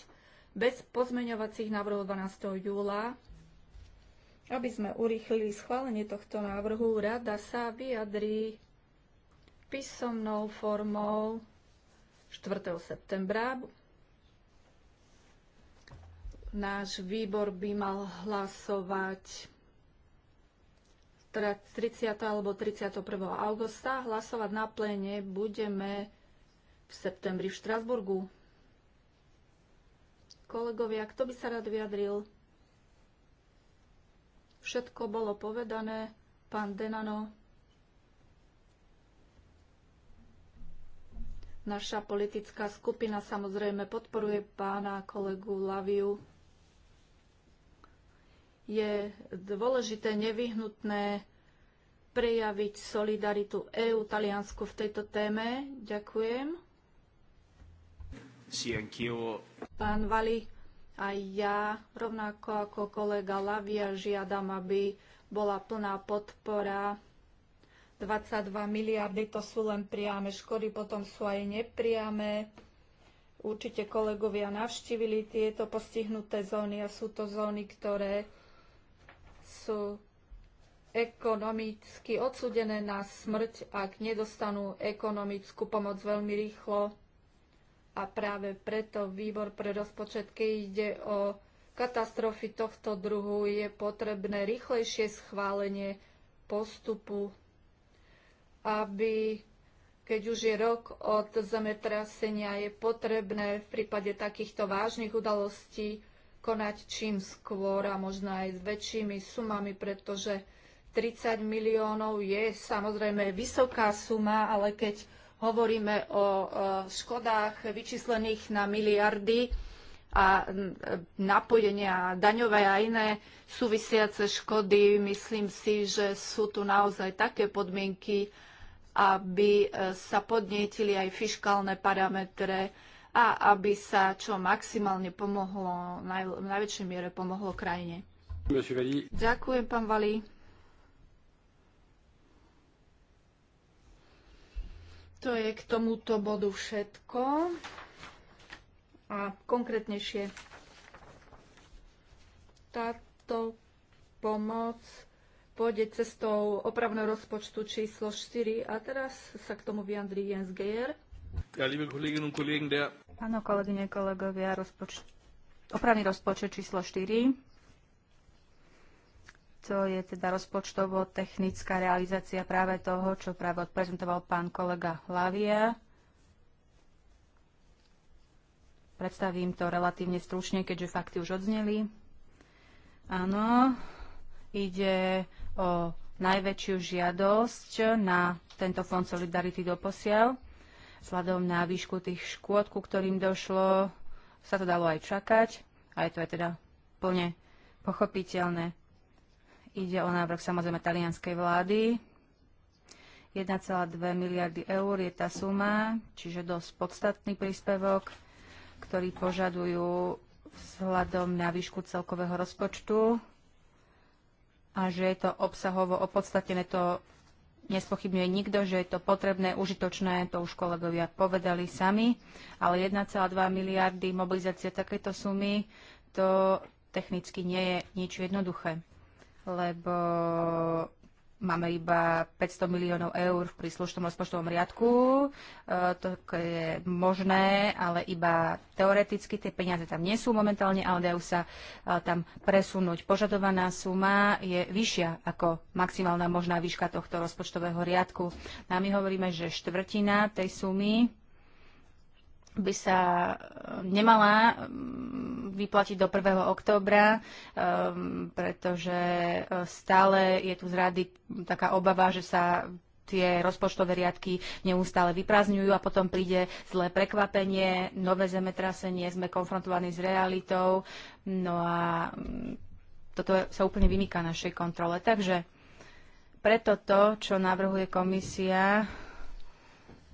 bez pozmeňovacích návrhov 12. júla. Aby sme urýchlili schválenie tohto návrhu, rada sa vyjadri písomnou formou 4. septembra. Náš výbor by mal hlasovať teda 30. alebo 31. augusta. Hlasovať na pléne budeme v septembri v Štrasburgu. Kolegovia, kto by sa rád vyjadril? Všetko bolo povedané. Pán Denano. Naša politická skupina samozrejme podporuje pána kolegu Laviu je dôležité, nevyhnutné prejaviť solidaritu EÚ Taliansku v tejto téme. Ďakujem. Pán Vali, aj ja, rovnako ako kolega Lavia, žiadam, aby bola plná podpora. 22 miliardy to sú len priame škody, potom sú aj nepriame. Určite kolegovia navštívili tieto postihnuté zóny a sú to zóny, ktoré sú ekonomicky odsudené na smrť, ak nedostanú ekonomickú pomoc veľmi rýchlo. A práve preto výbor pre rozpočet, keď ide o katastrofy tohto druhu, je potrebné rýchlejšie schválenie postupu, aby keď už je rok od zemetrasenia, je potrebné v prípade takýchto vážnych udalostí konať čím skôr a možno aj s väčšími sumami, pretože 30 miliónov je samozrejme vysoká suma, ale keď hovoríme o škodách vyčíslených na miliardy a napojenia daňové a iné súvisiace škody, myslím si, že sú tu naozaj také podmienky, aby sa podnietili aj fiškálne parametre, a aby sa čo maximálne pomohlo, v najväčšej miere pomohlo krajine. Ďakujem, pán Valí. To je k tomuto bodu všetko. A konkrétnejšie táto pomoc pôjde cestou opravného rozpočtu číslo 4. A teraz sa k tomu vyjadrí Jens Geier. Ja, liebe Kolleginnen und Kollegen, der... Áno, kolegyne, kolegovia, rozpoč... opravný rozpočet číslo 4. To je teda rozpočtovo-technická realizácia práve toho, čo práve odprezentoval pán kolega Lavia. Predstavím to relatívne stručne, keďže fakty už odzneli. Áno, ide o najväčšiu žiadosť na tento fond Solidarity posiaľ vzhľadom na výšku tých škôd, ku ktorým došlo, sa to dalo aj čakať. a je to je teda plne pochopiteľné. Ide o návrh samozrejme talianskej vlády. 1,2 miliardy eur je tá suma, čiže dosť podstatný príspevok, ktorý požadujú vzhľadom na výšku celkového rozpočtu a že je to obsahovo opodstatnené, to nespochybňuje nikto, že je to potrebné, užitočné, to už kolegovia povedali sami, ale 1,2 miliardy mobilizácia takéto sumy, to technicky nie je nič jednoduché, lebo Máme iba 500 miliónov eur v príslušnom rozpočtovom riadku. E, to je možné, ale iba teoreticky tie peniaze tam nie sú momentálne, ale dajú sa e, tam presunúť. Požadovaná suma je vyššia ako maximálna možná výška tohto rozpočtového riadku. A my hovoríme, že štvrtina tej sumy by sa e, nemala mm, vyplatiť do 1. októbra, e, pretože e, stále je tu z rady taká obava, že sa tie rozpočtové riadky neustále vyprázdňujú a potom príde zlé prekvapenie, nové zemetrasenie, sme konfrontovaní s realitou, no a mm, toto sa úplne vymýka našej kontrole. Takže preto to, čo navrhuje komisia,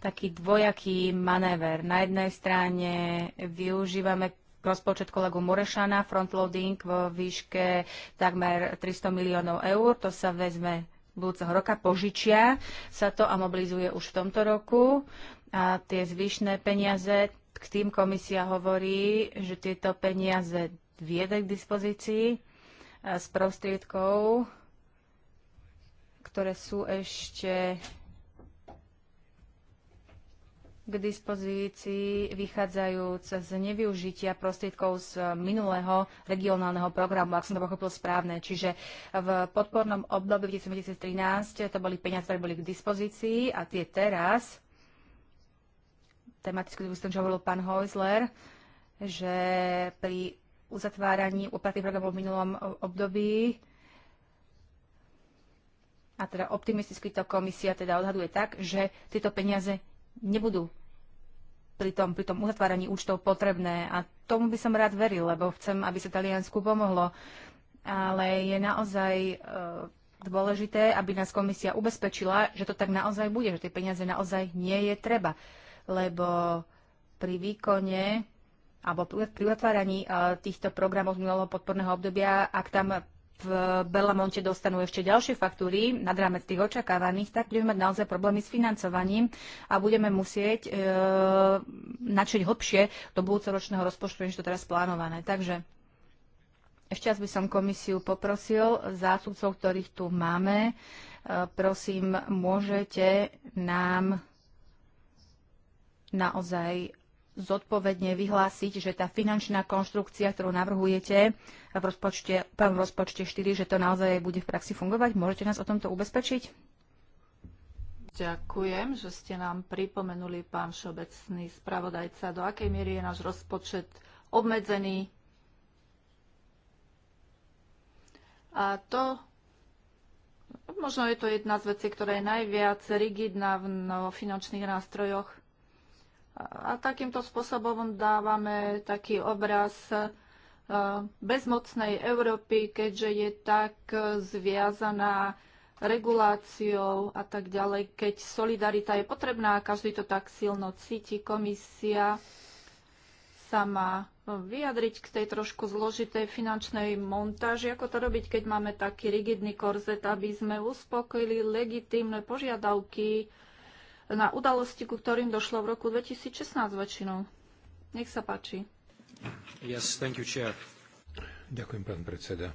taký dvojaký manéver. Na jednej strane využívame rozpočet kolegu Morešana, frontloading vo výške takmer 300 miliónov eur, to sa vezme budúceho roka, požičia sa to a mobilizuje už v tomto roku. A tie zvyšné peniaze, k tým komisia hovorí, že tieto peniaze viede k dispozícii z prostriedkov, ktoré sú ešte k dispozícii vychádzajúc z nevyužitia prostriedkov z minulého regionálneho programu, ak som to pochopil správne. Čiže v podpornom období 2013 to boli peniaze, ktoré boli k dispozícii a tie teraz, tematicky, ktorú som hovoril pán Heusler, že pri uzatváraní opratných programov v minulom období a teda optimisticky to komisia teda odhaduje tak, že tieto peniaze nebudú pri tom, pri tom uzatváraní účtov potrebné. A tomu by som rád veril, lebo chcem, aby sa Taliansku pomohlo. Ale je naozaj e, dôležité, aby nás komisia ubezpečila, že to tak naozaj bude, že tie peniaze naozaj nie je treba. Lebo pri výkone alebo pri, otváraní e, týchto programov z minulého podporného obdobia, ak tam v Belamonte dostanú ešte ďalšie faktúry nad rámec tých očakávaných, tak budeme mať naozaj problémy s financovaním a budeme musieť e, načiť hlbšie do budúcoročného rozpočtu, než to teraz plánované. Takže ešte raz by som komisiu poprosil, zástupcov, ktorých tu máme, e, prosím, môžete nám naozaj zodpovedne vyhlásiť, že tá finančná konštrukcia, ktorú navrhujete v rozpočte, v rozpočte 4, že to naozaj bude v praxi fungovať? Môžete nás o tomto ubezpečiť? Ďakujem, že ste nám pripomenuli, pán všeobecný spravodajca, do akej miery je náš rozpočet obmedzený. A to Možno je to jedna z vecí, ktorá je najviac rigidná v no, finančných nástrojoch. A takýmto spôsobom dávame taký obraz e, bezmocnej Európy, keďže je tak e, zviazaná reguláciou a tak ďalej, keď solidarita je potrebná a každý to tak silno cíti. Komisia sa má vyjadriť k tej trošku zložitej finančnej montáži, ako to robiť, keď máme taký rigidný korzet, aby sme uspokojili legitímne požiadavky na udalosti, ku ktorým došlo v roku 2016 väčšinou. Nech sa páči. Yes, thank you, chair. Ďakujem, pán predseda.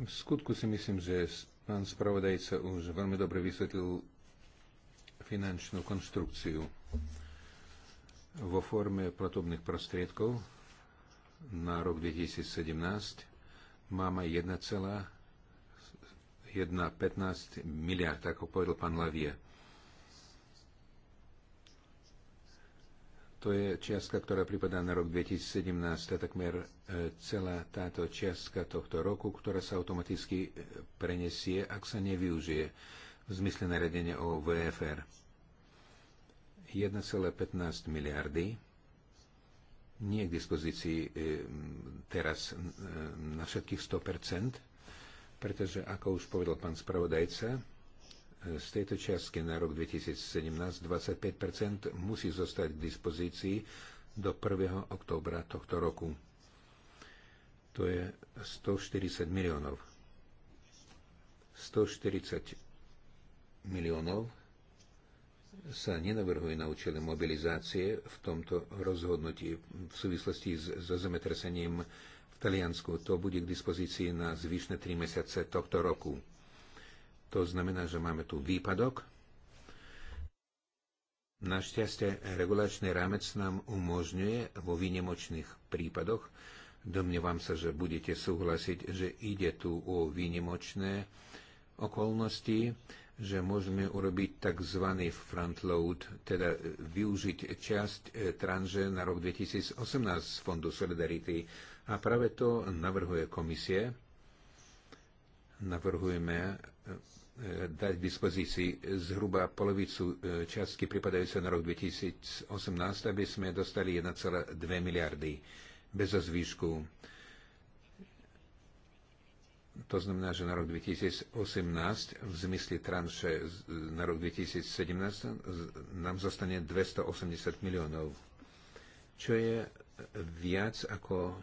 V skutku si myslím, že pán spravodajca už veľmi dobre vysvetlil finančnú konštrukciu vo forme platobných prostriedkov na rok 2017 máme 1,15 miliard, ako povedal pán Lavie. To je čiastka, ktorá pripadá na rok 2017, a takmer e, celá táto čiastka tohto roku, ktorá sa automaticky e, prenesie, ak sa nevyužije v zmysle naredenia o VFR. 1,15 miliardy nie je k dispozícii e, teraz na všetkých 100%, pretože, ako už povedal pán spravodajca, e, z tejto čiastky na rok 2017 25 musí zostať k dispozícii do 1. októbra tohto roku. To je 140 miliónov. 140 miliónov sa nenavrhuje na účely mobilizácie v tomto rozhodnutí v súvislosti s zemetresením v Taliansku. To bude k dispozícii na zvyšné 3 mesiace tohto roku. To znamená, že máme tu výpadok. Našťastie regulačný rámec nám umožňuje vo výnimočných prípadoch, domnievam sa, že budete súhlasiť, že ide tu o výnimočné okolnosti, že môžeme urobiť tzv. front load, teda využiť časť e, tranže na rok 2018 z Fondu Solidarity. A práve to navrhuje komisie. Navrhujeme e, dať k dispozícii zhruba polovicu e, častky pripadajúce na rok 2018, aby sme dostali 1,2 miliardy bez zvýšku. To znamená, že na rok 2018 v zmysle tranše na rok 2017 e, nám zostane 280 miliónov, čo je viac ako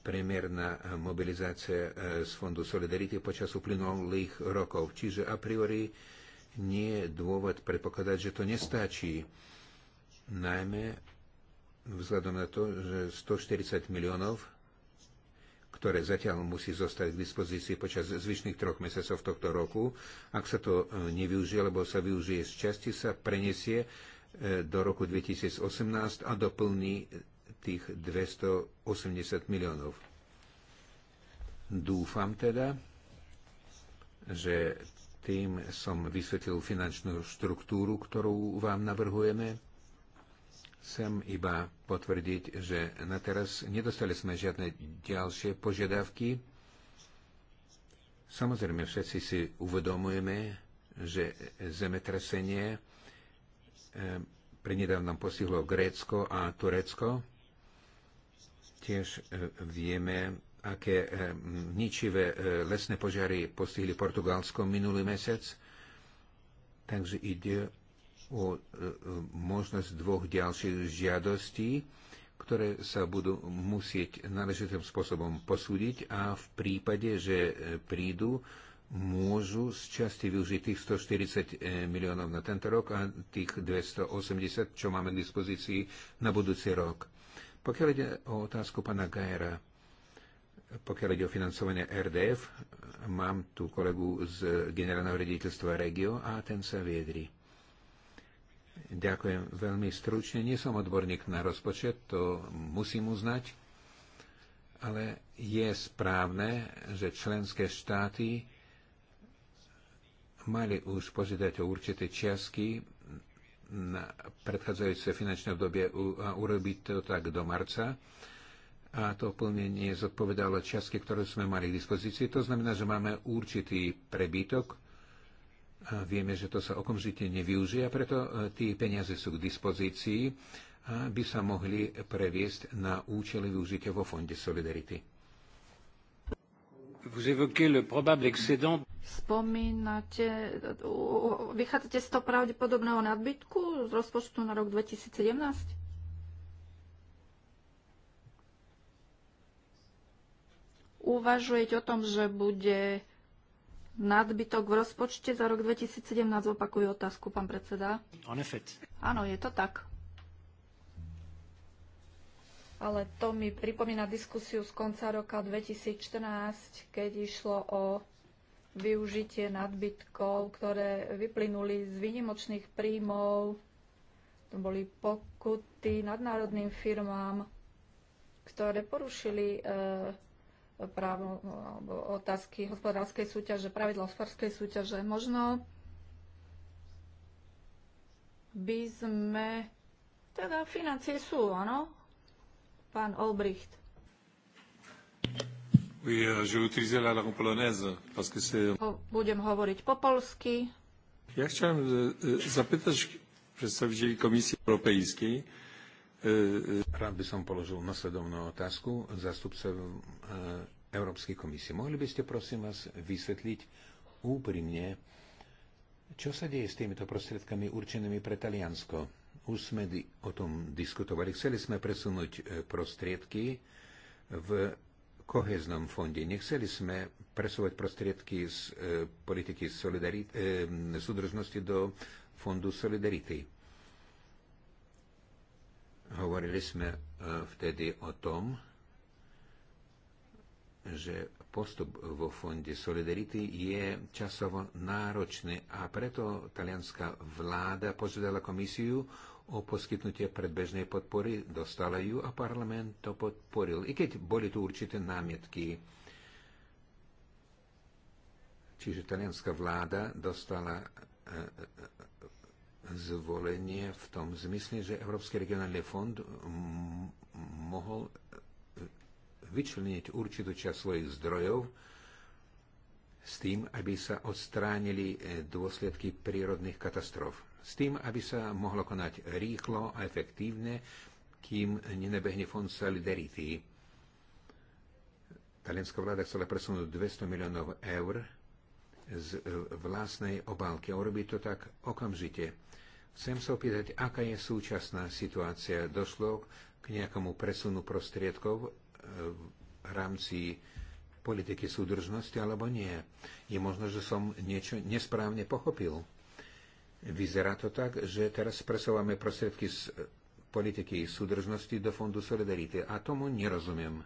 priemerná mobilizácia e, z Fondu Solidarity počas uplynulých rokov. Čiže a priori nie je dôvod predpokladať, že to nestačí. Najmä vzhľadom na to, že 140 miliónov, ktoré zatiaľ musí zostať k dispozícii počas zvyšných troch mesiacov tohto roku, ak sa to e, nevyužije, alebo sa využije z časti, sa preniesie e, do roku 2018 a doplní tých 280 miliónov. Dúfam teda, že tým som vysvetlil finančnú štruktúru, ktorú vám navrhujeme. Chcem iba potvrdiť, že na teraz nedostali sme žiadne ďalšie požiadavky. Samozrejme, všetci si uvedomujeme, že zemetrasenie eh, prinedávnom postihlo Grécko a Turecko. Tiež e, vieme, aké e, ničivé e, lesné požiary postihli Portugalsko minulý mesiac. Takže ide o možnosť dvoch ďalších žiadostí, ktoré sa budú musieť náležitým spôsobom posúdiť a v prípade, že prídu, môžu z časti využiť tých 140 miliónov na tento rok a tých 280, čo máme k dispozícii na budúci rok. Pokiaľ ide o otázku pana Gajera, pokiaľ ide o financovanie RDF, mám tu kolegu z generálneho rediteľstva Regio a ten sa viedri. Ďakujem veľmi stručne. Nie som odborník na rozpočet, to musím uznať, ale je správne, že členské štáty mali už požiadať o určité čiastky na predchádzajúce finančné obdobie urobiť to tak do marca a to plne nezodpovedalo časke, ktoré sme mali k dispozícii. To znamená, že máme určitý prebytok a vieme, že to sa okamžite nevyužije a preto e, tie peniaze sú k dispozícii a by sa mohli previesť na účely využitia vo Fonde Solidarity. Vous évoquez le probable excédent spomínate, vychádzate z toho pravdepodobného nadbytku z rozpočtu na rok 2017? Uvažujete o tom, že bude nadbytok v rozpočte za rok 2017? Opakujú otázku, pán predseda. En effet. Áno, je to tak ale to mi pripomína diskusiu z konca roka 2014, keď išlo o využitie nadbytkov, ktoré vyplynuli z výnimočných príjmov. To boli pokuty nadnárodným firmám, ktoré porušili e, právo alebo otázky hospodárskej súťaže, pravidla hospodárskej súťaže. Možno by sme... Teda financie sú, áno, Pán Olbricht. Oui, euh, je vais utiliser la langue polonaise, parce que c'est... Euh, budem hovoriť po polsky. Ja chciałem e, e, zapytać przedstawicieli Komisji Europejskiej. E, Rád by som položil nasledovnú otázku zástupcom Európskej komisie. Mohli by ste, prosím vás, vysvetliť úprimne, čo sa deje s týmito prostriedkami určenými pre Taliansko? už sme o tom diskutovali. Chceli sme presunúť e, prostriedky v koheznom fonde. Nechceli sme presúvať prostriedky z e, politiky e, súdržnosti do fondu Solidarity. Hovorili sme e, vtedy o tom, že postup vo fonde Solidarity je časovo náročný a preto talianská vláda požiadala komisiu o poskytnutie predbežnej podpory, dostala ju a parlament to podporil, i keď boli tu určité námietky. Čiže talianská vláda dostala e, e, zvolenie v tom zmysle, že Európsky regionálny fond mohol e, vyčleniť určitú časť svojich zdrojov s tým, aby sa odstránili dôsledky prírodných katastrof s tým, aby sa mohlo konať rýchlo a efektívne, kým nenebehne fond Solidarity. Talianská vláda chcela presunúť 200 miliónov eur z vlastnej obálky a urobiť to tak okamžite. Chcem sa opýtať, aká je súčasná situácia. Došlo k nejakomu presunu prostriedkov e, v rámci politiky súdržnosti alebo nie. Je možno, že som niečo nesprávne pochopil. Vyzerá to tak, že teraz presovame prostriedky z politiky súdržnosti do Fondu Solidarity a tomu nerozumiem.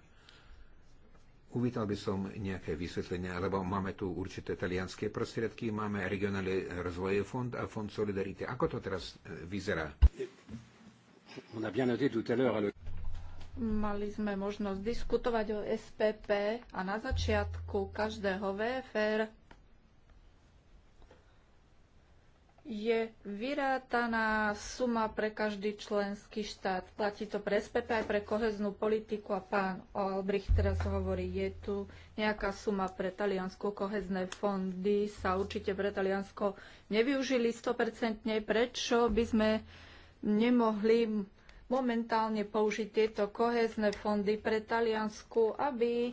Uvítal by som nejaké vysvetlenia, lebo máme tu určité talianské prostriedky, máme regionálny rozvojový fond a fond Solidarity. Ako to teraz e, vyzerá? Mali sme možnosť diskutovať o SPP a na začiatku každého VFR je vyrátaná suma pre každý členský štát. Platí to pre SPP aj pre koheznú politiku a pán Albrich teraz hovorí, je tu nejaká suma pre Taliansko, kohezné fondy sa určite pre Taliansko nevyužili 100%. Prečo by sme nemohli momentálne použiť tieto kohezné fondy pre Taliansku, aby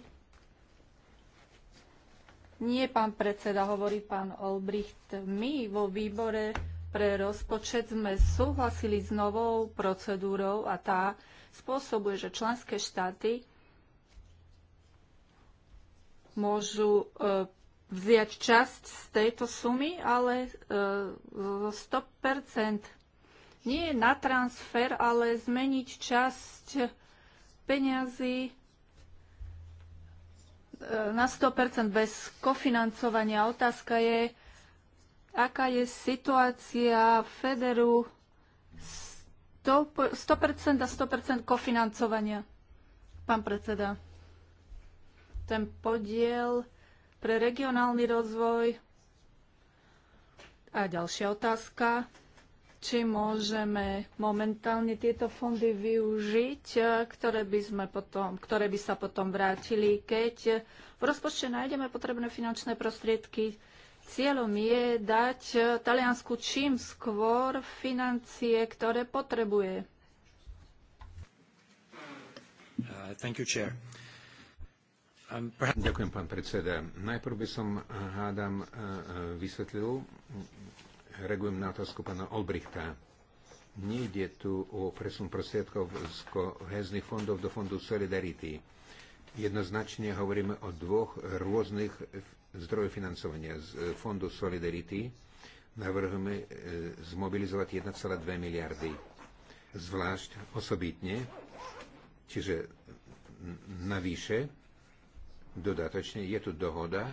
nie, pán predseda, hovorí pán Olbricht. My vo výbore pre rozpočet sme súhlasili s novou procedúrou a tá spôsobuje, že členské štáty môžu e, vziať časť z tejto sumy, ale e, 100%. Nie na transfer, ale zmeniť časť peňazí E, na 100% bez kofinancovania. Otázka je, aká je situácia Federu 100%, a 100% kofinancovania. Pán predseda, ten podiel pre regionálny rozvoj a ďalšia otázka či môžeme momentálne tieto fondy využiť, e, ktoré by, sme potom, ktoré by sa potom vrátili, keď v rozpočte nájdeme potrebné finančné prostriedky. Cieľom je dať e, Taliansku čím skôr financie, ktoré potrebuje. Uh, thank you, chair. Um, Ďakujem, pán predseda. Najprv by som, eh, hádam, eh, eh, vysvetlil reagujem na otázku pána Olbrichta. Nejde tu o presun prostriedkov z kohezných fondov do fondu Solidarity. Jednoznačne hovoríme o dvoch rôznych zdrojov financovania. Z e, fondu Solidarity navrhujeme e, zmobilizovať 1,2 miliardy. Zvlášť osobitne, čiže navýše, dodatočne je tu dohoda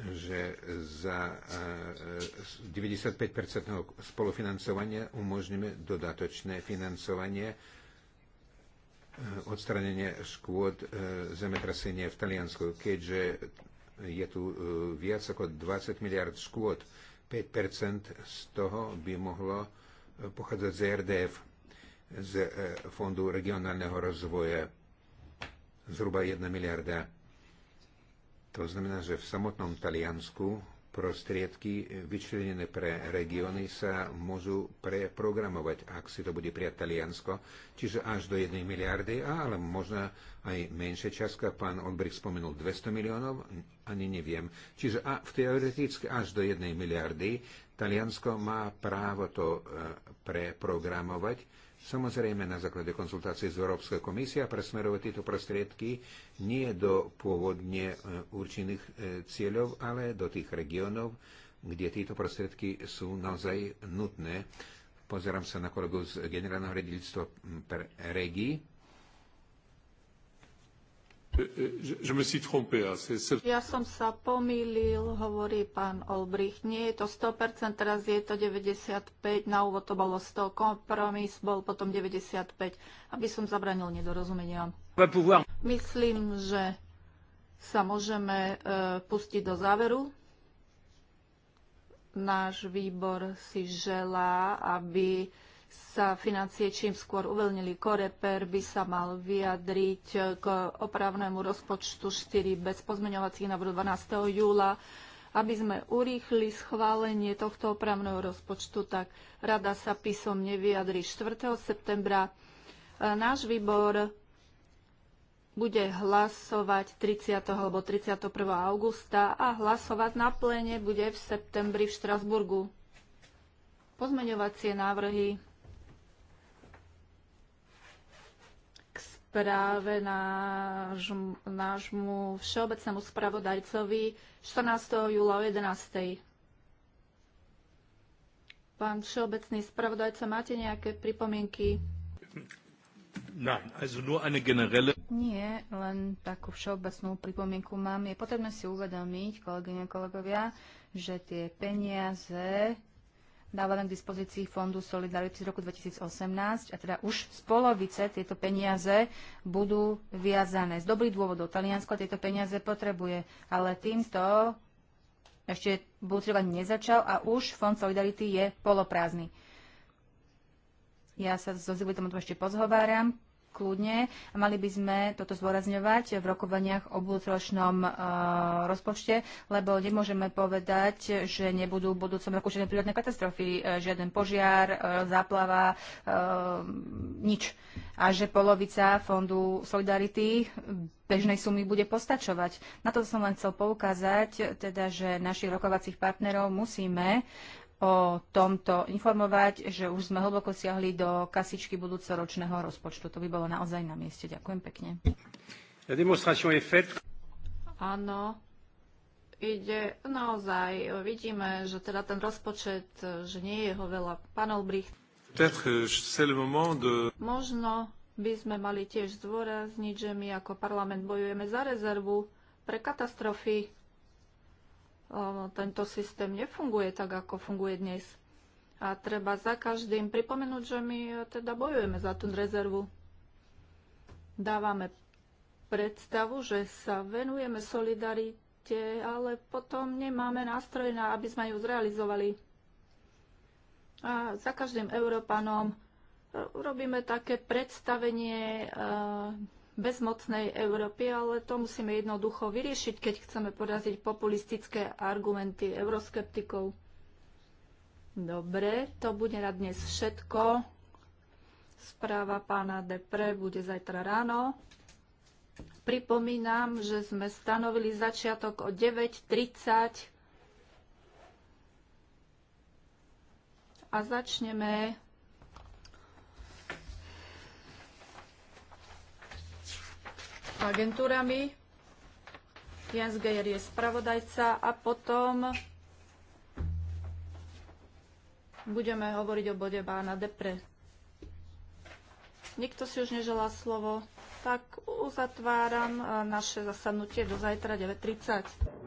že za 95-percentného e, e, spolufinancovania umožníme dodatočné financovanie e, odstranenie škôd zemetrasenie v Taliansku, keďže je tu viac ako 20 miliard škôd. 5% z toho by mohlo pochádzať z RDF, z Fondu regionálneho rozvoja, zhruba 1 miliarda to znamená, že v samotnom Taliansku prostriedky vyčlenené pre regióny sa môžu preprogramovať, ak si to bude prijať Taliansko, čiže až do 1 miliardy, ale možno aj menšia časka. Pán Olbrich spomenul 200 miliónov, ani neviem. Čiže a, v teoreticky až do 1 miliardy Taliansko má právo to e, preprogramovať samozrejme na základe konzultácie z Európskej komisie a presmerovať tieto prostriedky nie do pôvodne e, určených e, cieľov, ale do tých regiónov, kde tieto prostriedky sú naozaj nutné. Pozerám sa na kolegu z generálneho rediteľstva pre regii. Ja som sa pomýlil, hovorí pán Olbrich. Nie je to 100%, teraz je to 95, na úvod to bolo 100, kompromis bol potom 95, aby som zabranil nedorozumeniam. Myslím, že sa môžeme pustiť do záveru. Náš výbor si želá, aby sa financie čím skôr uvelnili. Koreper by sa mal vyjadriť k opravnému rozpočtu 4 bez pozmeňovacích návrhu 12. júla aby sme urýchli schválenie tohto opravného rozpočtu, tak rada sa písomne vyjadri 4. septembra. Náš výbor bude hlasovať 30. alebo 31. augusta a hlasovať na pléne bude v septembri v Štrasburgu. Pozmeňovacie návrhy práve náš, nášmu všeobecnému spravodajcovi 14. júla o 11. Pán všeobecný spravodajca, máte nejaké pripomienky? Nein, also nur eine generelle... Nie, len takú všeobecnú pripomienku mám. Je potrebné si uvedomiť, kolegyne, kolegovia, že tie peniaze dávané k dispozícii Fondu Solidarity z roku 2018 a teda už z polovice tieto peniaze budú viazané. Z dobrých dôvodov Taliansko tieto peniaze potrebuje, ale týmto ešte budúcovať nezačal a už Fond Solidarity je poloprázdny. Ja sa so Zigvitom ešte pozhováram, kľudne a mali by sme toto zdôrazňovať v rokovaniach o budúcročnom uh, e, rozpočte, lebo nemôžeme povedať, že nebudú v budúcom roku žiadne prírodné katastrofy, e, žiaden požiar, uh, záplava, uh, nič. A že polovica fondu Solidarity bežnej sumy bude postačovať. Na to som len chcel poukázať, teda, že našich rokovacích partnerov musíme o tomto informovať, že už sme hlboko siahli do kasičky budúcoročného rozpočtu. To by bolo naozaj na mieste. Ďakujem pekne. La démonstration est faite. Áno, ide naozaj. Vidíme, že teda ten rozpočet, že nie je ho veľa. Pán Olbricht. Euh, Možno by sme mali tiež zdôrazniť, že my ako parlament bojujeme za rezervu pre katastrofy tento systém nefunguje tak, ako funguje dnes. A treba za každým pripomenúť, že my e, teda bojujeme za tú rezervu. Dávame predstavu, že sa venujeme solidarite, ale potom nemáme nástroj, na, aby sme ju zrealizovali. A za každým Európanom e, robíme také predstavenie e, bezmocnej Európy, ale to musíme jednoducho vyriešiť, keď chceme poraziť populistické argumenty euroskeptikov. Dobre, to bude na dnes všetko. Správa pána Depre bude zajtra ráno. Pripomínam, že sme stanovili začiatok o 9.30 a začneme agentúrami. Jens Geier je spravodajca a potom budeme hovoriť o bode Bána Depre. Nikto si už neželá slovo, tak uzatváram eh, naše zasadnutie do zajtra 9.30.